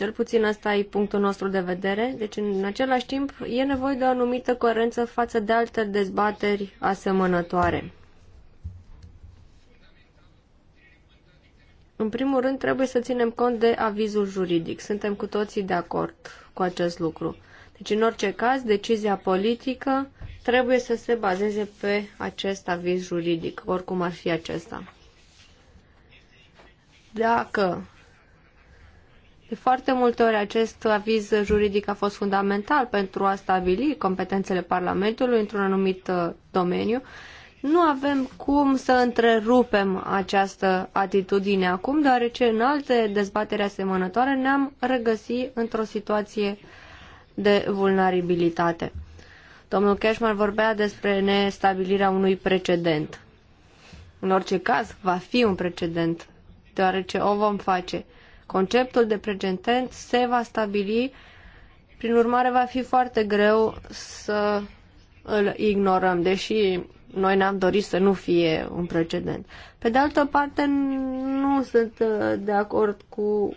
cel puțin asta e punctul nostru de vedere. Deci, în același timp, e nevoie de o anumită coerență față de alte dezbateri asemănătoare. În primul rând, trebuie să ținem cont de avizul juridic. Suntem cu toții de acord cu acest lucru. Deci, în orice caz, decizia politică trebuie să se bazeze pe acest aviz juridic, oricum ar fi acesta. Dacă de foarte multe ori acest aviz juridic a fost fundamental pentru a stabili competențele Parlamentului într-un anumit uh, domeniu. Nu avem cum să întrerupem această atitudine acum, deoarece în alte dezbateri asemănătoare ne-am regăsit într-o situație de vulnerabilitate. Domnul Cashman vorbea despre nestabilirea unui precedent. În orice caz, va fi un precedent, deoarece o vom face – Conceptul de precedent se va stabili, prin urmare va fi foarte greu să îl ignorăm, deși noi ne-am dorit să nu fie un precedent. Pe de altă parte, nu sunt uh, de acord cu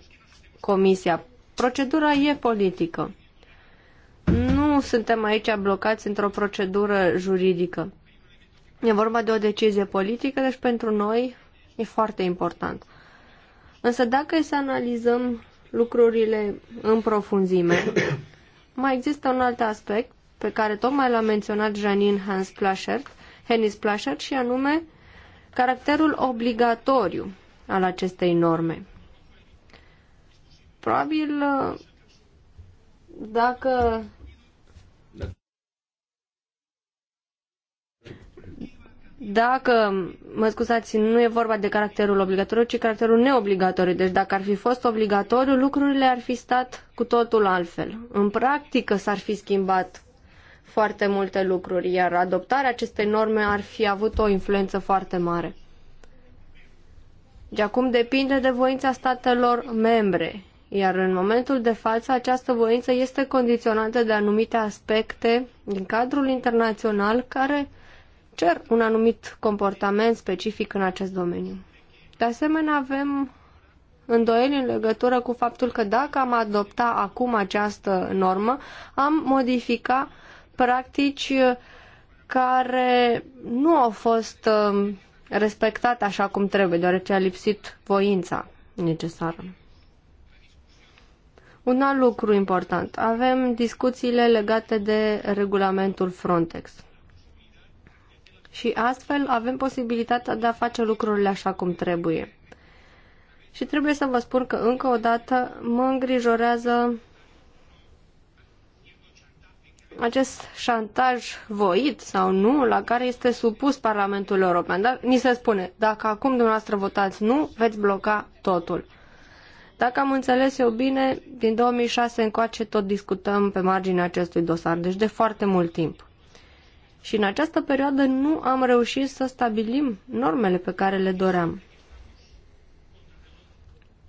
Comisia. Procedura e politică. Nu suntem aici blocați într-o procedură juridică. E vorba de o decizie politică, deci pentru noi e foarte important. Însă dacă e să analizăm lucrurile în profunzime, mai există un alt aspect pe care tocmai l-a menționat Janine Hans Plaschert, Hennis Plaschert și anume caracterul obligatoriu al acestei norme. Probabil uh, dacă dacă, mă scuzați, nu e vorba de caracterul obligatoriu, ci caracterul neobligatoriu. Deci dacă ar fi fost obligatoriu, lucrurile ar fi stat cu totul altfel. În practică s-ar fi schimbat foarte multe lucruri, iar adoptarea acestei norme ar fi avut o influență foarte mare. De deci acum depinde de voința statelor membre, iar în momentul de față această voință este condiționată de anumite aspecte din cadrul internațional care cer un anumit comportament specific în acest domeniu. De asemenea, avem îndoieli în legătură cu faptul că dacă am adopta acum această normă, am modifica practici uh, care nu au fost um, respectate așa cum trebuie, deoarece a lipsit voința necesară. Un alt lucru important. Avem discuțiile legate de regulamentul Frontex și astfel avem posibilitatea de a face lucrurile așa cum trebuie. Și trebuie să vă spun că încă o dată mă îngrijorează acest șantaj voit sau nu la care este supus Parlamentul European. Dar ni se spune, dacă acum dumneavoastră votați nu, veți bloca totul. Dacă am înțeles eu bine, din 2006 încoace tot discutăm pe marginea acestui dosar, deci de foarte mult timp. Și în această perioadă nu am reușit să stabilim normele pe care le doream.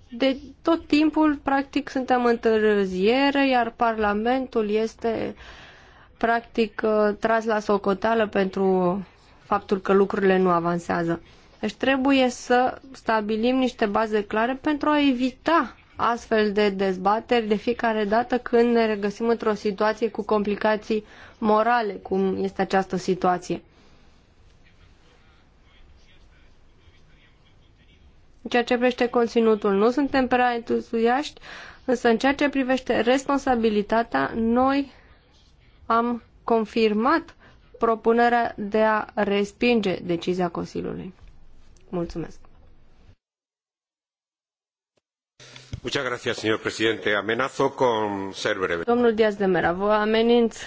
De tot timpul, practic, suntem întârziere, iar Parlamentul este, practic, uh, tras la socoteală pentru faptul că lucrurile nu avansează. Deci trebuie să stabilim niște baze clare pentru a evita astfel de dezbateri de fiecare dată când ne regăsim într-o situație cu complicații morale, cum este această situație. În ceea ce privește conținutul, nu suntem prea entuziaști, însă în ceea ce privește responsabilitatea, noi am confirmat propunerea de a respinge decizia Consiliului. Mulțumesc! señor presidente. Amenazo con ser breve. Domnul Díaz de Mera, vă ameninț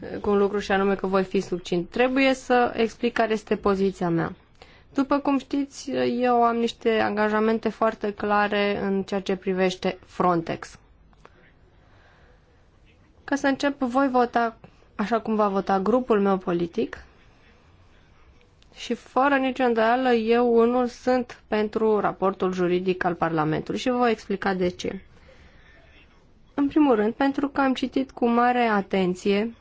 eh, cu un lucru și anume că voi fi succint. Trebuie să explic care este poziția mea. După cum știți, eu am niște angajamente foarte clare în ceea ce privește Frontex. Ca să încep, voi vota așa cum va vota grupul meu politic și fără nicio îndoială, eu unul sunt pentru raportul juridic al Parlamentului și vă voi explica de ce. În primul rând, pentru că am citit cu mare atenție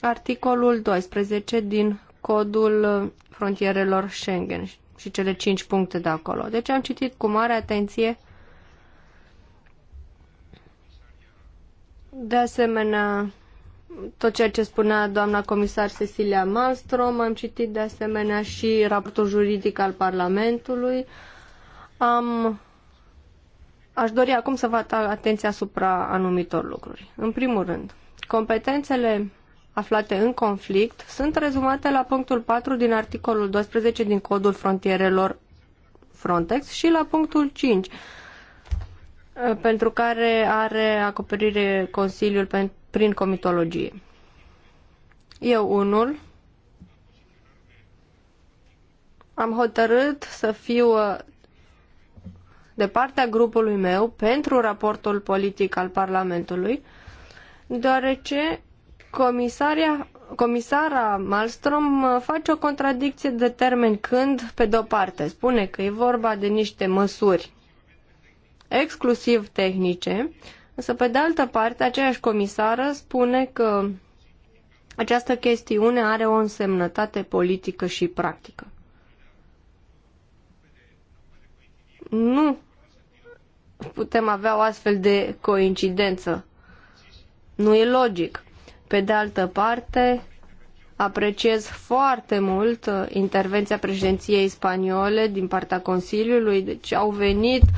articolul 12 din codul frontierelor Schengen și cele 5 puncte de acolo. Deci am citit cu mare atenție de asemenea tot ceea ce spunea doamna comisar Cecilia Malmström, am citit de asemenea și raportul juridic al Parlamentului. Am... Aș dori acum să vă atrag atenția asupra anumitor lucruri. În primul rând, competențele aflate în conflict sunt rezumate la punctul 4 din articolul 12 din Codul Frontierelor Frontex și la punctul 5 pentru care are acoperire Consiliul pentru prin comitologie. Eu unul am hotărât să fiu uh, de partea grupului meu pentru raportul politic al Parlamentului, deoarece comisaria, comisara Malmström uh, face o contradicție de termeni când, pe de-o parte, spune că e vorba de niște măsuri exclusiv tehnice, Însă, pe de altă parte, aceeași comisară spune că această chestiune are o însemnătate politică și practică. Nu putem avea o astfel de coincidență. Nu e logic. Pe de altă parte, apreciez foarte mult uh, intervenția președinției spaniole din partea Consiliului, deci au venit uh,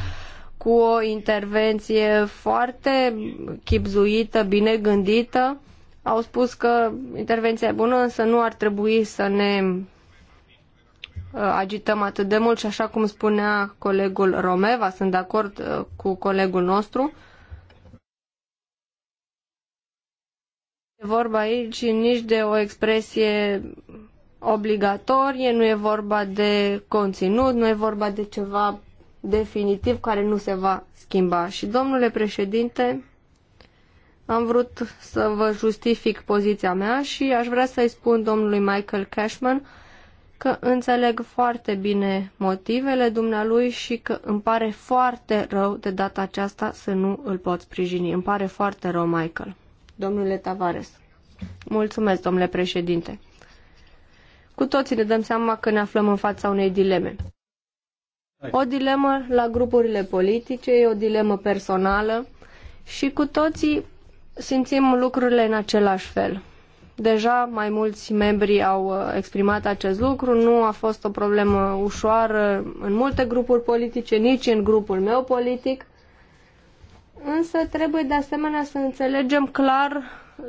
cu o intervenție foarte chipzuită, bine gândită. Au spus că intervenția e bună, însă nu ar trebui să ne uh, agităm atât de mult și așa cum spunea colegul Romeva, sunt de acord uh, cu colegul nostru, E vorba aici nici de o expresie obligatorie, nu e vorba de conținut, nu e vorba de ceva definitiv care nu se va schimba. Și, domnule președinte, am vrut să vă justific poziția mea și aș vrea să-i spun domnului Michael Cashman că înțeleg foarte bine motivele dumnealui și că îmi pare foarte rău de data aceasta să nu îl pot sprijini. Îmi pare foarte rău, Michael. Domnule Tavares. Mulțumesc, domnule președinte. Cu toții ne dăm seama că ne aflăm în fața unei dileme. O dilemă la grupurile politice, e o dilemă personală și cu toții simțim lucrurile în același fel. Deja mai mulți membri au uh, exprimat acest lucru, nu a fost o problemă ușoară în multe grupuri politice, nici în grupul meu politic, însă trebuie de asemenea să înțelegem clar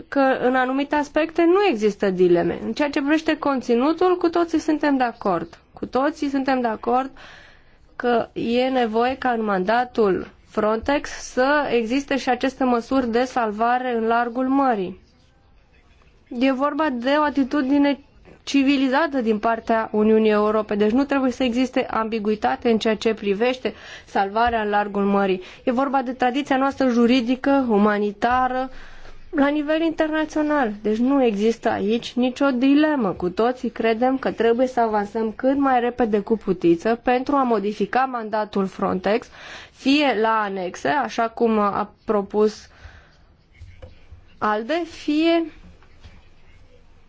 că în anumite aspecte nu există dileme. În ceea ce privește conținutul, cu toții suntem de acord. Cu toții suntem de acord uh, că e nevoie ca în mandatul Frontex să existe și aceste măsuri de salvare în largul mării. E vorba de o atitudine civilizată din partea Uniunii Europene. Deci nu trebuie să existe ambiguitate în ceea ce privește salvarea în largul mării. E vorba de tradiția noastră juridică, umanitară, uh, la nivel internațional. Deci nu există aici nicio dilemă. Cu toții credem că trebuie să avansăm cât mai repede cu putiță pentru a modifica mandatul Frontex, fie la anexe, așa cum a propus ALDE, fie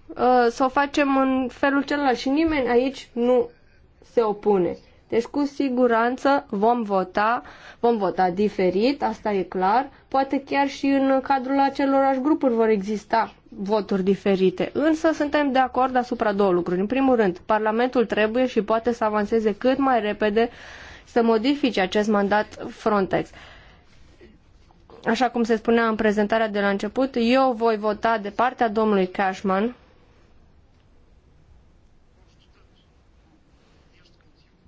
uh, să o facem în felul celălalt și nimeni aici nu se opune. Deci cu siguranță vom vota, vom vota diferit, asta e clar. Poate chiar și în cadrul acelorași grupuri vor exista voturi diferite. Însă suntem de acord asupra două lucruri. În primul rând, Parlamentul trebuie și poate să avanseze cât mai repede să modifice acest mandat Frontex. Așa cum se spunea în prezentarea de la început, eu voi vota de partea domnului Cashman,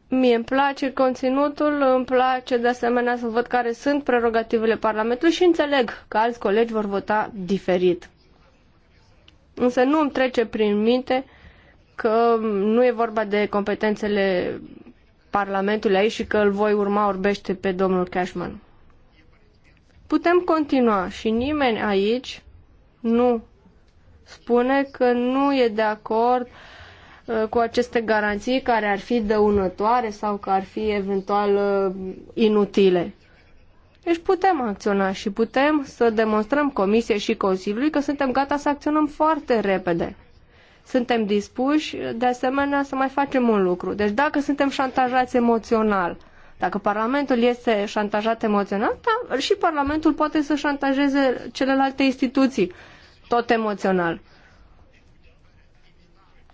Mie îmi place conținutul, îmi place de asemenea să văd care sunt prerogativele Parlamentului și înțeleg că alți colegi vor vota diferit. Însă nu îmi trece prin minte că nu e vorba de competențele Parlamentului aici și că îl voi urma orbește pe domnul Cashman. Putem continua și nimeni aici nu spune că nu e de acord uh, Uh, cu aceste garanții care ar fi dăunătoare sau că ar fi eventual uh, inutile. Deci putem acționa și putem să demonstrăm Comisiei și Consiliului că suntem gata să acționăm foarte repede. Suntem dispuși, de asemenea, să mai facem un lucru. Deci dacă suntem șantajați emoțional, dacă Parlamentul este șantajat emoțional, da, și Parlamentul poate să șantajeze celelalte instituții, tot emoțional.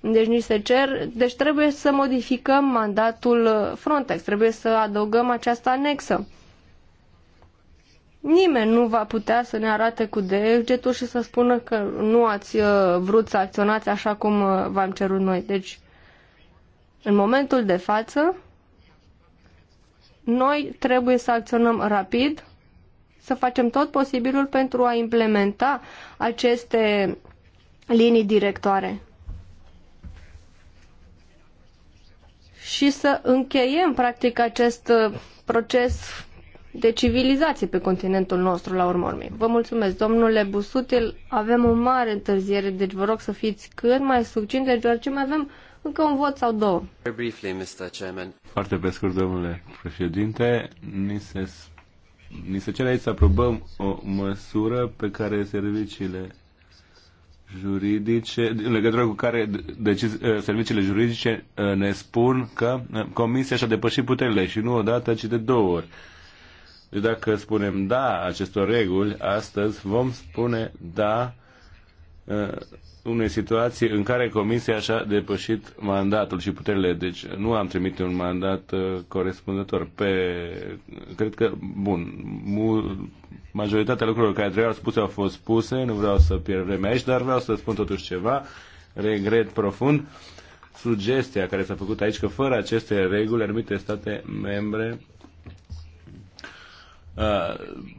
Deci ni se cer, deci trebuie să modificăm mandatul Frontex, trebuie să adăugăm această anexă. Nimeni nu va putea să ne arate cu degetul și să spună că nu ați uh, vrut să acționați așa cum uh, v-am cerut noi. Deci, în momentul de față, noi trebuie să acționăm rapid, să facem tot posibilul pentru a implementa aceste linii directoare. și să încheiem practic acest uh, proces de civilizație pe continentul nostru la urmă urmei. Vă mulțumesc, domnule Busutil, avem o mare întârziere, deci vă rog să fiți cât mai succint, deoarece deci mai avem încă un vot sau două. Briefly, Mr. Chairman. Foarte pe scurt, domnule președinte, ni se, ni se cere aici să aprobăm o măsură pe care serviciile juridice, în legătură cu care decizi, ă, serviciile juridice ă, ne spun că ă, Comisia și-a depășit puterile și nu odată, ci de două ori. Deci dacă spunem da acestor reguli, astăzi vom spune da unei situații în care Comisia și-a depășit mandatul și puterile. Deci nu am trimit un mandat uh, corespunzător. Pe, cred că, bun, mul, majoritatea lucrurilor care trebuiau spuse au fost spuse, nu vreau să pierd vremea aici, dar vreau să spun totuși ceva, regret profund sugestia care s-a făcut aici că fără aceste reguli anumite state membre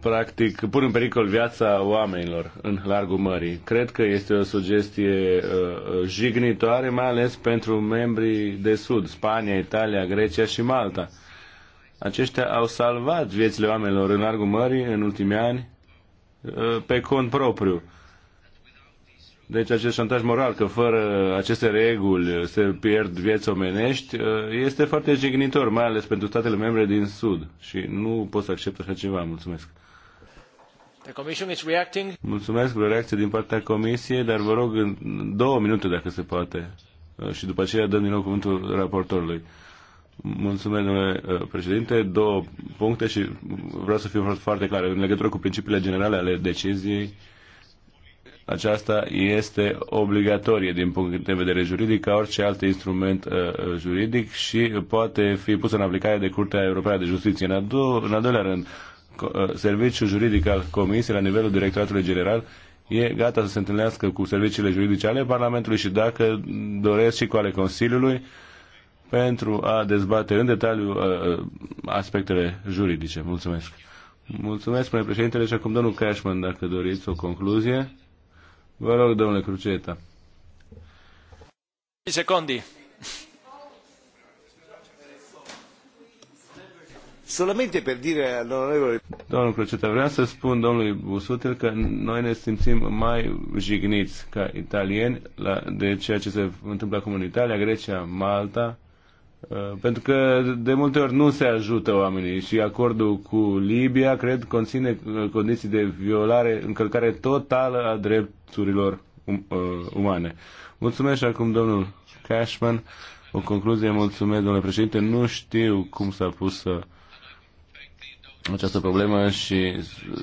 practic pun în pericol viața oamenilor în largul mării. Cred că este o sugestie uh, jignitoare, mai ales pentru membrii de sud, Spania, Italia, Grecia și Malta. Aceștia au salvat viețile oamenilor în largul mării în ultimii ani uh, pe cont propriu. Uh, deci acest șantaj moral că fără aceste reguli se pierd vieți omenești eh, este foarte jignitor, mai ales pentru statele membre din Sud și nu pot să accept așa ceva. Mulțumesc. The commission is reacting. Mulțumesc, pentru reacție din partea Comisiei, dar vă rog în două minute dacă se poate eh, și după aceea dăm din nou cuvântul raportorului. Mulțumesc, domnule eh, președinte. Două puncte și vreau să fiu foarte clar. În legătură cu principiile generale ale deciziei, aceasta este obligatorie din punct de vedere juridic ca orice alt instrument uh, uh juridic și poate fi pusă în aplicare de Curtea Europeană de Justiție. În, a do- în al doilea rând, uh, serviciul juridic al Comisiei la nivelul Directoratului General e gata să se întâlnească cu serviciile juridice ale Parlamentului și dacă doresc și cu ale Consiliului pentru a dezbate în detaliu uh, uh aspectele juridice. Mulțumesc! Mulțumesc, spune președintele, și acum domnul Cashman, dacă doriți o concluzie. Vă rog, domnule Cruceta. Secondi. Solamente per dire all'onorevole... Domnul Croceta, vreau să spun domnului Busutel că noi ne simțim mai jigniți ca italieni la, de ceea ce se întâmplă acum în Italia, Grecia, Malta, Uh, pentru că de multe ori nu se ajută oamenii și acordul cu Libia, cred, conține uh, condiții de violare, încălcare totală a drepturilor um, uh, umane. Mulțumesc și acum domnul Cashman. O concluzie, mulțumesc, domnule președinte. Nu știu cum s-a pus această problemă și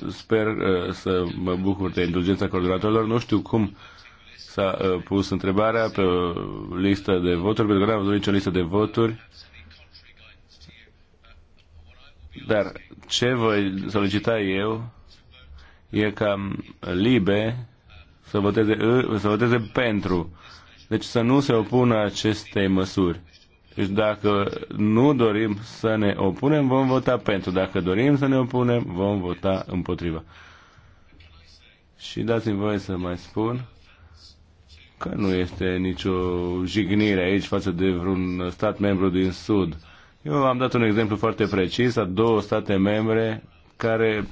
sper uh, să mă bucur de indulgența coordonatorilor. Nu știu cum uh, s-a uh, pus întrebarea pe o uh, listă de voturi, pentru că nu am văzut nicio listă de voturi. Dar ce voi solicita eu e ca Libe să voteze, uh, să voteze pentru. Deci să nu se opună acestei măsuri. Deci dacă nu dorim să ne opunem, vom vota pentru. Dacă dorim să ne opunem, vom vota împotriva. Și dați-mi voie să mai spun că nu este nicio jignire aici față de vreun stat membru din Sud. Eu am dat un exemplu foarte precis a două state membre care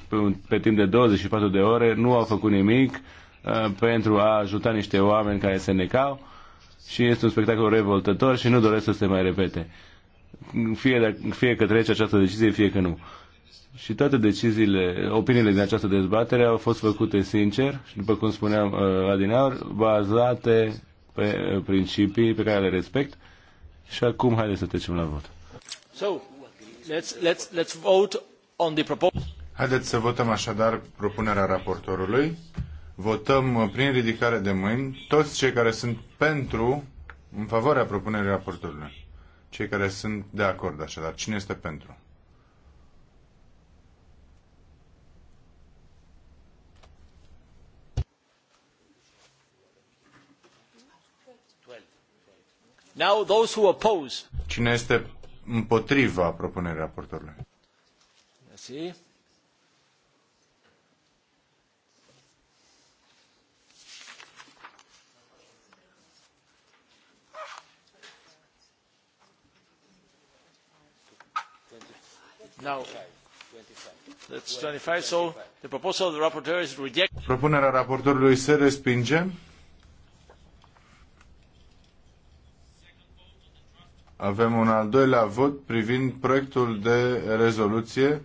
pe timp de 24 de ore nu au făcut nimic uh, pentru a ajuta niște oameni care se necau și este un spectacol revoltător și nu doresc să se mai repete. Fie, fie că trece această decizie, fie că nu și toate deciziile, opiniile din această dezbatere au fost făcute sincer și, după cum spuneam uh, adineaur, bazate pe uh, principii pe care le respect. Și acum haideți să trecem la vot. So, let's, let's, let's vote on the proposal. Haideți să votăm așadar propunerea raportorului. Votăm uh, prin ridicare de mâini toți cei care sunt pentru, în favoarea propunerii raportorului. Cei care sunt de acord așadar. Cine este pentru? Now those who oppose. Cine este împotriva propunerii raportorului? Merci. Now, that's 25, so the proposal of the rapporteur is rejected. Propunerea raportorului se respinge. Avem un al doilea vot privind proiectul de rezoluție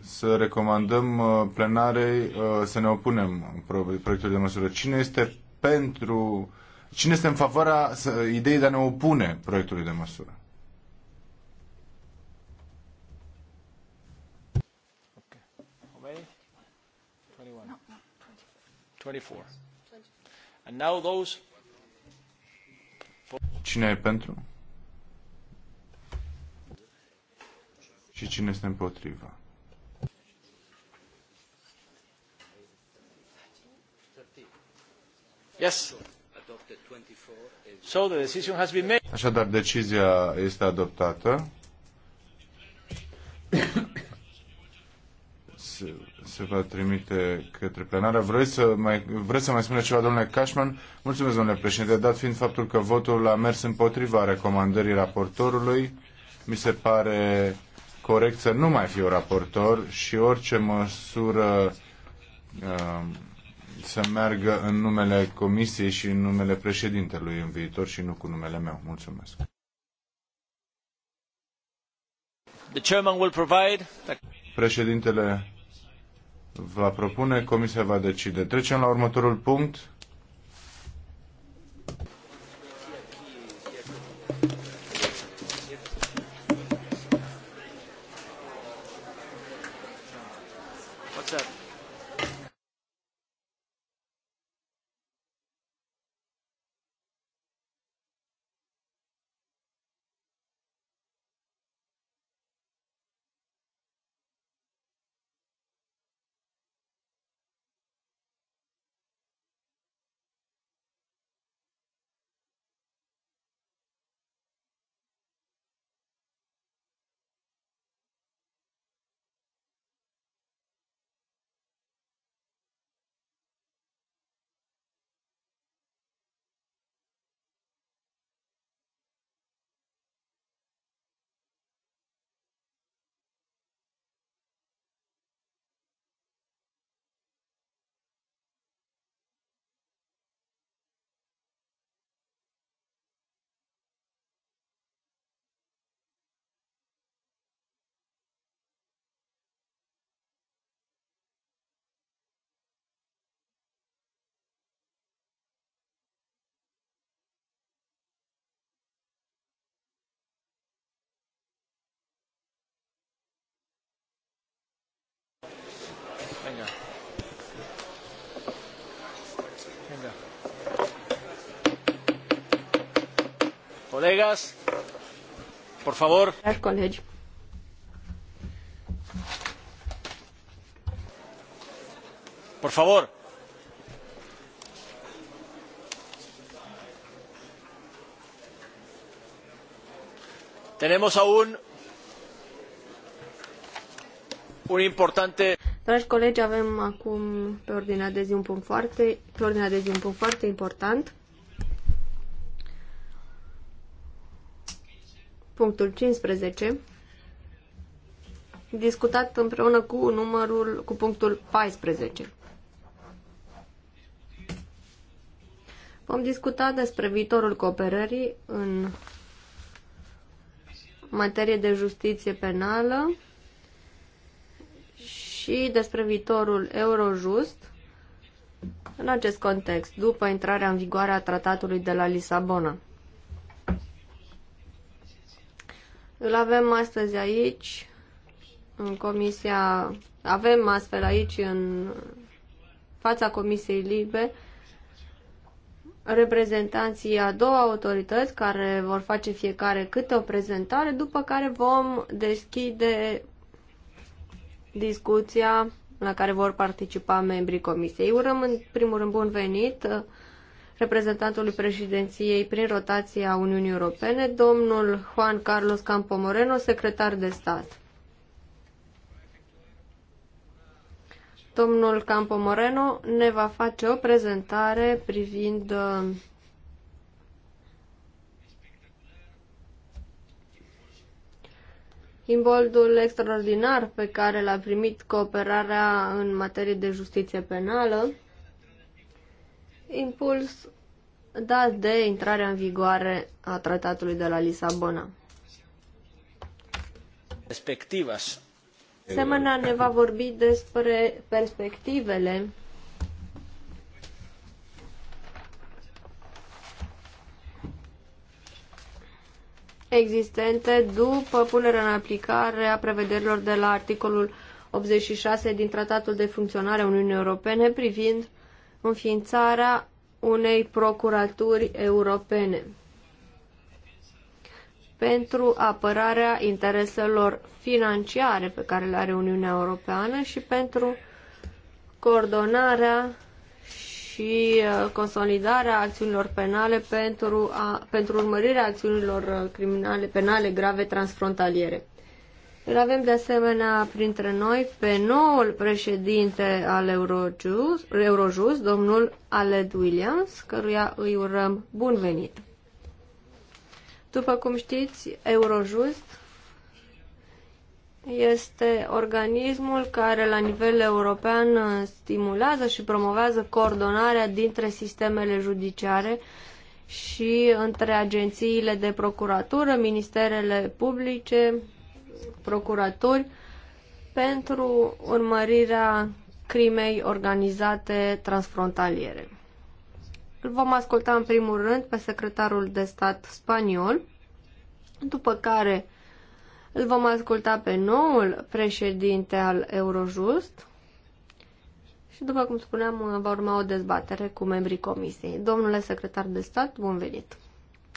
să recomandăm uh, plenarei uh, să ne opunem proiectului de măsură. Cine este pentru, cine este în favoarea ideii de a ne opune proiectului de măsură? Okay. 24. And now those Cine e pentru? Și cine este împotriva? Yes. So the decision has been made. Așadar, decizia este adoptată. se va trimite către plenară. Vreți să mai, vreți să mai spuneți ceva, domnule Cashman? Mulțumesc, domnule președinte, dat fiind faptul că votul a mers împotriva recomandării raportorului, mi se pare corect să nu mai fiu raportor și orice măsură uh, să meargă în numele comisiei și în numele președintelui în viitor și nu cu numele meu. Mulțumesc. The chairman will provide... Președintele va propune, Comisia va decide. Trecem la următorul punct. Colegas, por favor. Dragi Por favor. Tenemos aún un importante Dragi colegi, avem acum pe ordinea de zi un punct foarte, pe ordinea de zi un punct foarte important punctul 15, discutat împreună cu numărul, cu punctul 14. Vom discuta despre viitorul cooperării în materie de justiție penală și despre viitorul Eurojust în acest context, după intrarea în vigoare a tratatului de la Lisabona. Îl avem astăzi aici, în comisia, avem astfel aici, în fața comisiei libe, reprezentanții a două autorități care vor face fiecare câte o prezentare, după care vom deschide discuția la care vor participa membrii comisiei. Urăm în primul rând bun venit reprezentantului președinției prin rotație a Uniunii Europene, domnul Juan Carlos Campomoreno, secretar de stat. Domnul Campo Moreno ne va face o prezentare privind uh, imboldul extraordinar pe care l-a primit cooperarea în materie de justiție penală impuls dat de intrarea în vigoare a tratatului de la Lisabona. Perspectivas. Asemenea, ne va vorbi despre perspectivele existente după punerea în aplicare a prevederilor de la articolul 86 din Tratatul de Funcționare a Uniunii Europene privind înființarea unei procuraturi europene pentru apărarea intereselor financiare pe care le are Uniunea Europeană și pentru coordonarea și uh, consolidarea acțiunilor penale pentru, a, pentru urmărirea acțiunilor uh, criminale penale grave transfrontaliere. Îl avem de asemenea printre noi pe noul președinte al Eurojust, Eurojust domnul Aled Williams, căruia îi urăm bun venit. După cum știți, Eurojust este organismul care la nivel european stimulează și promovează coordonarea dintre sistemele judiciare și între agențiile de procuratură, ministerele publice, procuratori pentru urmărirea crimei organizate transfrontaliere. Îl vom asculta în primul rând pe secretarul de stat spaniol, după care îl vom asculta pe noul președinte al Eurojust și, după cum spuneam, va urma o dezbatere cu membrii comisiei. Domnule secretar de stat, bun venit!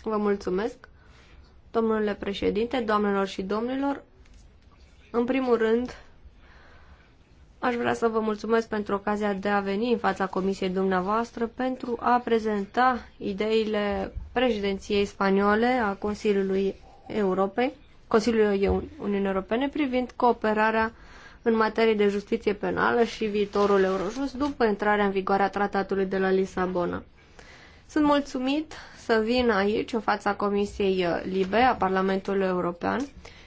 Vă mulțumesc! Domnule președinte, doamnelor și domnilor, în primul rând, aș vrea să vă mulțumesc pentru ocazia de a veni în fața comisiei dumneavoastră pentru a prezenta ideile președinției spaniole a Consiliului Europei, Consiliului Uniunii Europene privind cooperarea în materie de justiție penală și viitorul Eurojust după intrarea în vigoare a tratatului de la Lisabona. Sunt mulțumit să vin aici, în fața Comisiei Libe a Parlamentului European,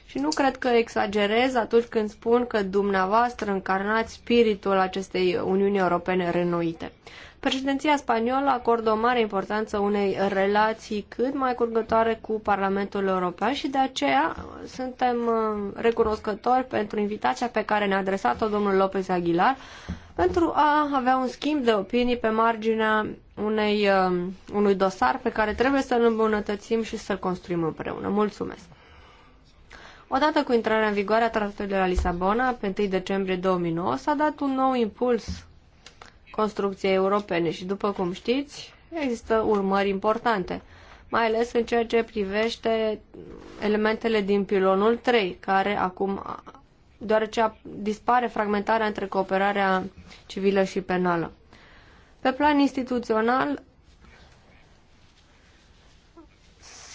și nu cred că exagerez atunci când spun că dumneavoastră încarnați spiritul acestei Uniuni Europene renoite. Președinția spaniolă acordă o mare importanță unei relații cât mai curgătoare cu Parlamentul European și de aceea suntem uh, recunoscători pentru invitația pe care ne-a adresat-o domnul López Aguilar pentru a avea un schimb de opinii pe marginea unei, uh, unui dosar pe care trebuie să-l îmbunătățim și să-l construim împreună. Mulțumesc! Odată cu intrarea în vigoare a tratatului de la Lisabona, pe 1 decembrie 2009, s-a dat un nou impuls construcției europene și, după cum știți, există urmări importante, mai ales în ceea ce privește elementele din pilonul 3, care acum, deoarece dispare fragmentarea între cooperarea civilă și penală. Pe plan instituțional,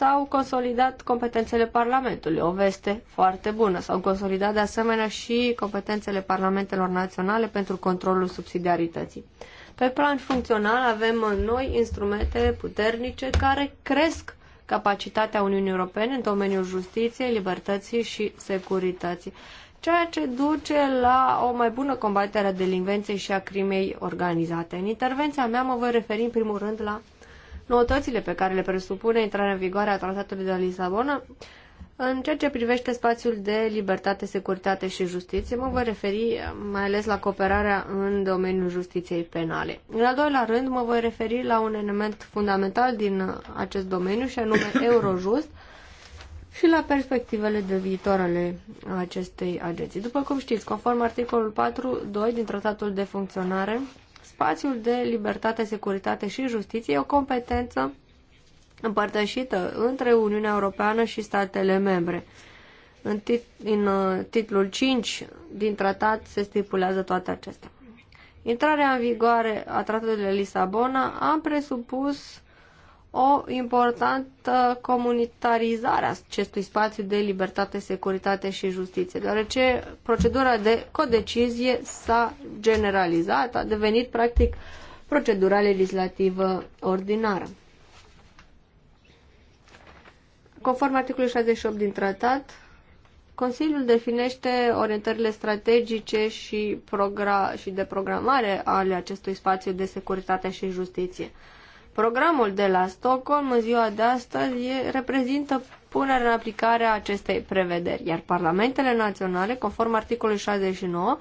s-au consolidat competențele Parlamentului, o veste foarte bună. S-au consolidat de asemenea și competențele Parlamentelor Naționale pentru controlul subsidiarității. Pe plan funcțional avem noi instrumente puternice care cresc capacitatea Uniunii Europene în domeniul justiției, libertății și securității, ceea ce duce la o mai bună combatere a delinvenței și a crimei organizate. În intervenția mea mă voi referi în primul rând la noutățile pe care le presupune intrarea în vigoare a Tratatului de la Lisabona, în ceea ce privește spațiul de libertate, securitate și justiție, mă voi referi mai ales la cooperarea în domeniul justiției penale. În al doilea rând, mă voi referi la un element fundamental din acest domeniu, și anume Eurojust, și la perspectivele de viitor ale acestei agenții. După cum știți, conform articolul 4.2 din Tratatul de Funcționare spațiul de libertate, securitate și justiție o competență împărtășită între Uniunea Europeană și statele membre. În, tit- în uh, titlul 5 din tratat se stipulează toate acestea. Intrarea în vigoare a tratatului de Lisabona a presupus o importantă comunitarizare a acestui spațiu de libertate, securitate și justiție, deoarece procedura de codecizie s-a generalizat, a devenit practic procedura legislativă ordinară. Conform articolului 68 din tratat, Consiliul definește orientările strategice și, și de programare ale acestui spațiu de securitate și justiție. Programul de la Stockholm în ziua de astăzi e, reprezintă punerea în aplicare a acestei prevederi, iar parlamentele naționale, conform articolului 69,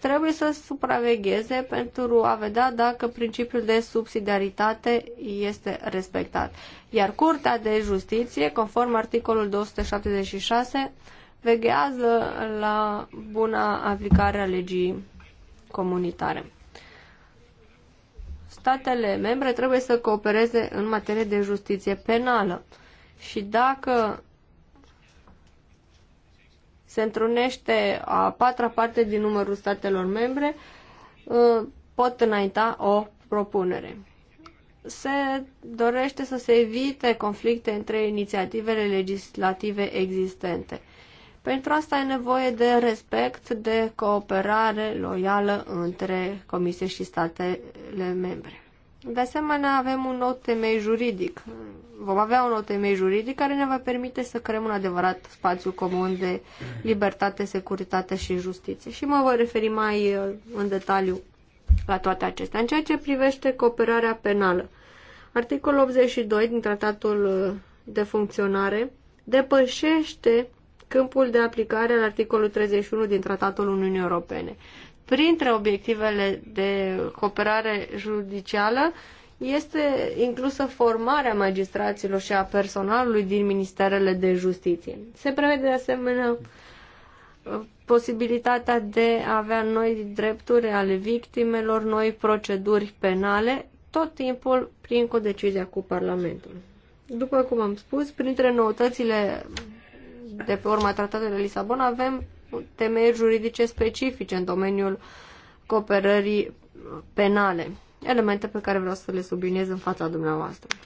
trebuie să supravegheze pentru a vedea dacă principiul de subsidiaritate este respectat. Iar Curtea de Justiție, conform articolul 276, veghează la buna aplicare a legii comunitare statele membre trebuie să coopereze în materie de justiție penală. Și dacă se întrunește a patra parte din numărul statelor membre, ă, pot înainta o propunere. Se dorește să se evite conflicte între inițiativele legislative existente – pentru asta e nevoie de respect, de cooperare loială între Comisie și statele membre. De asemenea, avem un nou temei juridic. Vom avea un nou temei juridic care ne va permite să creăm un adevărat spațiu comun de libertate, securitate și justiție. Și mă voi referi mai uh, în detaliu la toate acestea. În ceea ce privește cooperarea penală, articolul 82 din Tratatul uh, de Funcționare depășește câmpul de aplicare al articolului 31 din Tratatul Uniunii Europene. Printre obiectivele de cooperare judicială este inclusă formarea magistraților și a personalului din ministerele de justiție. Se prevede de asemenea posibilitatea de a avea noi drepturi ale victimelor, noi proceduri penale, tot timpul prin codecizia cu Parlamentul. După cum am spus, printre noutățile de pe urma tratatului de Lisabona avem temei juridice specifice în domeniul cooperării penale, elemente pe care vreau să le subliniez în fața dumneavoastră.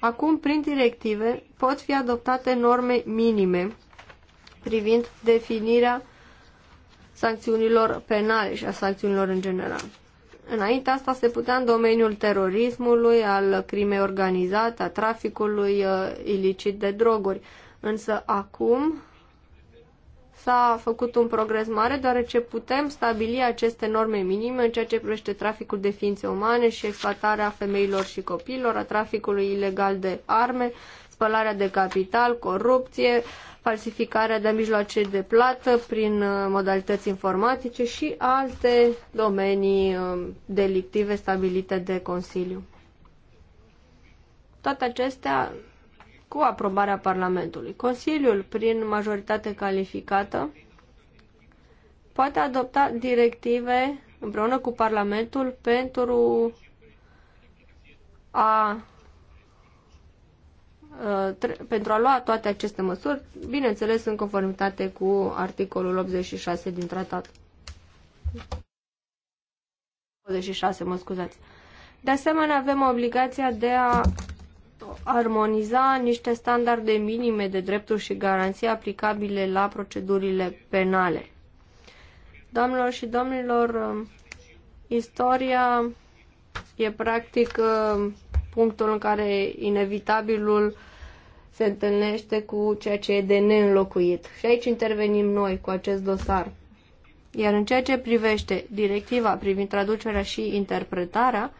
Acum, prin directive, pot fi adoptate norme minime privind definirea sancțiunilor penale și a sancțiunilor în general. Înainte asta se putea în domeniul terorismului, al crimei organizate, a traficului uh, ilicit de droguri. Însă acum s-a făcut un progres mare deoarece putem stabili aceste norme minime în ceea ce privește traficul de ființe umane și exploatarea femeilor și copiilor, a traficului ilegal de arme, spălarea de capital, corupție, falsificarea de mijloace de plată prin uh, modalități informatice și alte domenii um, delictive stabilite de Consiliu. Toate acestea cu aprobarea Parlamentului. Consiliul, prin majoritate calificată, poate adopta directive împreună cu Parlamentul pentru a ă, pentru a lua toate aceste măsuri, bineînțeles în conformitate cu articolul 86 din tratat. 86, mă scuzați. De asemenea, avem obligația de a armoniza niște standarde minime de drepturi și garanții aplicabile la procedurile penale. Doamnelor și domnilor, istoria e practic punctul în care inevitabilul se întâlnește cu ceea ce e de neînlocuit. Și aici intervenim noi cu acest dosar. Iar în ceea ce privește directiva privind traducerea și interpretarea,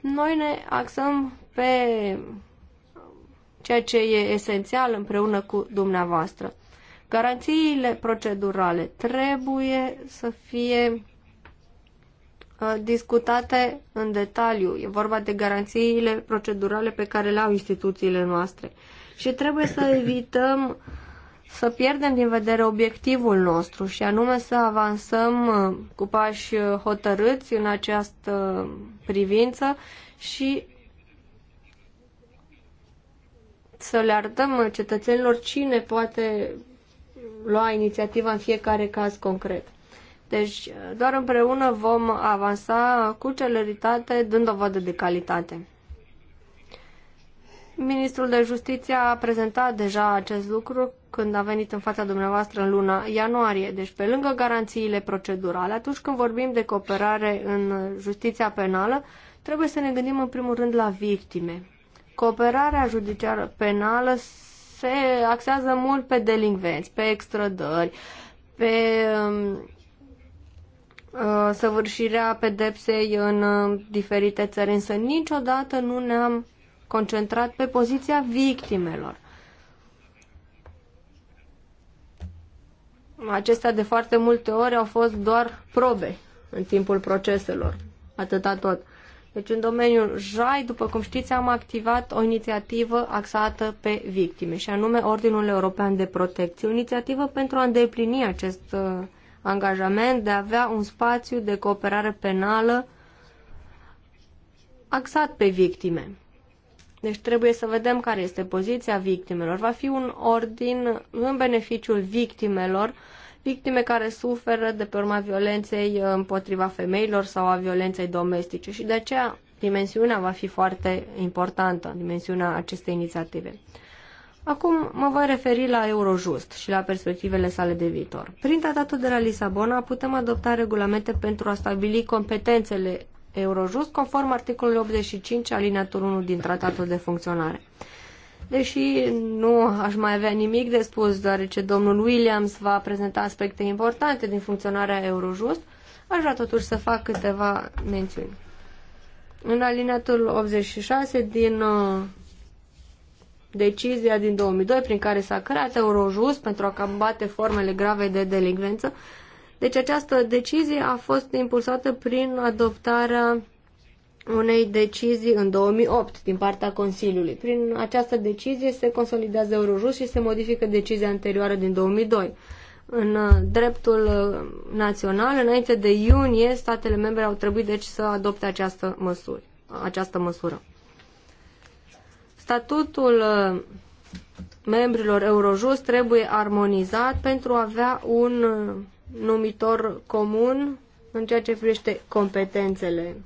noi ne axăm pe ceea ce e esențial împreună cu dumneavoastră. Garanțiile procedurale trebuie să fie uh, discutate în detaliu. E vorba de garanțiile procedurale pe care le au instituțiile noastre. Și trebuie să evităm să pierdem din vedere obiectivul nostru și anume să avansăm uh, cu pași uh, hotărâți în această privință și să le arătăm cetățenilor cine poate lua inițiativa în fiecare caz concret. Deci, doar împreună vom avansa cu celeritate, dând dovadă de calitate. Ministrul de Justiție a prezentat deja acest lucru când a venit în fața dumneavoastră în luna ianuarie. Deci, pe lângă garanțiile procedurale, atunci când vorbim de cooperare în justiția penală, trebuie să ne gândim în primul rând la victime. Cooperarea judiciară penală se axează mult pe delinvenți, pe extrădări, pe um, uh, săvârșirea pedepsei în uh, diferite țări, însă niciodată nu ne-am concentrat pe poziția victimelor. Acestea de foarte multe ori au fost doar probe în timpul proceselor, atâta tot. Deci în domeniul JAI, după cum știți, am activat o inițiativă axată pe victime și anume Ordinul European de Protecție, o inițiativă pentru a îndeplini acest uh, angajament de a avea un spațiu de cooperare penală axat pe victime. Deci trebuie să vedem care este poziția victimelor. Va fi un ordin în beneficiul victimelor victime care suferă de pe urma violenței împotriva femeilor sau a violenței domestice și de aceea dimensiunea va fi foarte importantă, dimensiunea acestei inițiative. Acum mă voi referi la Eurojust și la perspectivele sale de viitor. Prin tratatul de la Lisabona putem adopta regulamente pentru a stabili competențele Eurojust conform articolului 85 alineatul 1 din tratatul de funcționare. Deși nu aș mai avea nimic de spus, deoarece domnul Williams va prezenta aspecte importante din funcționarea Eurojust, aș vrea totuși să fac câteva mențiuni. În alineatul 86 din uh, decizia din 2002 prin care s-a creat Eurojust pentru a combate formele grave de delinvență, deci această decizie a fost impulsată prin adoptarea unei decizii în 2008 din partea Consiliului. Prin această decizie se consolidează Eurojust și se modifică decizia anterioară din 2002. În uh, dreptul uh, național, înainte de iunie, statele membre au trebuit deci să adopte această măsură. Această măsură. Statutul uh, membrilor Eurojust trebuie armonizat pentru a avea un numitor comun în ceea ce privește competențele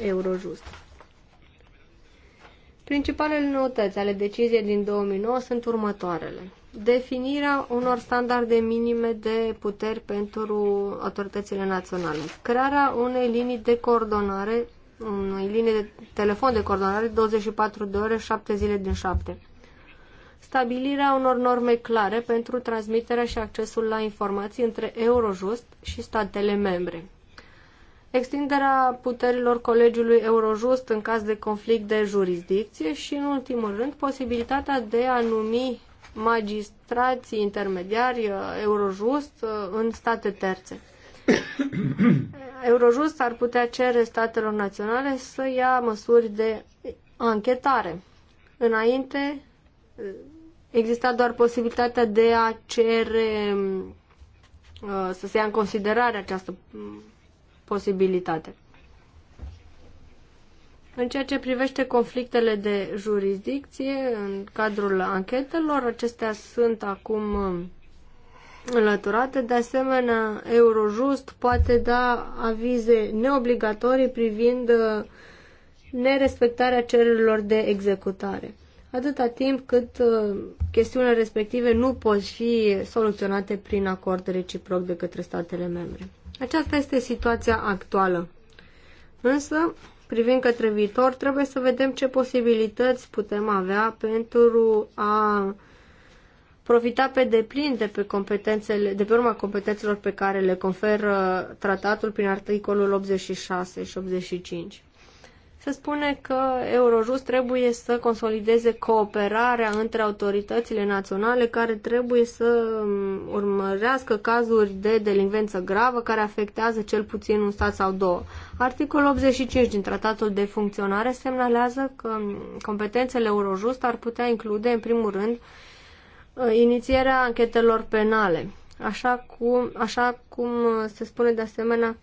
Eurojust. Principalele noutăți ale deciziei din 2009 sunt următoarele. Definirea unor standarde minime de puteri pentru autoritățile naționale. Crearea unei linii de coordonare, unei linii de telefon de coordonare 24 de ore, 7 zile din 7. Stabilirea unor norme clare pentru transmiterea și accesul la informații între Eurojust și statele membre extinderea puterilor colegiului Eurojust în caz de conflict de jurisdicție și, în ultimul rând, posibilitatea de a numi magistrații intermediari uh, Eurojust uh, în state terțe. Eurojust ar putea cere statelor naționale să ia măsuri de anchetare. Înainte uh, exista doar posibilitatea de a cere să se ia în considerare această mm, posibilitate. În ceea ce privește conflictele de jurisdicție, în cadrul anchetelor, acestea sunt acum um, înlăturate. De asemenea, Eurojust poate da avize neobligatorii privind uh, nerespectarea cererilor de executare, atâta timp cât uh, chestiunile respective nu pot fi soluționate prin acord reciproc de către statele membre. Aceasta este situația actuală. Însă, privind către viitor, trebuie să vedem ce posibilități putem avea pentru a profita pe deplin de pe, competențele, de pe urma competențelor pe care le conferă tratatul prin articolul 86 și 85 se spune că Eurojust trebuie să consolideze cooperarea între autoritățile naționale care trebuie să um, urmărească cazuri de delinvență gravă care afectează cel puțin un stat sau două. Articolul 85 din Tratatul de Funcționare semnalează că um, competențele Eurojust ar putea include, în primul rând, uh, inițierea anchetelor penale, așa cum, așa cum uh, se spune de asemenea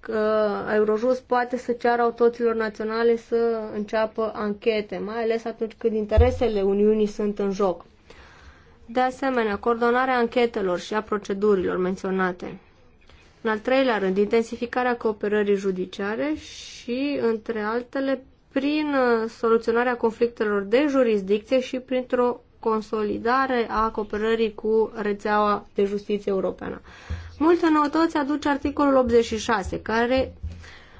că Eurojust poate să ceară autorităților naționale să înceapă anchete, mai ales atunci când interesele Uniunii sunt în joc. De asemenea, coordonarea anchetelor și a procedurilor menționate. În al treilea rând, intensificarea cooperării judiciare și, între altele, prin uh, soluționarea conflictelor de jurisdicție și printr-o consolidare a cooperării cu rețeaua de justiție europeană. Multe noutăți aduce articolul 86, care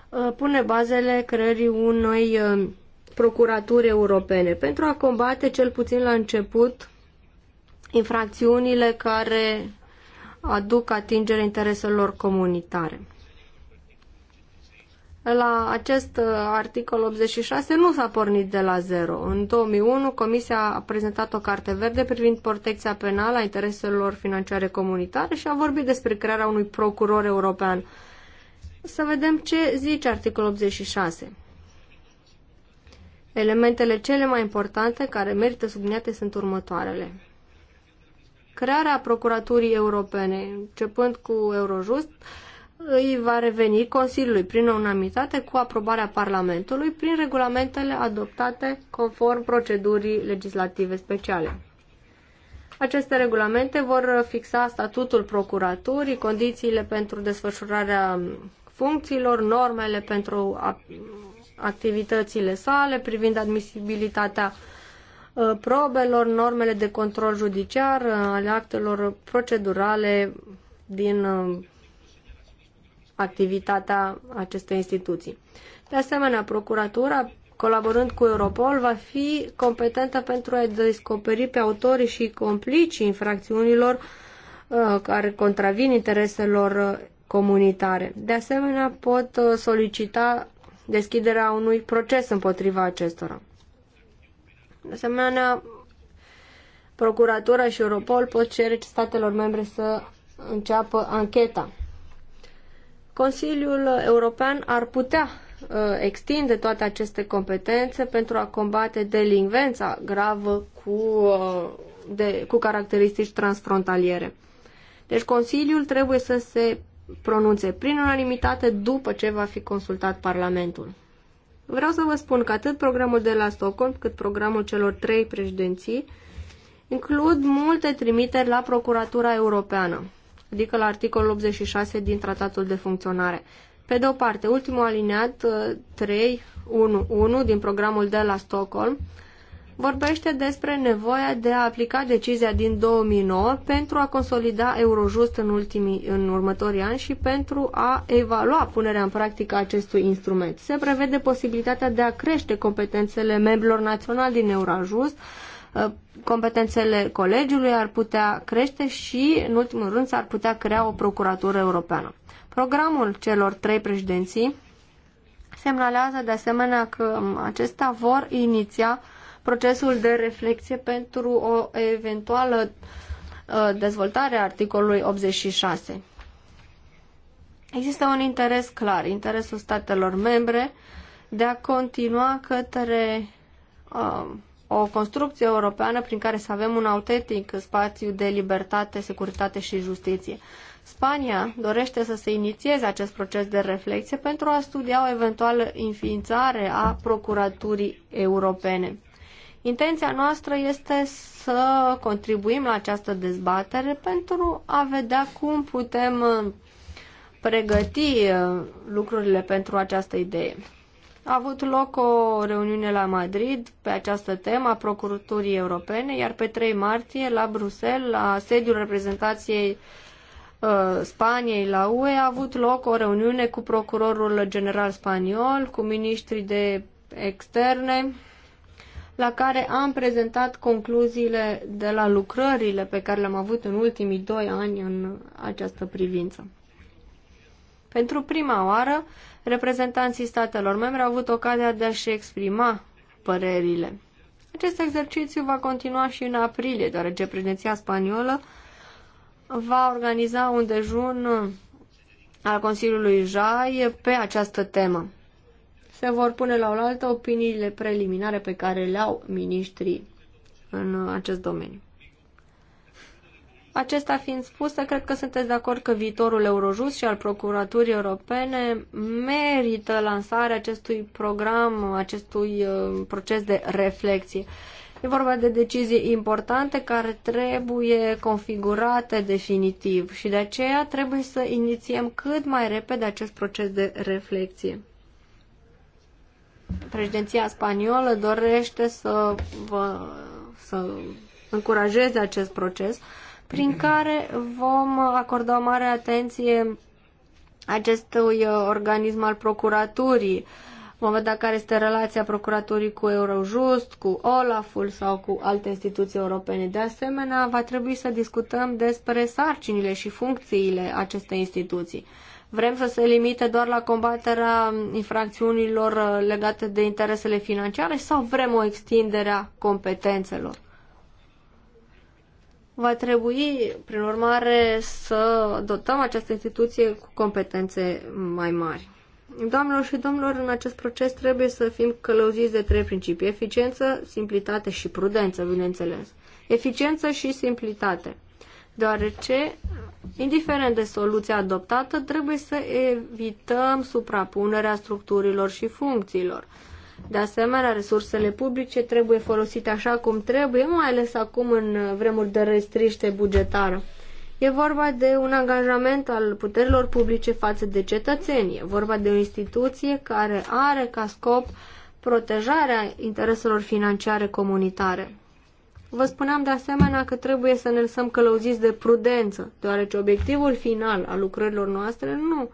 uh, pune bazele creării unei uh, procuraturi europene pentru a combate, cel puțin la început, infracțiunile care aduc atingere intereselor comunitare. La acest uh, articol 86 nu s-a pornit de la zero. În 2001, Comisia a prezentat o carte verde privind protecția penală a intereselor financiare comunitare și a vorbit despre crearea unui procuror european. Să vedem ce zice articolul 86. Elementele cele mai importante care merită subliniate sunt următoarele. Crearea Procuraturii Europene, începând cu Eurojust, uh, îi va reveni Consiliului prin unanimitate cu aprobarea Parlamentului prin regulamentele adoptate conform procedurii legislative speciale. Aceste regulamente vor fixa statutul procuraturii, condițiile pentru desfășurarea funcțiilor, normele pentru activitățile sale, privind admisibilitatea uh, probelor, normele de control judiciar, uh, ale actelor procedurale din uh, activitatea acestei instituții. De asemenea, procuratura, colaborând cu Europol, va fi competentă pentru a descoperi pe autorii și complicii infracțiunilor uh, care contravin intereselor uh, comunitare. De asemenea, pot uh, solicita deschiderea unui proces împotriva acestora. De asemenea, Procuratura și Europol pot cere statelor membre să înceapă ancheta Consiliul European ar putea uh, extinde toate aceste competențe pentru a combate delinvența gravă cu, uh, de, cu caracteristici transfrontaliere. Deci Consiliul trebuie să se pronunțe prin unanimitate după ce va fi consultat Parlamentul. Vreau să vă spun că atât programul de la Stockholm cât programul celor trei președinții includ multe trimiteri la Procuratura Europeană adică la articolul 86 din Tratatul de Funcționare. Pe de o parte, ultimul alineat 3.1.1 uh, din programul de la Stockholm vorbește despre nevoia de a aplica decizia din 2009 pentru a consolida Eurojust în, ultimii, în următorii ani și pentru a evalua punerea în practică acestui instrument. Se prevede posibilitatea de a crește competențele membrilor naționali din Eurojust Uh, competențele colegiului ar putea crește și, în ultimul rând, s-ar putea crea o procuratură europeană. Programul celor trei președinții semnalează de asemenea că um, acestea vor iniția procesul de reflexie pentru o eventuală uh, dezvoltare a articolului 86. Există un interes clar, interesul statelor membre de a continua către uh, o construcție europeană prin care să avem un autentic spațiu de libertate, securitate și justiție. Spania dorește să se inițieze acest proces de reflexie pentru a studia o eventuală înființare a Procuraturii Europene. Intenția noastră este să contribuim la această dezbatere pentru a vedea cum putem pregăti lucrurile pentru această idee. A avut loc o reuniune la Madrid pe această temă a Procuraturii Europene, iar pe 3 martie la Bruxelles, la sediul reprezentației uh, Spaniei la UE, a avut loc o reuniune cu procurorul general spaniol, cu ministrii de externe, la care am prezentat concluziile de la lucrările pe care le-am avut în ultimii doi ani în această privință. Pentru prima oară, reprezentanții statelor membre au avut ocazia de a-și exprima părerile. Acest exercițiu va continua și în aprilie, deoarece președinția spaniolă va organiza un dejun al Consiliului JAI pe această temă. Se vor pune la oaltă opiniile preliminare pe care le au miniștrii în acest domeniu. Acesta fiind spus, cred că sunteți de acord că viitorul Eurojust și al Procuraturii Europene merită lansarea acestui program, acestui uh, proces de reflexie. E vorba de decizii importante care trebuie configurate definitiv și de aceea trebuie să inițiem cât mai repede acest proces de reflexie. Președinția spaniolă dorește să, vă, să încurajeze acest proces prin care vom acorda o mare atenție acestui uh, organism al procuraturii. Vom vedea care este relația procuraturii cu Eurojust, cu Olaful sau cu alte instituții europene. De asemenea, va trebui să discutăm despre sarcinile și funcțiile acestei instituții. Vrem să se limite doar la combaterea infracțiunilor uh, legate de interesele financiare sau vrem o extindere a competențelor? Va trebui, prin urmare, să dotăm această instituție cu competențe mai mari. Doamnelor și domnilor, în acest proces trebuie să fim călăuziți de trei principii. Eficiență, simplitate și prudență, bineînțeles. Eficiență și simplitate. Deoarece, indiferent de soluția adoptată, trebuie să evităm suprapunerea structurilor și funcțiilor. De asemenea, resursele publice trebuie folosite așa cum trebuie, mai ales acum în vremuri de restriște bugetară. E vorba de un angajament al puterilor publice față de cetățenii. E vorba de o instituție care are ca scop protejarea intereselor financiare comunitare. Vă spuneam de asemenea că trebuie să ne lăsăm călăuziți de prudență, deoarece obiectivul final al lucrărilor noastre nu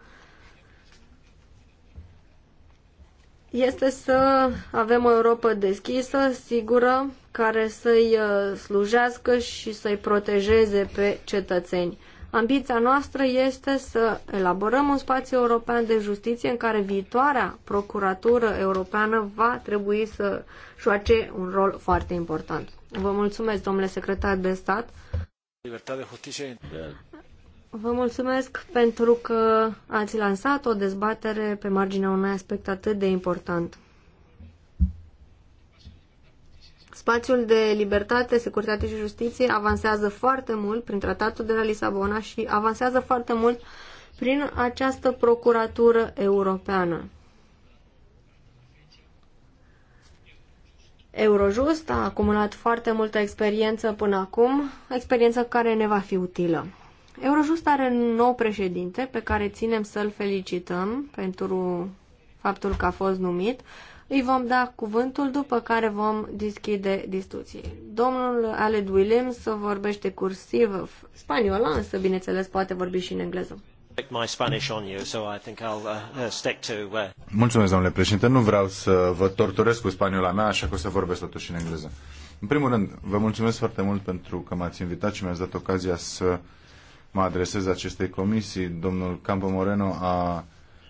este să avem o Europa deschisă, sigură, care să-i uh, slujească și să-i protejeze pe cetățeni. Ambiția noastră este să elaborăm un spațiu european de justiție în care viitoarea procuratură europeană va trebui să joace un rol foarte important. Vă mulțumesc, domnule secretar de stat. Vă mulțumesc pentru că ați lansat o dezbatere pe marginea unui aspect atât de important. Spațiul de libertate, securitate și justiție avansează foarte mult prin tratatul de la Lisabona și avansează foarte mult prin această procuratură europeană. Eurojust a acumulat foarte multă experiență până acum, experiență care ne va fi utilă. Eurojust are un nou președinte pe care ținem să-l felicităm pentru faptul că a fost numit. Îi vom da cuvântul, după care vom deschide discuții. Domnul Aled Williams vorbește cursiv spaniola, însă, bineînțeles, poate vorbi și în engleză. Uh, uh, uh, mulțumesc, domnule președinte. Nu vreau să vă torturez cu spaniola mea, așa că o să vorbesc totuși în engleză. În primul rând, vă mulțumesc foarte mult pentru că m-ați invitat și mi-ați dat ocazia să mă adresez acestei comisii. Domnul Campo Moreno a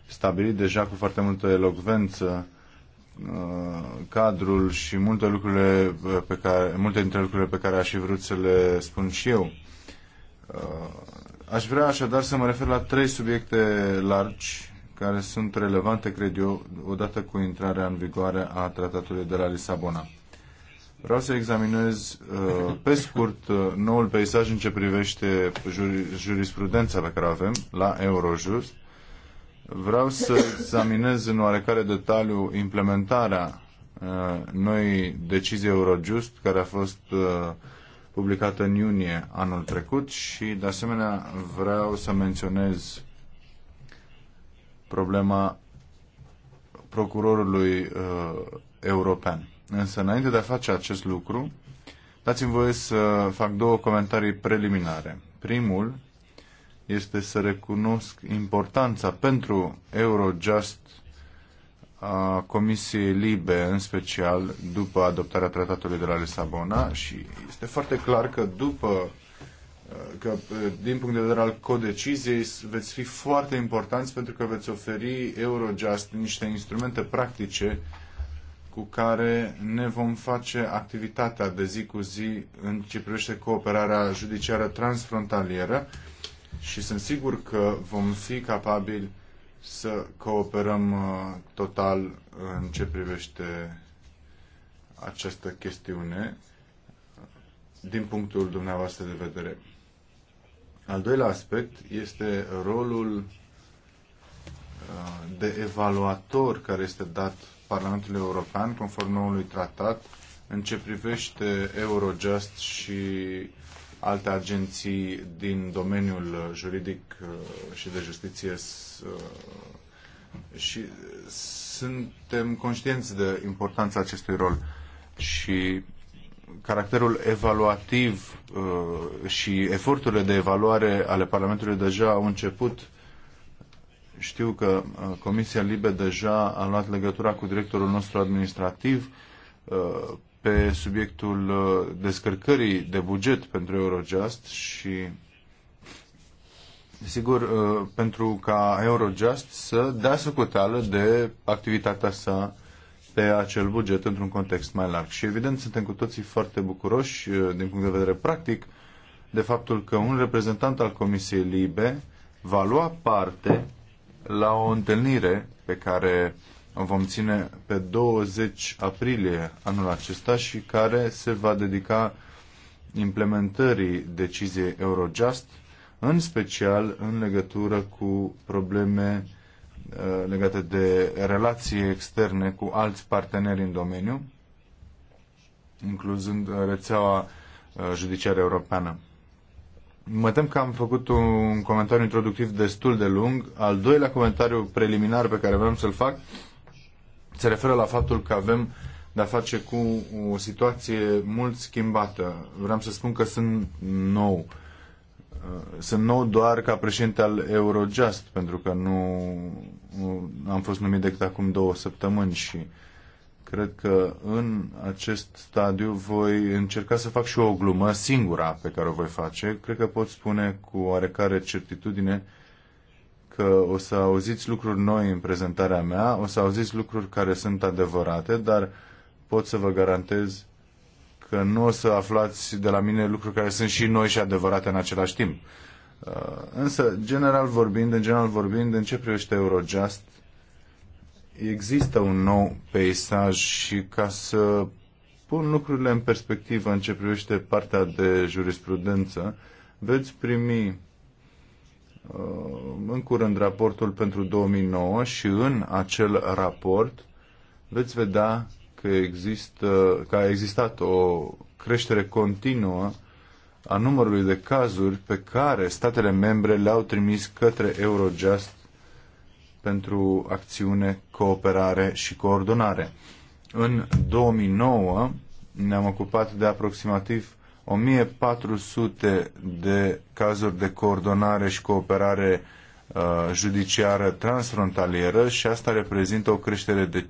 stabilit deja cu foarte multă elocvență uh, cadrul și multe lucrurile uh, pe care, multe dintre lucrurile pe care aș fi vrut să le spun și eu. Uh, aș vrea așadar să mă refer la trei subiecte largi care sunt relevante, cred eu, odată cu intrarea în vigoare a tratatului de la Lisabona. Vreau să examinez uh, pe scurt uh, noul peisaj în ce privește jurisprudența pe care o avem la Eurojust. Vreau să examinez în oarecare detaliu implementarea uh, noi decizii Eurojust care a fost publicată în iunie anul trecut și de asemenea vreau să menționez problema procurorului european. Însă, înainte de a face acest lucru, dați-mi voie să fac două comentarii preliminare. Primul este să recunosc importanța pentru Eurojust a Comisiei Libe, în special după adoptarea tratatului de la Lisabona și este foarte clar că după că din punct de vedere al codeciziei veți fi foarte importanți pentru că veți oferi Eurojust niște instrumente practice cu care ne vom face activitatea de zi cu zi în ce privește cooperarea judiciară transfrontalieră și sunt sigur că vom fi capabili să cooperăm uh, total în ce privește această chestiune din punctul dumneavoastră de vedere. Al doilea aspect este rolul uh, de evaluator care este dat Parlamentul European, conform noului tratat, în ce privește Eurojust și alte agenții din domeniul juridic uh, și de justiție uh, și suntem conștienți de importanța acestui rol și caracterul evaluativ uh, și eforturile de evaluare ale Parlamentului deja au început știu că uh, Comisia Libe deja a luat legătura cu directorul nostru administrativ uh, pe subiectul uh, descărcării de buget pentru Eurojust și sigur pentru ca Eurojust să dea socoteală de activitatea sa pe acel buget într-un context mai larg. Și evident suntem cu toții foarte bucuroși din punct de vedere practic de faptul că un reprezentant al Comisiei Libe va lua parte la o întâlnire pe care o vom ține pe 20 aprilie anul acesta și care se va dedica implementării deciziei Eurojust, în special în legătură cu probleme uh, legate de relații externe cu alți parteneri în domeniu, incluzând rețeaua uh, judiciară europeană. Mă tem că am făcut un comentariu introductiv destul de lung. Al doilea comentariu preliminar pe care vreau să-l fac se referă la faptul că avem de-a face cu o situație mult schimbată. Vreau să spun că sunt nou. Uh, sunt nou doar ca președinte al Eurojust, pentru că nu am fost numit decât acum două săptămâni și uh, Cred că în acest stadiu voi încerca să fac și o glumă singura pe care o voi face. Cred că pot spune cu oarecare certitudine că o să auziți lucruri noi în prezentarea mea, o să auziți lucruri care sunt adevărate, dar pot să vă garantez că nu o să aflați de la mine lucruri care sunt și noi și adevărate în același timp. Uh, însă, general vorbind, în general vorbind, în ce privește Eurojust, există un nou peisaj și ca să pun lucrurile în perspectivă în ce privește partea de jurisprudență, veți primi uh, în curând raportul pentru 2009 și în acel raport veți vedea că, există, că a existat o creștere continuă a numărului de cazuri pe care statele membre le-au trimis către Eurojust pentru acțiune cooperare și coordonare. În 2009 ne-am ocupat de aproximativ 1400 de cazuri de coordonare și cooperare uh, judiciară transfrontalieră și asta reprezintă o creștere de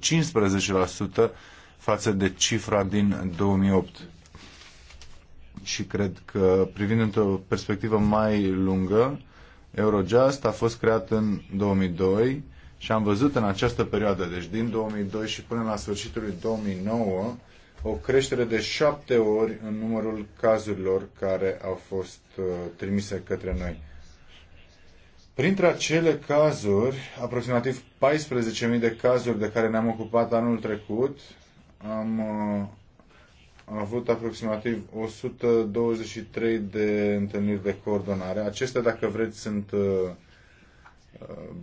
15% față de cifra din 2008. Și cred că, privind într-o perspectivă mai lungă, Eurojust a fost creat în 2002 și am văzut în această perioadă, deci din 2002 și până la sfârșitul 2009, o creștere de șapte ori în numărul cazurilor care au fost uh, trimise către noi. Printre acele cazuri, aproximativ 14.000 de cazuri de care ne-am ocupat anul trecut, am am uh, avut aproximativ 123 de întâlniri de coordonare. Acestea, dacă vreți, sunt uh,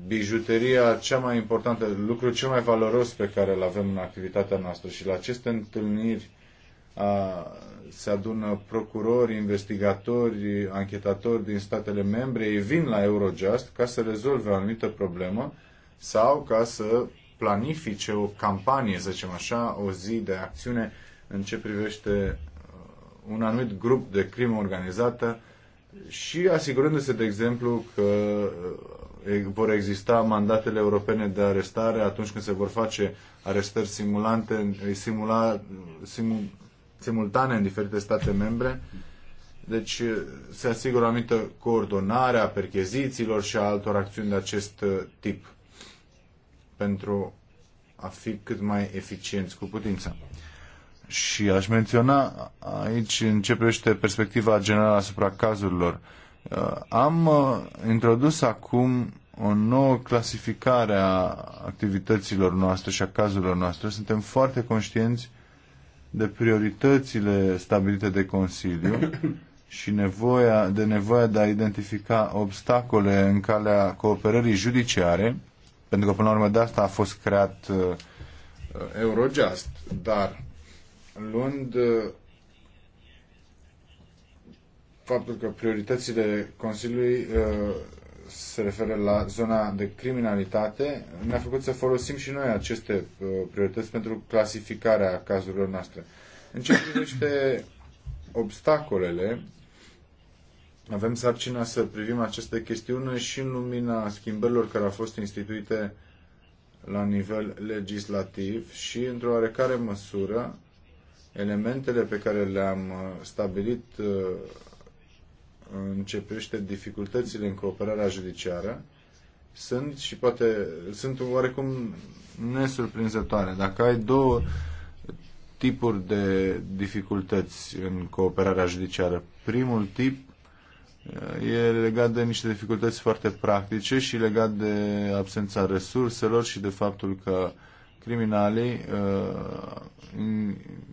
bijuteria cea mai importantă, lucrul cel mai valoros pe care îl avem în activitatea noastră și la aceste întâlniri a, se adună procurori, investigatori, anchetatori din statele membre, ei vin la Eurojust ca să rezolve o anumită problemă sau ca să planifice o campanie, să zicem așa, o zi de acțiune în ce privește un anumit grup de crimă organizată și asigurându-se, de exemplu, că vor exista mandatele europene de arestare atunci când se vor face arestări simulante, simula, simu, simultane în diferite state membre. Deci se asigură o anumită coordonare a perchezițiilor și a altor acțiuni de acest tip pentru a fi cât mai eficienți cu putința. Și aș menționa aici începește perspectiva generală asupra cazurilor. Uh, Uh, am uh, introdus acum o nouă clasificare a activităților noastre și a cazurilor noastre. Suntem foarte conștienți de prioritățile stabilite de Consiliu și nevoia, de nevoia de a identifica obstacole în calea cooperării judiciare, pentru că până la urmă de asta a fost creat uh, Eurojust, dar luând uh, faptul că prioritățile Consiliului uh, se referă la zona de criminalitate, ne-a făcut să folosim și noi aceste uh, priorități pentru clasificarea cazurilor noastre. În ce privește obstacolele, avem sarcina să privim aceste chestiuni și în lumina schimbărilor care au fost instituite la nivel legislativ și, într-o oarecare măsură, elementele pe care le-am uh, stabilit începește dificultățile în cooperarea judiciară sunt și poate sunt oarecum nesurprinzătoare. Dacă ai două tipuri de dificultăți în cooperarea judiciară, primul tip uh, e legat de niște dificultăți foarte practice și legat de absența resurselor și de faptul că criminalii, uh,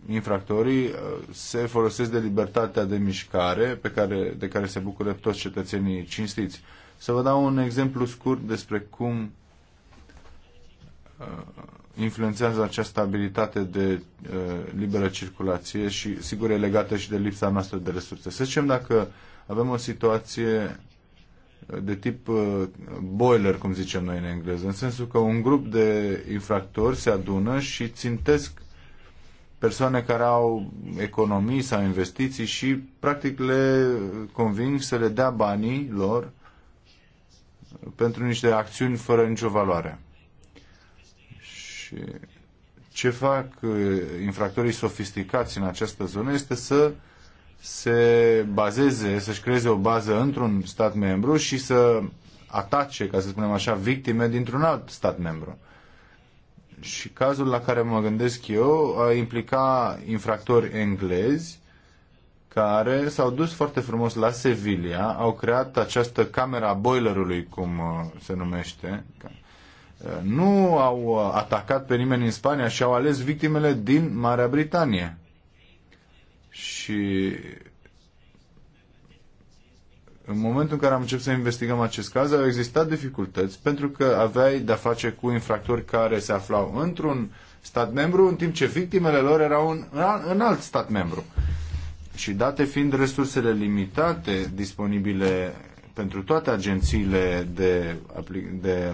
infractorii, uh, se folosesc de libertatea de mișcare pe care, de care se bucură toți cetățenii cinstiți. Să vă dau un exemplu scurt despre cum uh, influențează această abilitate de liberă circulație și sigur e legată și de lipsa noastră de resurse. Să zicem dacă avem o situație de tip uh, boiler, cum zicem noi în engleză, în sensul că un grup de infractori se adună și țintesc persoane care au economii sau investiții și practic le conving să le dea banii lor pentru niște acțiuni fără nicio valoare. Și ce fac uh, infractorii sofisticați în această zonă este să uh, se bazeze, să-și creeze o bază într-un stat membru și să atace, ca să spunem așa, victime dintr-un alt stat membru. Și cazul la care mă gândesc eu a implica infractori englezi care s-au dus foarte frumos la Sevilla, au creat această camera boilerului, cum uh, se numește. Uh, nu au uh, atacat pe nimeni în Spania și au ales victimele din Marea Britanie și în momentul în care am început să investigăm acest caz, au existat dificultăți pentru că aveai de-a face cu infractori care se aflau într-un stat membru, în timp ce victimele lor erau în, în alt stat membru. Și date fiind resursele limitate disponibile pentru toate agențiile de, apli- de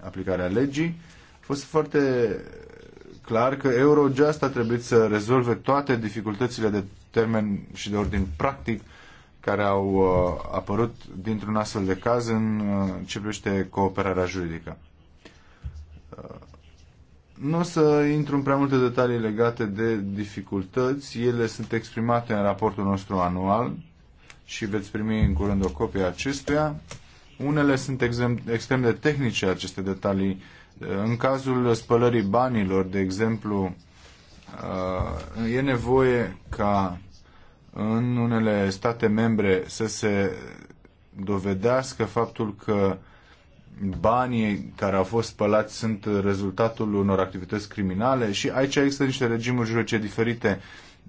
aplicare a legii, a fost foarte clar că Eurojust a trebuit să rezolve toate dificultățile de termen și de ordin practic care au uh, apărut dintr-un astfel de caz în uh, ce privește cooperarea juridică. Uh, nu o să intru în prea multe detalii legate de dificultăți. Ele sunt exprimate în raportul nostru anual și veți primi în curând o copie a acestuia. Unele sunt extrem, extrem de tehnice aceste detalii în cazul spălării banilor, de exemplu, uh, e nevoie ca în unele state membre să se dovedească faptul că banii care au fost spălați sunt rezultatul unor activități criminale și aici există niște regimuri juridice diferite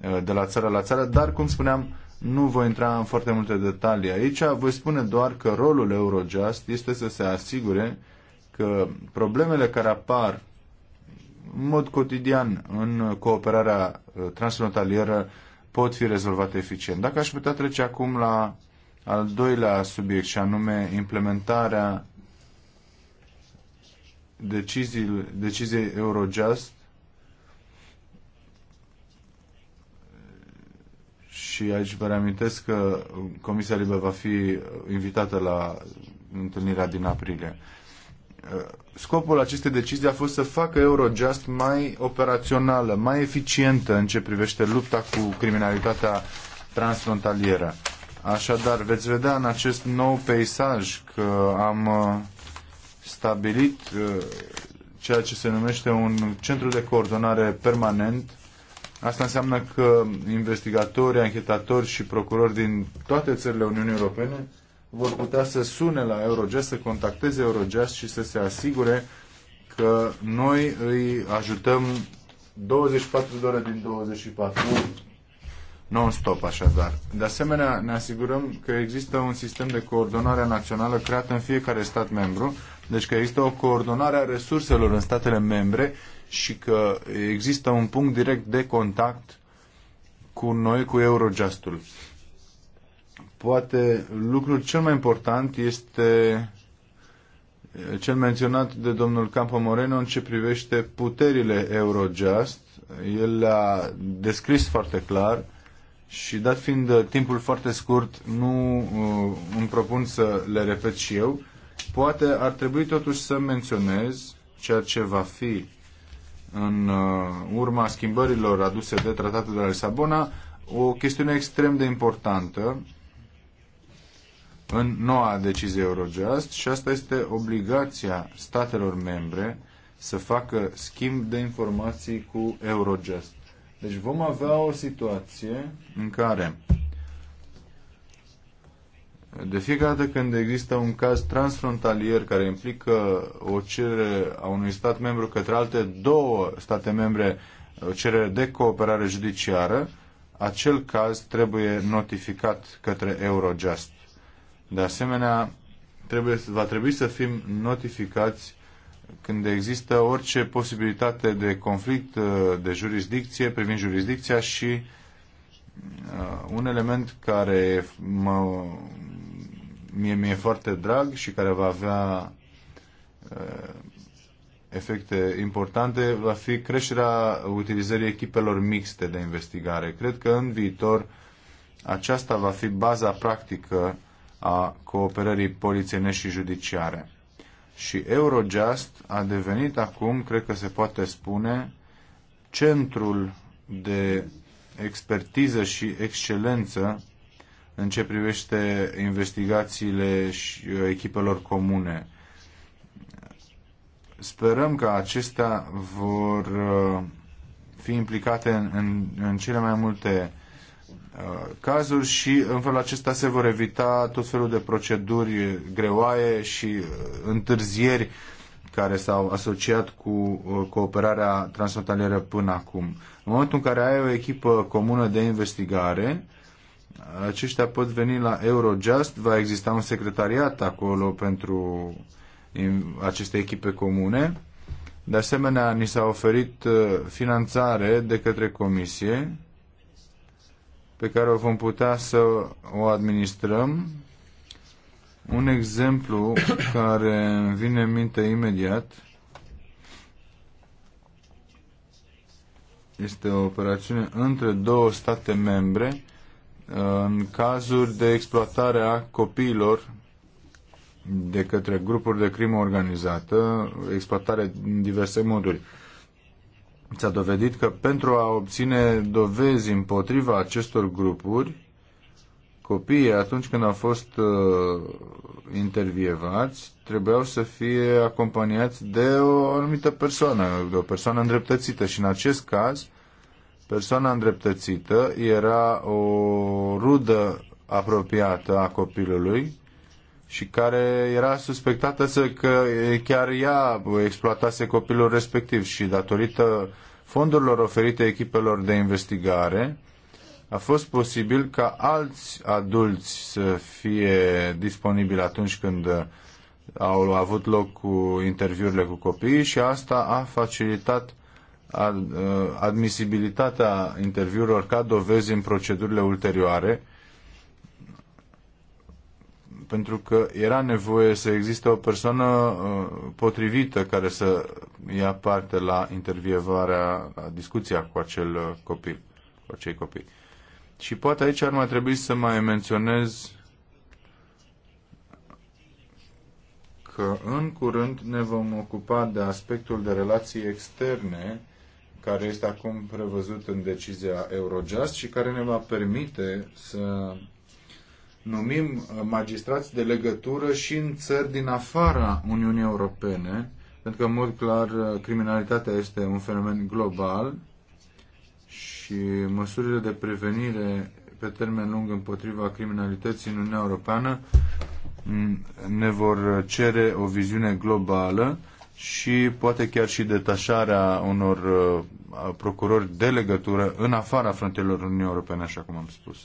uh, de la țară la țară, dar, cum spuneam, nu voi intra în foarte multe detalii aici, voi spune doar că rolul Eurojust este să se asigure că problemele care apar în mod cotidian în cooperarea uh, transfrontalieră pot fi rezolvate eficient. Dacă aș putea trece acum la al doilea subiect și anume implementarea decizii, deciziei Eurojust și aici vă reamintesc că Comisia Libă va fi invitată la întâlnirea din aprilie. Uh, scopul acestei decizii a fost să facă Eurojust mai operațională, mai eficientă în ce privește lupta cu criminalitatea transfrontalieră. Așadar, veți vedea în acest nou peisaj că am uh, stabilit uh, ceea ce se numește un centru de coordonare permanent. Asta înseamnă că investigatori, anchetatori și procurori din toate țările Uniunii Europene vor putea să sune la Eurojust, să contacteze Eurojust și să se asigure că noi îi ajutăm 24 de ore din 24 non-stop așadar. De asemenea, ne asigurăm că există un sistem de coordonare națională creat în fiecare stat membru, deci că există o coordonare a resurselor în statele membre și că există un punct direct de contact cu noi, cu Eurojustul. Poate lucrul cel mai important este eh, cel menționat de domnul Campo Moreno în ce privește puterile Eurojust. El le-a descris foarte clar și dat fiind eh, timpul foarte scurt, nu eh, îmi propun să le repet și eu. Poate ar trebui totuși să menționez ceea ce va fi în urma schimbărilor aduse de tratatul de la Lisabona, o chestiune extrem de importantă în noua decizie Eurojust și asta este obligația statelor membre să facă schimb de informații cu Eurojust. Deci vom avea o situație în care de fiecare dată când există un caz transfrontalier care implică o cerere a unui stat membru către alte două state membre, o cerere de cooperare judiciară, acel caz trebuie notificat către Eurojust. De asemenea, trebuie, va trebui să fim notificați când există orice posibilitate de conflict uh, de jurisdicție, privind jurisdicția și uh, un element care mă, mie mi-e foarte drag și care va avea uh, efecte importante va fi creșterea utilizării echipelor mixte de investigare. Cred că în viitor aceasta va fi baza practică a cooperării polițienești și judiciare. Și Eurojust a devenit acum, cred că se poate spune, centrul de expertiză și excelență în ce privește investigațiile și uh, echipelor comune. Sperăm că acestea vor uh, fi implicate în, în, în cele mai multe Uh, cazuri și în felul acesta se vor evita tot felul de proceduri greoaie și uh, întârzieri care s-au asociat cu uh, cooperarea transfrontalieră până acum. În momentul în care ai o echipă comună de investigare, aceștia pot veni la Eurojust, va exista un secretariat acolo pentru aceste echipe comune. De asemenea, ni s-a oferit finanțare de către Comisie pe care o vom putea să o administrăm. Un exemplu care îmi vine în minte imediat este o operațiune între două state membre uh, în cazuri de exploatare a copiilor de către grupuri de crimă organizată, exploatare în diverse moduri s-a dovedit că pentru a obține dovezi împotriva acestor grupuri, copiii, atunci când au fost uh, intervievați, trebuiau să fie acompaniați de o anumită persoană, de o persoană îndreptățită. Și în acest caz, persoana îndreptățită era o rudă apropiată a copilului, și care era suspectată să că chiar ea exploatase copilul respectiv și datorită fondurilor oferite echipelor de investigare a fost posibil ca alți adulți să fie disponibili atunci când au avut loc cu interviurile cu copiii și asta a facilitat uh, admisibilitatea interviurilor ca dovezi în procedurile ulterioare pentru că era nevoie să existe o persoană uh, potrivită care să ia parte la intervievarea, la discuția cu acel uh, copil, cu acei copii. Și poate aici ar mai trebui să mai menționez că în curând ne vom ocupa de aspectul de relații externe care este acum prevăzut în decizia Eurojust și care ne va permite să numim uh, magistrați de legătură și în țări din afara Uniunii Europene, pentru că, în mod clar, uh, criminalitatea este un fenomen global și măsurile de prevenire pe termen lung împotriva criminalității în Uniunea Europeană mm, ne vor cere o viziune globală și poate chiar și detașarea unor uh, procurori de legătură în afara frontelor Uniunii Europene, așa cum am spus.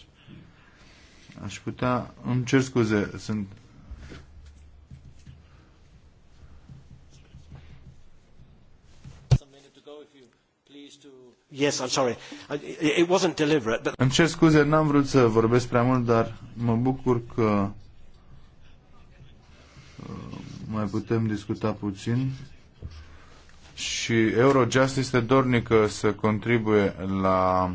Aș putea... Îmi cer scuze, sunt... Yes, I'm sorry. It wasn't deliberate, but... Îmi cer scuze, n-am vrut să vorbesc prea mult, dar mă bucur că uh, mai putem discuta puțin și Eurojust este dornică să contribuie la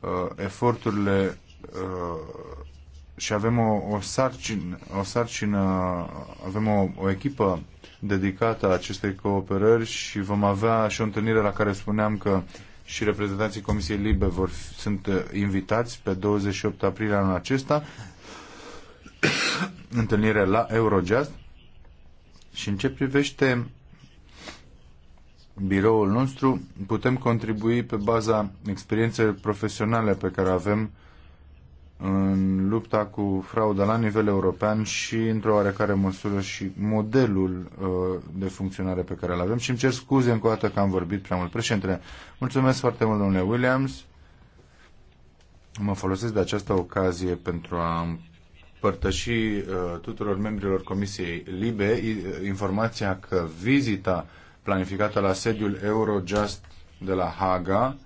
uh, eforturile Uh, și avem o, o, sarcină, o sarcină, avem o, o echipă dedicată a acestei cooperări și vom avea și o întâlnire la care spuneam că și reprezentanții Comisiei Libe vor, sunt uh, invitați pe 28 aprilie anul acesta întâlnire la Eurojazz și în ce privește biroul nostru putem contribui pe baza experienței profesionale pe care avem în lupta cu frauda la nivel european și, într-o oarecare măsură, și modelul uh, de funcționare pe care îl avem. Și îmi cer scuze încă o dată că am vorbit prea mult. Președintele, mulțumesc foarte mult, domnule Williams. Mă folosesc de această ocazie pentru a împărtăși uh, tuturor membrilor Comisiei Libe uh, informația că vizita planificată la sediul Eurojust de la Haga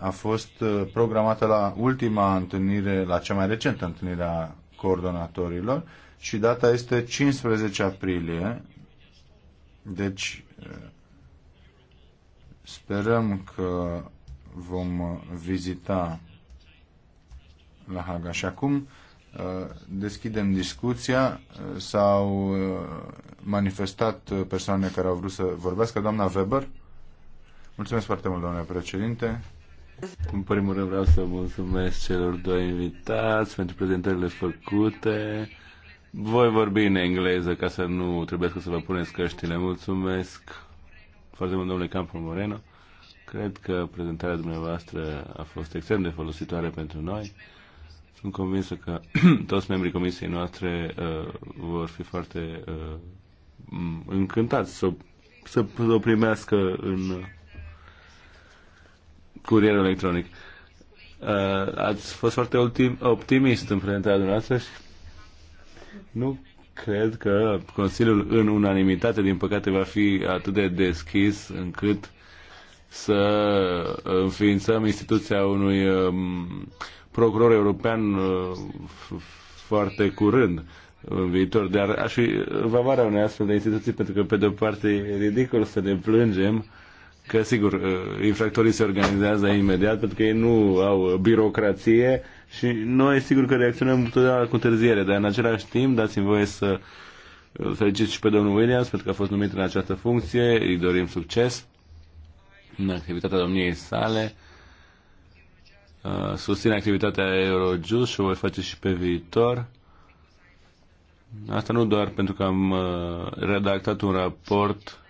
a fost uh, programată la ultima întâlnire, la cea mai recentă întâlnire a coordonatorilor și data este 15 aprilie. Deci uh, sperăm că vom vizita la Haga. Și acum uh, deschidem discuția. S-au manifestat persoane care au vrut să vorbească. Doamna Weber. Mulțumesc foarte mult, domnule președinte. În primul rând vreau să mulțumesc celor doi invitați pentru prezentările făcute. Voi vorbi în engleză ca să nu trebuie să vă puneți căștile. Mulțumesc foarte mult, domnule Campo Moreno. Cred că prezentarea dumneavoastră a fost extrem de folositoare pentru noi. Sunt convins că toți membrii comisiei noastre uh, vor fi foarte uh, încântați să, să o primească în curierul electronic. Uh, ați fost foarte optimist în prezentarea dumneavoastră și nu cred că Consiliul în unanimitate, din păcate, va fi atât de deschis încât să înființăm instituția unui um, procuror european uh, foarte curând în viitor, dar aș fi vara unei astfel de instituții, pentru că, pe de-o parte, e ridicol să ne plângem că, sigur, uh, infractorii se organizează imediat pentru că ei nu au birocrație și noi, sigur, că reacționăm totdeauna cu târziere, dar în același timp dați-mi voie uh, să felicit și pe domnul Williams pentru că a fost numit în această funcție, îi dorim succes în activitatea domniei sale uh, susțin activitatea Eurojust și o voi face și pe viitor. Asta nu doar pentru că am redactat un raport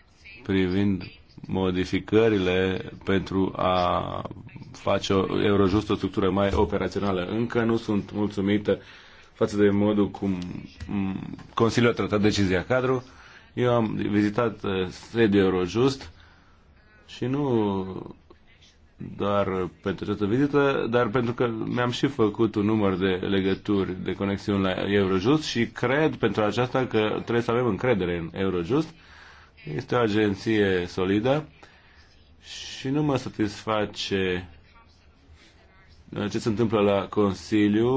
privind modificările pentru a face Eurojust o structură mai operațională. Încă nu sunt mulțumită față de modul cum Consiliul a tratat decizia cadru. Eu am vizitat uh, sediul Eurojust și nu doar pentru această vizită, dar pentru că mi-am și făcut un număr de legături, de conexiuni la Eurojust și cred pentru aceasta că trebuie să avem încredere în Eurojust este o agenție solidă și nu mă satisface uh, ce se întâmplă la Consiliu,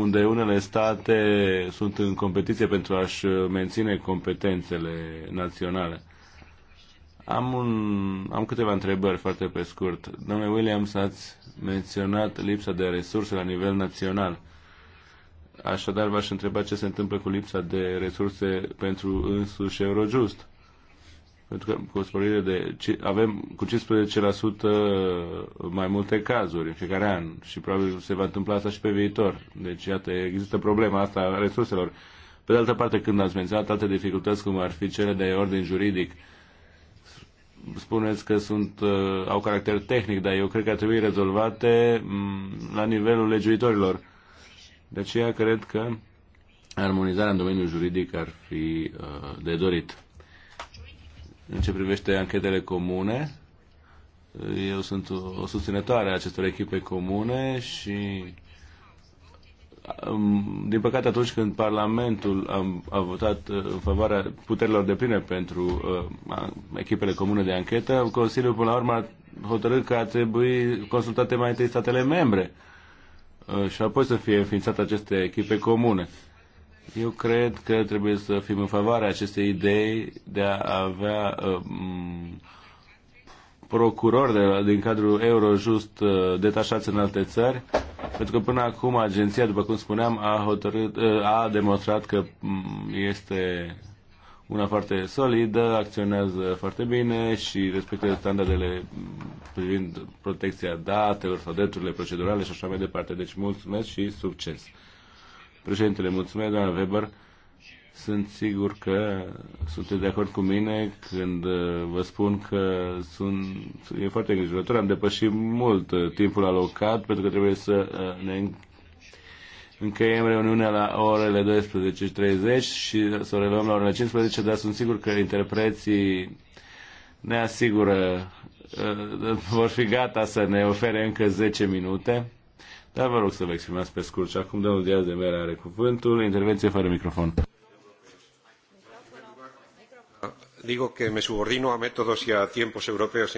unde unele state sunt în competiție pentru a-și uh, menține competențele naționale. Am, un, am câteva întrebări foarte pe scurt. Domnule Williams, ați menționat lipsa de resurse la nivel național. Așadar, v-aș întreba ce se întâmplă cu lipsa de resurse pentru însuși Eurojust pentru că cu o sporire de, avem cu 15% mai multe cazuri în fiecare an și probabil se va întâmpla asta și pe viitor. Deci, iată, există problema asta a resurselor. Pe de altă parte, când ați menționat alte dificultăți, cum ar fi cele de ordin juridic, spuneți că sunt, uh, au caracter tehnic, dar eu cred că ar trebui rezolvate mm, la nivelul legiuitorilor. De aceea cred că armonizarea în domeniul juridic ar fi uh, de dorit. În ce privește anchetele comune, eu sunt o susținătoare a acestor echipe comune și din păcate atunci când Parlamentul a, a votat uh, în favoarea puterilor de pline pentru uh, a, echipele comune de anchetă, Consiliul până la urmă a hotărât că ar trebui consultate mai întâi statele membre uh, și apoi să fie înființate aceste echipe comune. Uh, eu cred că trebuie să fim în favoarea acestei idei de a avea um, procurori de, din cadrul Eurojust uh, detașați în alte țări, pentru că până acum agenția, după cum spuneam, a, hotărât, uh, a demonstrat că um, este una foarte solidă, acționează foarte bine și respectă standardele privind protecția datelor sau drepturile procedurale și așa mai departe. Deci mulțumesc și succes! Președintele, mulțumesc, doamna Weber. Sunt sigur că sunteți de acord cu mine când uh, vă spun că sunt, e foarte îngrijorător. Am depășit mult uh, timpul alocat pentru că trebuie să uh, ne încheiem reuniunea la orele 12.30 și să o reluăm la orele 15, dar sunt sigur că interpreții ne asigură, vor fi gata să ne ofere încă 10 minute dar vă rog să vă exprimați pe scurt. Și acum domnul Diaz de Mere are cuvântul. Intervenție fără microfon. Digo că me subordino a metodos și a tiempos europeos,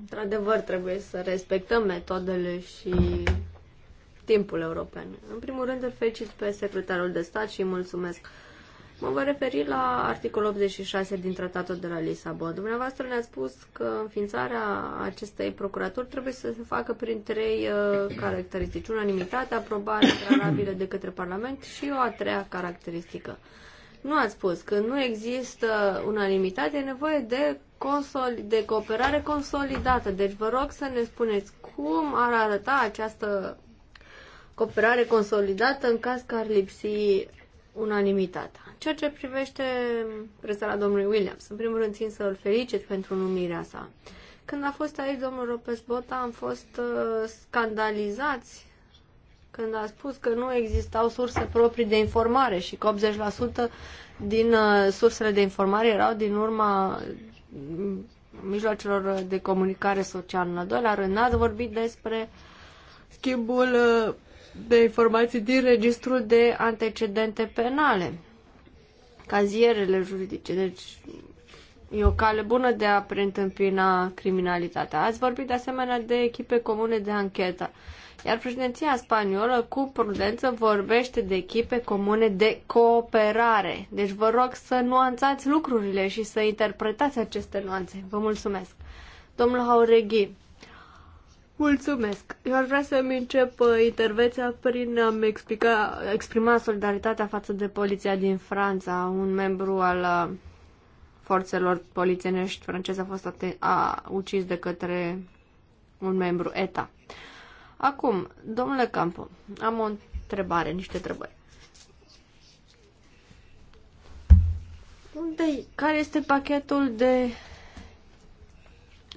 Într-adevăr, trebuie să respectăm metodele și timpul european. În primul rând, îl felicit pe secretarul de stat și îi mulțumesc. Mă voi referi la articolul 86 din Tratatul de la Lisabon. Dumneavoastră ne-a spus că înființarea acestei procuraturi trebuie să se facă prin trei uh, caracteristici. Unanimitate, aprobare granabilă de către Parlament și o a treia caracteristică. Nu ați spus că nu există unanimitate, e nevoie de, consoli, de cooperare consolidată. Deci vă rog să ne spuneți cum ar arăta această cooperare consolidată în caz că ar lipsi unanimitatea ceea ce privește prezentarea domnului Williams, în primul rând țin să îl felicit pentru numirea sa. Când a fost aici domnul Ropes Bota, am fost uh, scandalizați când a spus că nu existau surse proprii de informare și că 80% din uh, sursele de informare erau din urma mm, mijloacelor de comunicare socială. În al doilea rând, ați vorbit despre schimbul uh, de informații din registrul de antecedente penale cazierele juridice. Deci e o cale bună de a preîntâmpina criminalitatea. Ați vorbit de asemenea de echipe comune de anchetă. Iar președinția spaniolă, cu prudență, vorbește de echipe comune de cooperare. Deci vă rog să nuanțați lucrurile și să interpretați aceste nuanțe. Vă mulțumesc. Domnul Haureghi, Mulțumesc! Eu ar vrea să-mi încep uh, intervenția prin a-mi explica, exprima solidaritatea față de poliția din Franța. Un membru al uh, forțelor polițienești francez a fost aten- a ucis de către un membru ETA. Acum, domnule Campo, am o întrebare, niște întrebări. unde Care este pachetul de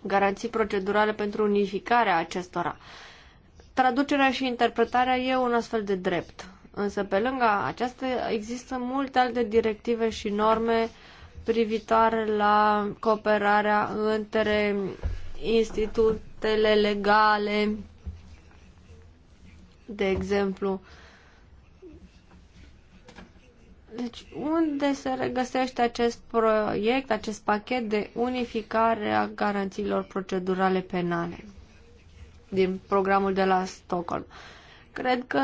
garanții procedurale pentru unificarea acestora. Traducerea și interpretarea e un astfel de drept. Însă, pe lângă aceasta, există multe alte directive și norme privitoare la cooperarea între institutele legale, de exemplu, deci, unde se regăsește acest proiect, acest pachet de unificare a garanțiilor procedurale penale din programul de la Stockholm? Cred că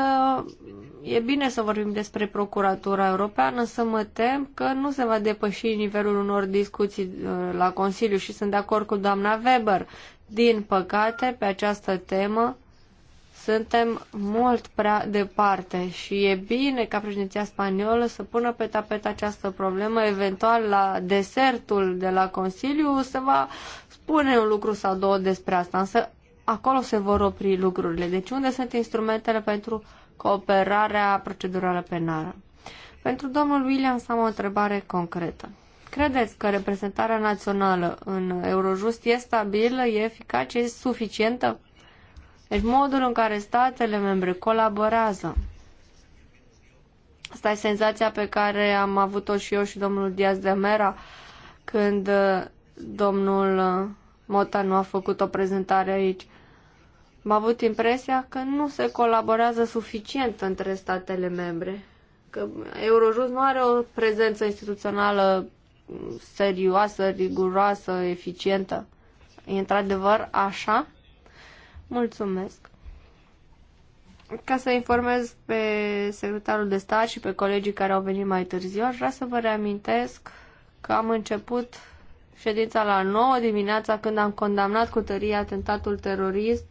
e bine să vorbim despre Procuratura Europeană, să mă tem că nu se va depăși nivelul unor discuții uh, la Consiliu și sunt de acord cu doamna Weber. Din păcate, pe această temă, suntem mult prea departe și e bine ca președinția spaniolă să pună pe tapet această problemă. Eventual, la desertul de la Consiliu se va spune un lucru sau două despre asta, însă acolo se vor opri lucrurile. Deci unde sunt instrumentele pentru cooperarea procedurală penală? Pentru domnul Williams am o întrebare concretă. Credeți că reprezentarea națională în Eurojust e stabilă, e eficace, e suficientă? Deci modul în care statele membre colaborează. Asta e senzația pe care am avut-o și eu și domnul Diaz de Mera când uh, domnul uh, Mota nu a făcut o prezentare aici. m-a avut impresia că nu se colaborează suficient între statele membre, că Eurojust nu are o prezență instituțională serioasă, riguroasă, eficientă. E într-adevăr așa? Mulțumesc. Ca să informez pe secretarul de stat și pe colegii care au venit mai târziu, aș vrea să vă reamintesc că am început ședința la 9 dimineața când am condamnat cu tărie atentatul terorist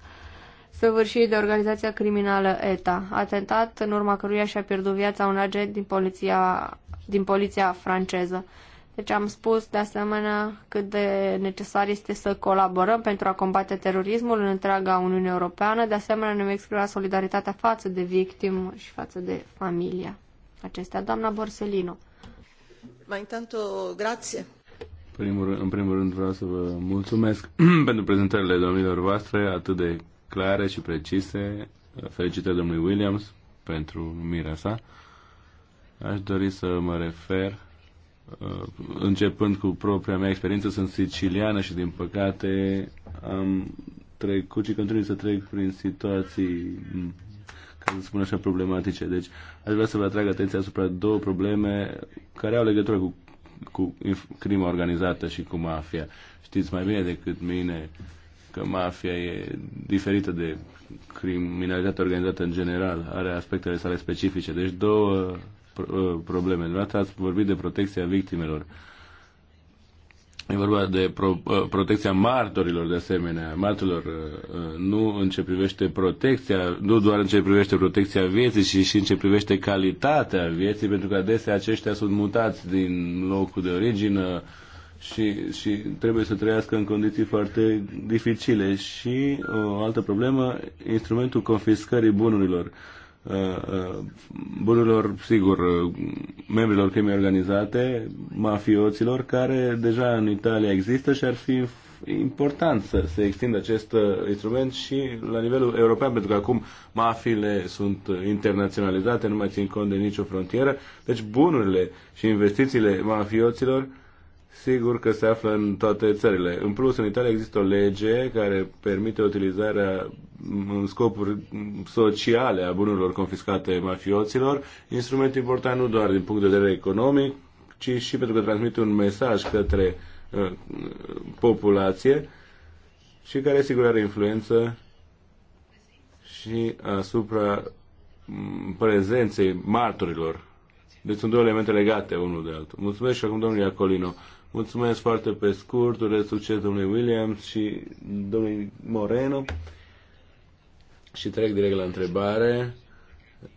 săvârșit de organizația criminală ETA, atentat în urma căruia și-a pierdut viața un agent din poliția, din poliția franceză. Deci am spus de asemenea cât de necesar este să colaborăm pentru a combate terorismul în întreaga Uniune Europeană. De asemenea ne-am exprimat solidaritatea față de victim și față de familia acestea. Doamna Borsellino. Mai intanto, grație. Primul, în primul rând vreau să vă mulțumesc pentru prezentările domnilor voastre atât de clare și precise. Felicitări domnului Williams pentru numirea sa. Aș dori să mă refer Uh, începând cu propria mea experiență, sunt siciliană și din păcate am trecut și continui să trec prin situații mm, ca să spun așa, problematice. Deci aș vrea să vă atrag atenția asupra două probleme care au legătură cu, cu crima organizată și cu mafia. Știți mai bine decât mine că mafia e diferită de criminalitatea organizată în general, are aspectele sale specifice. Deci două Uh, probleme. Dumneavoastră ați vorbit de protecția victimelor. E vorba de pro, uh, protecția martorilor, de asemenea, martorilor, uh, nu în ce privește protecția, nu doar în ce privește protecția vieții, ci și în ce privește calitatea vieții, pentru că adesea aceștia sunt mutați din locul de origine și, și trebuie să trăiască în condiții foarte dificile. Și o altă problemă, instrumentul confiscării bunurilor. Uh, Uh, uh, bunurilor, sigur, uh, membrilor crimei organizate, mafioților, care deja în Italia există și ar fi important să se extindă acest instrument și la nivelul european, pentru că acum mafiile sunt internaționalizate, nu mai țin cont de nicio frontieră, deci bunurile și investițiile mafioților sigur că se află în toate țările. În plus, în Italia există o lege care permite utilizarea în scopuri sociale a bunurilor confiscate mafioților, instrument important nu doar din punct de vedere economic, ci și pentru că transmite un mesaj către uh, populație și care sigur are influență și asupra mm, prezenței martorilor. Deci sunt două elemente legate unul de altul. Mulțumesc și acum domnul Iacolino. Mulțumesc foarte pe scurt, urez succes domnului Williams și domnului Moreno. Și trec direct la întrebare.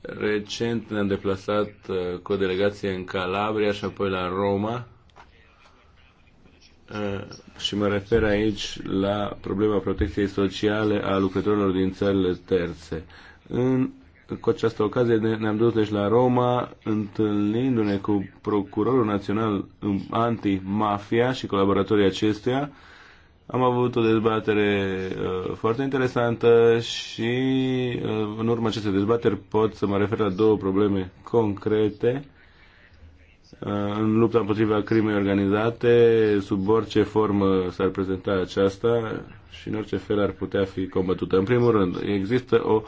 Recent ne-am deplasat uh, cu o delegație în Calabria și apoi la Roma. Uh, și mă refer aici la problema protecției sociale a lucrătorilor din țările terțe. În cu această ocazie ne-am dus deci la Roma, întâlnindu-ne cu Procurorul Național Anti-Mafia și colaboratorii acestuia. Am avut o dezbatere uh, foarte interesantă și uh, în urma acestei dezbateri pot să mă refer la două probleme concrete uh, în lupta împotriva crimei organizate, sub orice formă s-ar prezenta aceasta și în orice fel ar putea fi combătută. În primul rând, există o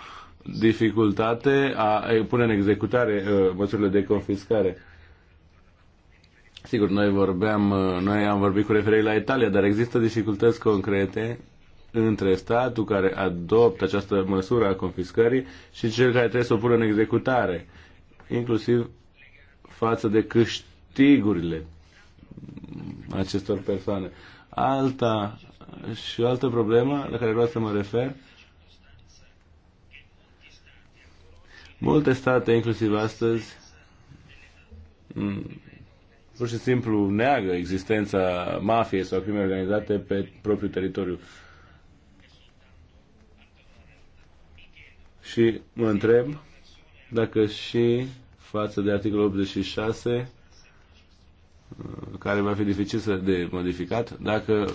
dificultate a pune în executare uh, măsurile de confiscare. Sigur, noi vorbeam, uh, noi am vorbit cu referire la Italia, dar există dificultăți concrete între statul care adoptă această măsură a confiscării și cel care trebuie să o pună în executare, inclusiv față de câștigurile acestor persoane. Alta și o altă problemă la care vreau să mă refer Multe state, inclusiv astăzi, pur și simplu neagă existența mafiei sau crime organizate pe propriul teritoriu. Și mă întreb dacă și față de articolul 86, care va fi dificil să de modificat, dacă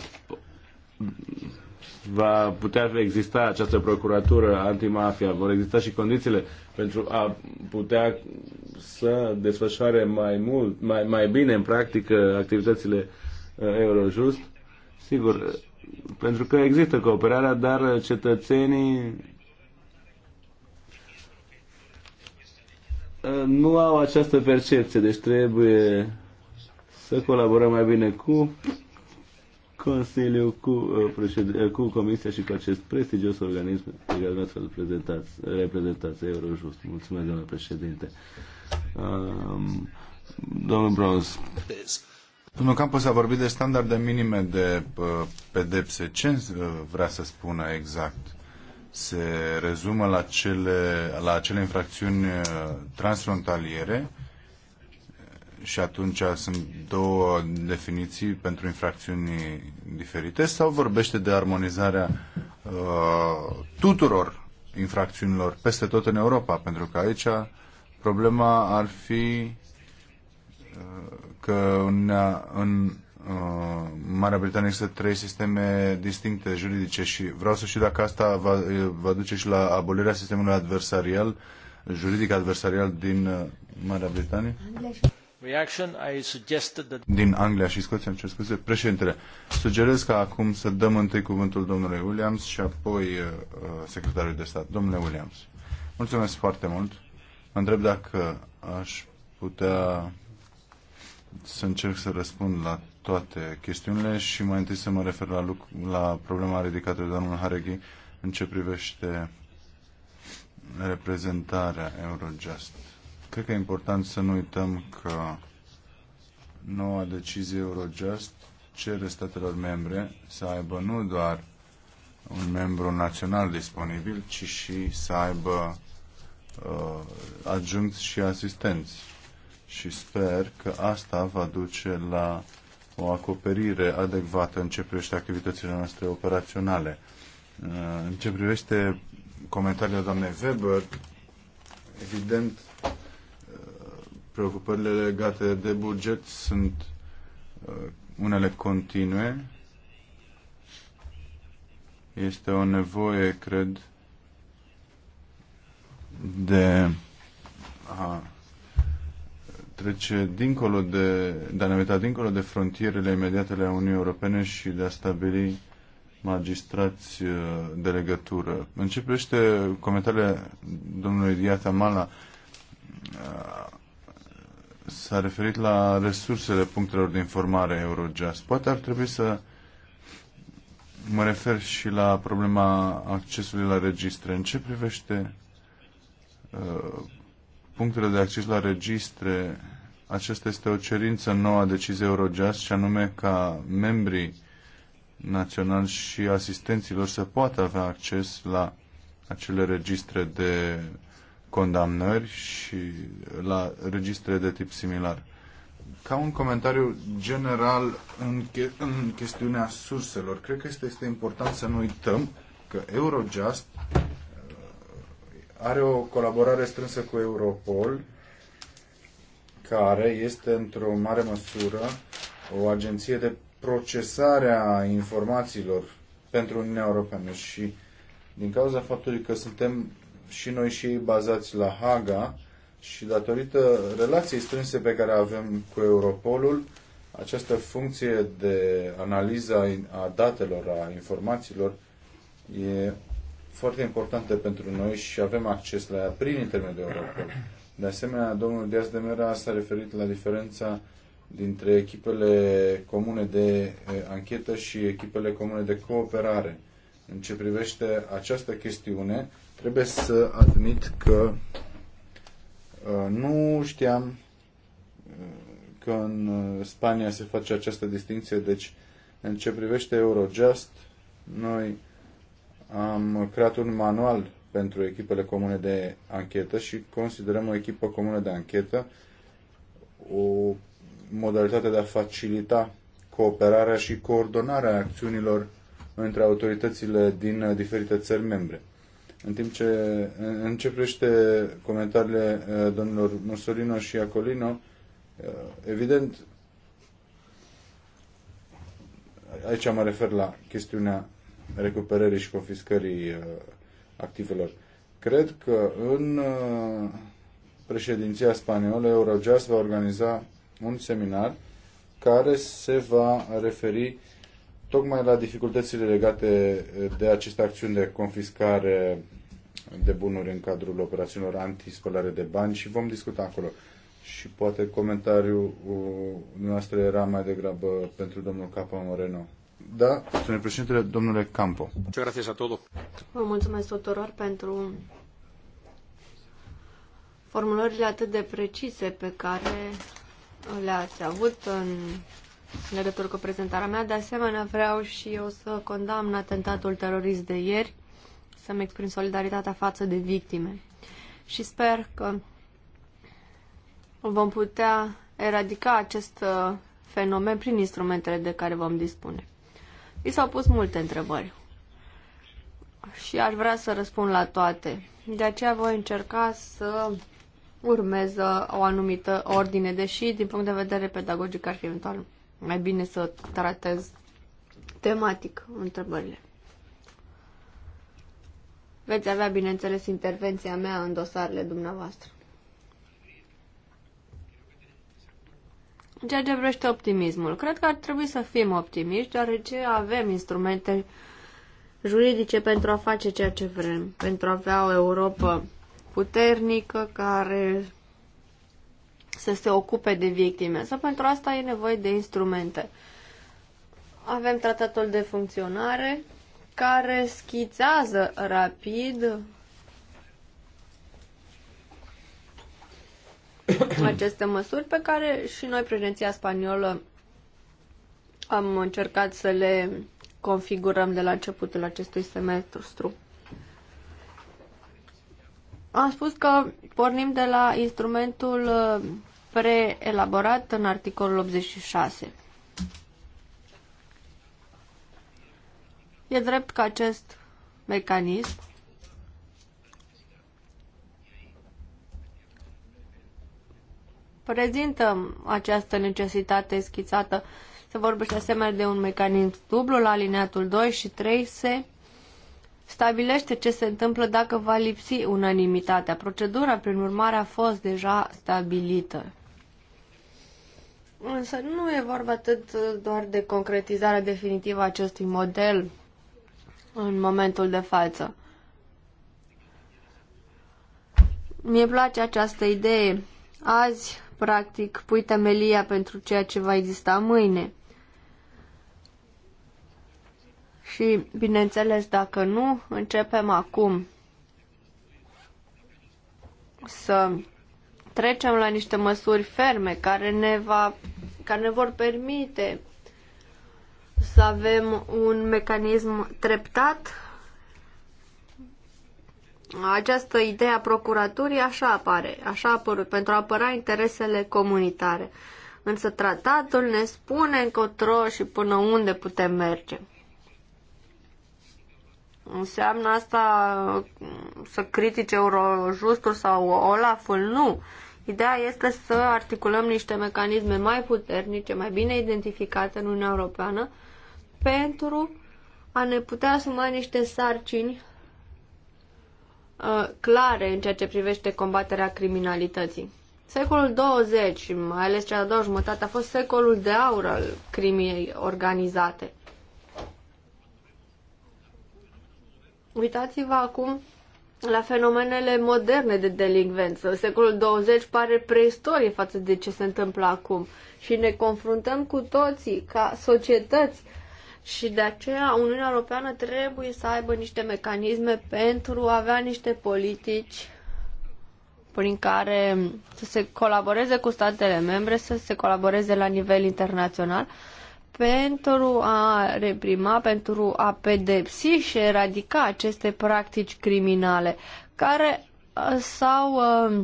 va putea exista această procuratură antimafia, vor exista și condițiile pentru a putea să desfășoare mai mult, mai, mai bine în practică activitățile uh, Eurojust. Sigur, uh, pentru că există cooperarea, dar cetățenii uh, nu au această percepție, deci trebuie să colaborăm mai bine cu Consiliu cu, uh, uh, cu Comisia și cu acest prestigios organism pe care vreau să-l prezentați, reprezentați, Eurojust. Mulțumesc, domnule președinte. Um, domnul Brons. Domnul Campos a vorbit de standarde minime de uh, pedepse. Ce uh, vrea să spună exact? Se rezumă la, cele, la cele infracțiuni transfrontaliere și atunci sunt două definiții pentru infracțiuni diferite sau vorbește de armonizarea uh, tuturor infracțiunilor peste tot în Europa, pentru că aici problema ar fi uh, că în, în uh, Marea Britanie există trei sisteme distincte juridice și vreau să știu dacă asta va, va duce și la abolirea sistemului adversarial, juridic adversarial din uh, Marea Britanie. English. Din Anglia și Scoția, îmi cer scuze, președintele. Sugerez ca acum să dăm întâi cuvântul domnului Williams și apoi uh, secretarului de stat. Domnule Williams, mulțumesc foarte mult. Mă întreb dacă aș putea să încerc să răspund la toate chestiunile și mai întâi să mă refer la, lucru, la problema ridicată de domnul Hareghi în ce privește reprezentarea Eurojust. Uh, Cred că e important să nu uităm că noua decizie Eurojust cere statelor membre să aibă nu doar un membru național disponibil, ci și să aibă uh, adjunct și asistenți. Și sper că asta va duce la o acoperire adecvată în ce privește activitățile noastre operaționale. Uh, în ce privește comentariile doamnei Weber, evident, Preocupările legate de buget sunt uh, unele continue. Este o nevoie, cred, de a trece dincolo de, de a ne uita dincolo de frontierele imediate ale Uniunii Europene și de a stabili magistrați uh, de legătură. Începește comentariile domnului Diata Mala uh, s-a referit la resursele punctelor de informare Eurojust. Poate ar trebui să mă refer și la problema accesului la registre. În ce privește uh, punctele de acces la registre, aceasta este o cerință nouă a deciziei Eurojust și anume ca membrii naționali și asistenților să poată avea acces la acele registre de condamnări și la registre de tip similar. Ca un comentariu general în, che- în chestiunea surselor, cred că este, este important să nu uităm că Eurojust uh, are o colaborare strânsă cu Europol, care este într-o mare măsură o agenție de procesare a informațiilor pentru Uniunea Europeană și din cauza faptului că suntem și noi și ei bazați la Haga și datorită relației strânse pe care avem cu Europolul, această funcție de analiză a datelor, a informațiilor, e foarte importantă pentru noi și avem acces la ea prin intermediul Europol. De asemenea, domnul Diaz de Mera s-a referit la diferența dintre echipele comune de anchetă și echipele comune de cooperare. În ce privește această chestiune, trebuie să admit că uh, nu știam uh, că în uh, Spania se face această distinție, deci în ce privește Eurojust, noi am creat un manual pentru echipele comune de anchetă și considerăm o echipă comună de anchetă o modalitate de a facilita cooperarea și coordonarea acțiunilor între autoritățile din diferite țări membre. În timp ce începește comentariile uh, domnilor Mussolino și Acolino, uh, evident, aici mă refer la chestiunea recuperării și confiscării uh, activelor. Cred că în președinția spaniolă Eurojust va organiza un seminar care se va referi tocmai la dificultățile legate eh, de aceste acțiuni de confiscare de bunuri în cadrul operațiunilor antispălare de bani și vom discuta acolo. Și poate comentariul uh, noastră era mai degrabă pentru domnul Capo Moreno. Da, domnule președinte, domnule Campo. Vă mulțumesc tuturor pentru formulările atât de precise pe care le-ați avut în în legătură cu prezentarea mea. De asemenea, vreau și eu să condamn atentatul terorist de ieri, să-mi exprim solidaritatea față de victime. Și sper că vom putea eradica acest uh, fenomen prin instrumentele de care vom dispune. Mi s-au pus multe întrebări și aș vrea să răspund la toate. De aceea voi încerca să urmez uh, o anumită ordine, deși din punct de vedere pedagogic ar fi eventual mai bine să tratez tematic întrebările. Veți avea, bineînțeles, intervenția mea în dosarele dumneavoastră. ceea ce vrește optimismul, cred că ar trebui să fim optimiști, deoarece avem instrumente juridice pentru a face ceea ce vrem, pentru a avea o Europa puternică care să se ocupe de victime. Să pentru asta e nevoie de instrumente. Avem tratatul de funcționare care schițează rapid aceste măsuri pe care și noi, prezenția spaniolă, am încercat să le configurăm de la începutul acestui semestru. Am spus că Pornim de la instrumentul uh, preelaborat în articolul 86. E drept că acest mecanism prezintă această necesitate schițată. Se vorbește asemenea de un mecanism dublu la alineatul 2 și 3 se stabilește ce se întâmplă dacă va lipsi unanimitatea. Procedura, prin urmare, a fost deja stabilită. Însă nu e vorba atât uh, doar de concretizarea definitivă a acestui model în momentul de față. Mie place această idee. Azi, practic, pui temelia pentru ceea ce va exista mâine. Și, bineînțeles, dacă nu, începem acum să trecem la niște măsuri ferme care ne, va, care ne vor permite să avem un mecanism treptat. Această idee a procuraturii așa apare, așa a apărut, pentru a apăra interesele comunitare. Însă tratatul ne spune încotro și până unde putem merge. Înseamnă asta uh, să critique Eurojustul sau Olaful? Nu. Ideea este să articulăm niște mecanisme mai puternice, mai bine identificate în Uniunea Europeană pentru a ne putea asuma niște sarcini uh, clare în ceea ce privește combaterea criminalității. Secolul 20, mai ales cea de-a doua jumătate, a fost secolul de aur al crimiei organizate. Uitați-vă acum la fenomenele moderne de delinvență. Secolul 20 pare preistorie față de ce se întâmplă acum și ne confruntăm cu toții ca societăți și de aceea Uniunea Europeană trebuie să aibă niște mecanisme pentru a avea niște politici prin care să se colaboreze cu statele membre, să se colaboreze la nivel internațional pentru a reprima, pentru a pedepsi și eradica aceste practici criminale care uh, s-au uh,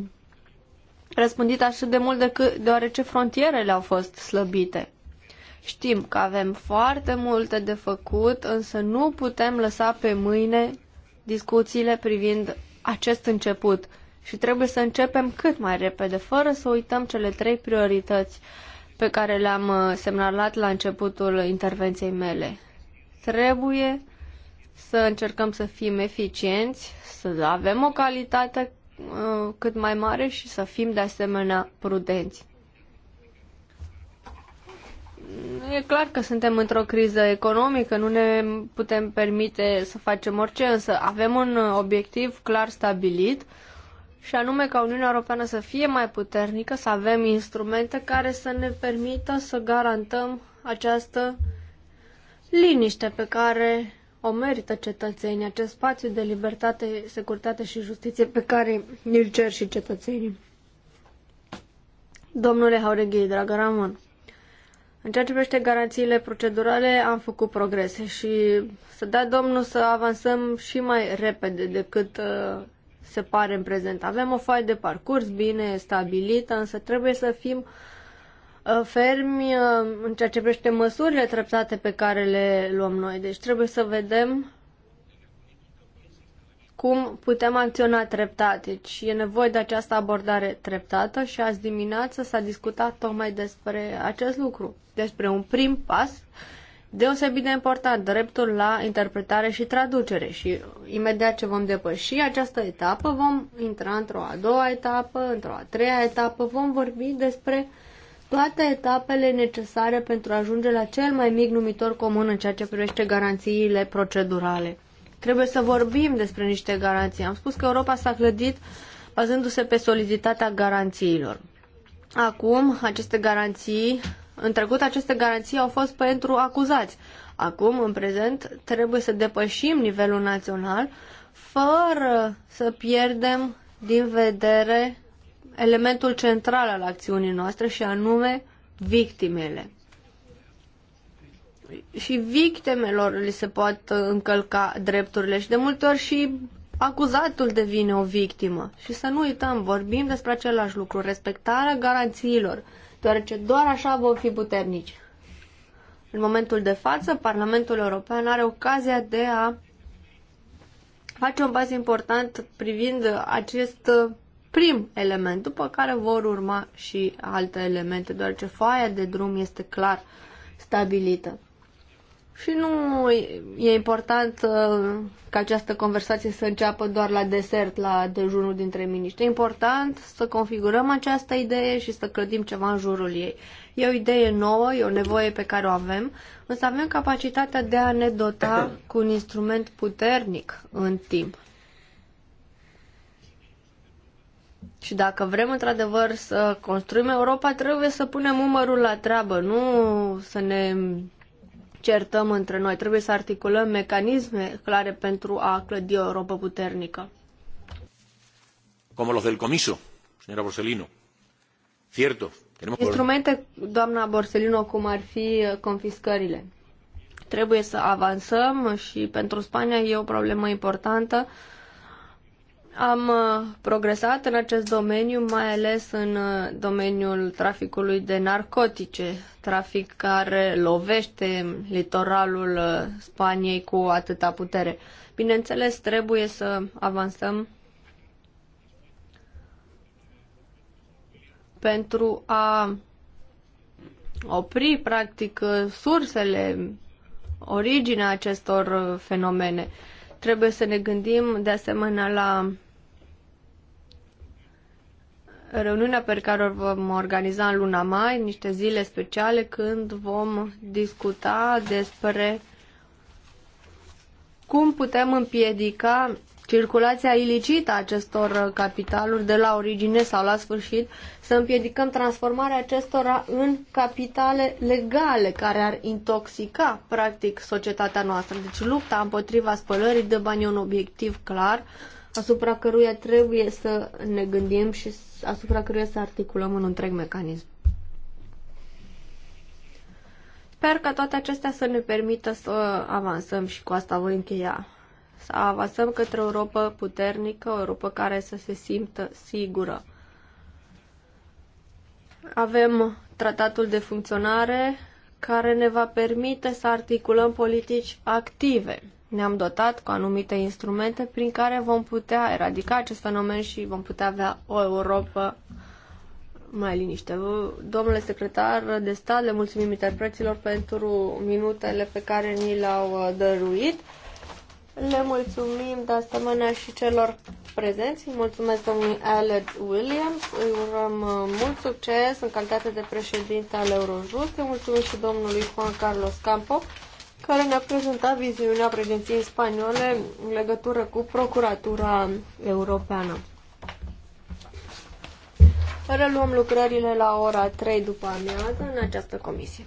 răspândit atât de mult decât deoarece frontierele au fost slăbite. Știm că avem foarte multe de făcut, însă nu putem lăsa pe mâine discuțiile privind acest început și trebuie să începem cât mai repede, fără să uităm cele trei priorități. Uh, pe care le-am uh, semnalat la începutul intervenției mele. Trebuie să încercăm să fim eficienți, să avem o calitate uh, cât mai mare și să fim de asemenea prudenți. E clar că suntem într-o criză economică, nu ne putem permite să facem orice, însă avem un obiectiv clar stabilit și anume ca Uniunea Europeană să fie mai puternică, să avem instrumente care să ne permită să garantăm această liniște pe care o merită cetățenii, acest spațiu de libertate, securitate și justiție pe care îl cer și cetățenii. Domnule Haureghi, dragă Ramon, în ceea ce privește garanțiile procedurale, am făcut progrese și să dea Domnul să avansăm și mai repede decât uh, se pare în prezent. Avem o foaie de parcurs bine stabilită, însă trebuie să fim uh, fermi uh, în ceea ce privește măsurile treptate pe care le luăm noi. Deci trebuie să vedem cum putem acționa treptat. Deci e nevoie de această abordare treptată și azi dimineață s-a discutat tocmai despre acest lucru, despre un prim pas deosebit de important, dreptul la interpretare și traducere. Și imediat ce vom depăși această etapă, vom intra într-o a doua etapă, într-o a treia etapă, vom vorbi despre toate etapele necesare pentru a ajunge la cel mai mic numitor comun în ceea ce privește garanțiile procedurale. Trebuie să vorbim despre niște garanții. Am spus că Europa s-a clădit bazându-se pe soliditatea garanțiilor. Acum, aceste garanții în trecut, aceste garanții au fost pentru acuzați. Acum, în prezent, trebuie să depășim nivelul național fără să pierdem din vedere elementul central al acțiunii noastre și anume victimele. Și victimelor li se pot încălca drepturile și de multe ori și acuzatul devine o victimă. Și să nu uităm, vorbim despre același lucru, respectarea garanțiilor deoarece doar așa vom fi puternici. În momentul de față, Parlamentul European are ocazia de a face un pas important privind acest prim element, după care vor urma și alte elemente, deoarece foaia de drum este clar stabilită. Și nu e important uh, ca această conversație să înceapă doar la desert, la dejunul dintre miniști. E important să configurăm această idee și să clădim ceva în jurul ei. E o idee nouă, e o nevoie pe care o avem, însă avem capacitatea de a ne dota cu un instrument puternic în timp. Și dacă vrem într-adevăr să construim Europa, trebuie să punem umărul la treabă, nu să ne certăm între noi. Trebuie să articulăm mecanisme clare pentru a clădi o Europa puternică. Como los del comiso, señora Borsellino. Cierto. Tenemos... Instrumente, doamna Borsellino, cum ar fi confiscările. Trebuie să avansăm și pentru Spania e o problemă importantă. Uh, am uh, progresat în acest domeniu, mai ales în uh, domeniul traficului de narcotice, trafic care lovește litoralul uh, Spaniei cu atâta putere. Bineînțeles, trebuie să avansăm pentru a opri, practic, sursele, originea acestor fenomene. Trebuie să ne gândim, de asemenea, la reuniunea pe care o vom organiza în luna mai, niște zile speciale când vom discuta despre cum putem împiedica circulația ilicită a acestor capitaluri de la origine sau la sfârșit, să împiedicăm transformarea acestora în capitale legale care ar intoxica practic societatea noastră. Deci lupta împotriva spălării de bani e un obiectiv clar uh, asupra căruia trebuie să ne gândim și asupra căruia să articulăm un întreg mecanism. Sper că toate acestea să ne permită să avansăm și cu asta voi încheia. Să avansăm către o Europa puternică, o Europa care să se simtă sigură. Avem tratatul de funcționare care ne va permite să articulăm politici active ne-am dotat cu anumite instrumente prin care vom putea eradica acest fenomen și vom putea avea o Europa mai liniște. Domnule secretar de stat, le mulțumim interpreților pentru minutele pe care ni le-au uh, dăruit. Le mulțumim de asemenea și celor prezenți. Îi mulțumesc domnului Aled Williams. Îi urăm uh, mult succes în calitate de președinte al Eurojust. Îi mulțumim și domnului Juan Carlos Campo care ne-a prezentat viziunea președinției spaniole în legătură cu Procuratura Europeană. Reluăm lucrările la ora 3 după amiază în această comisie.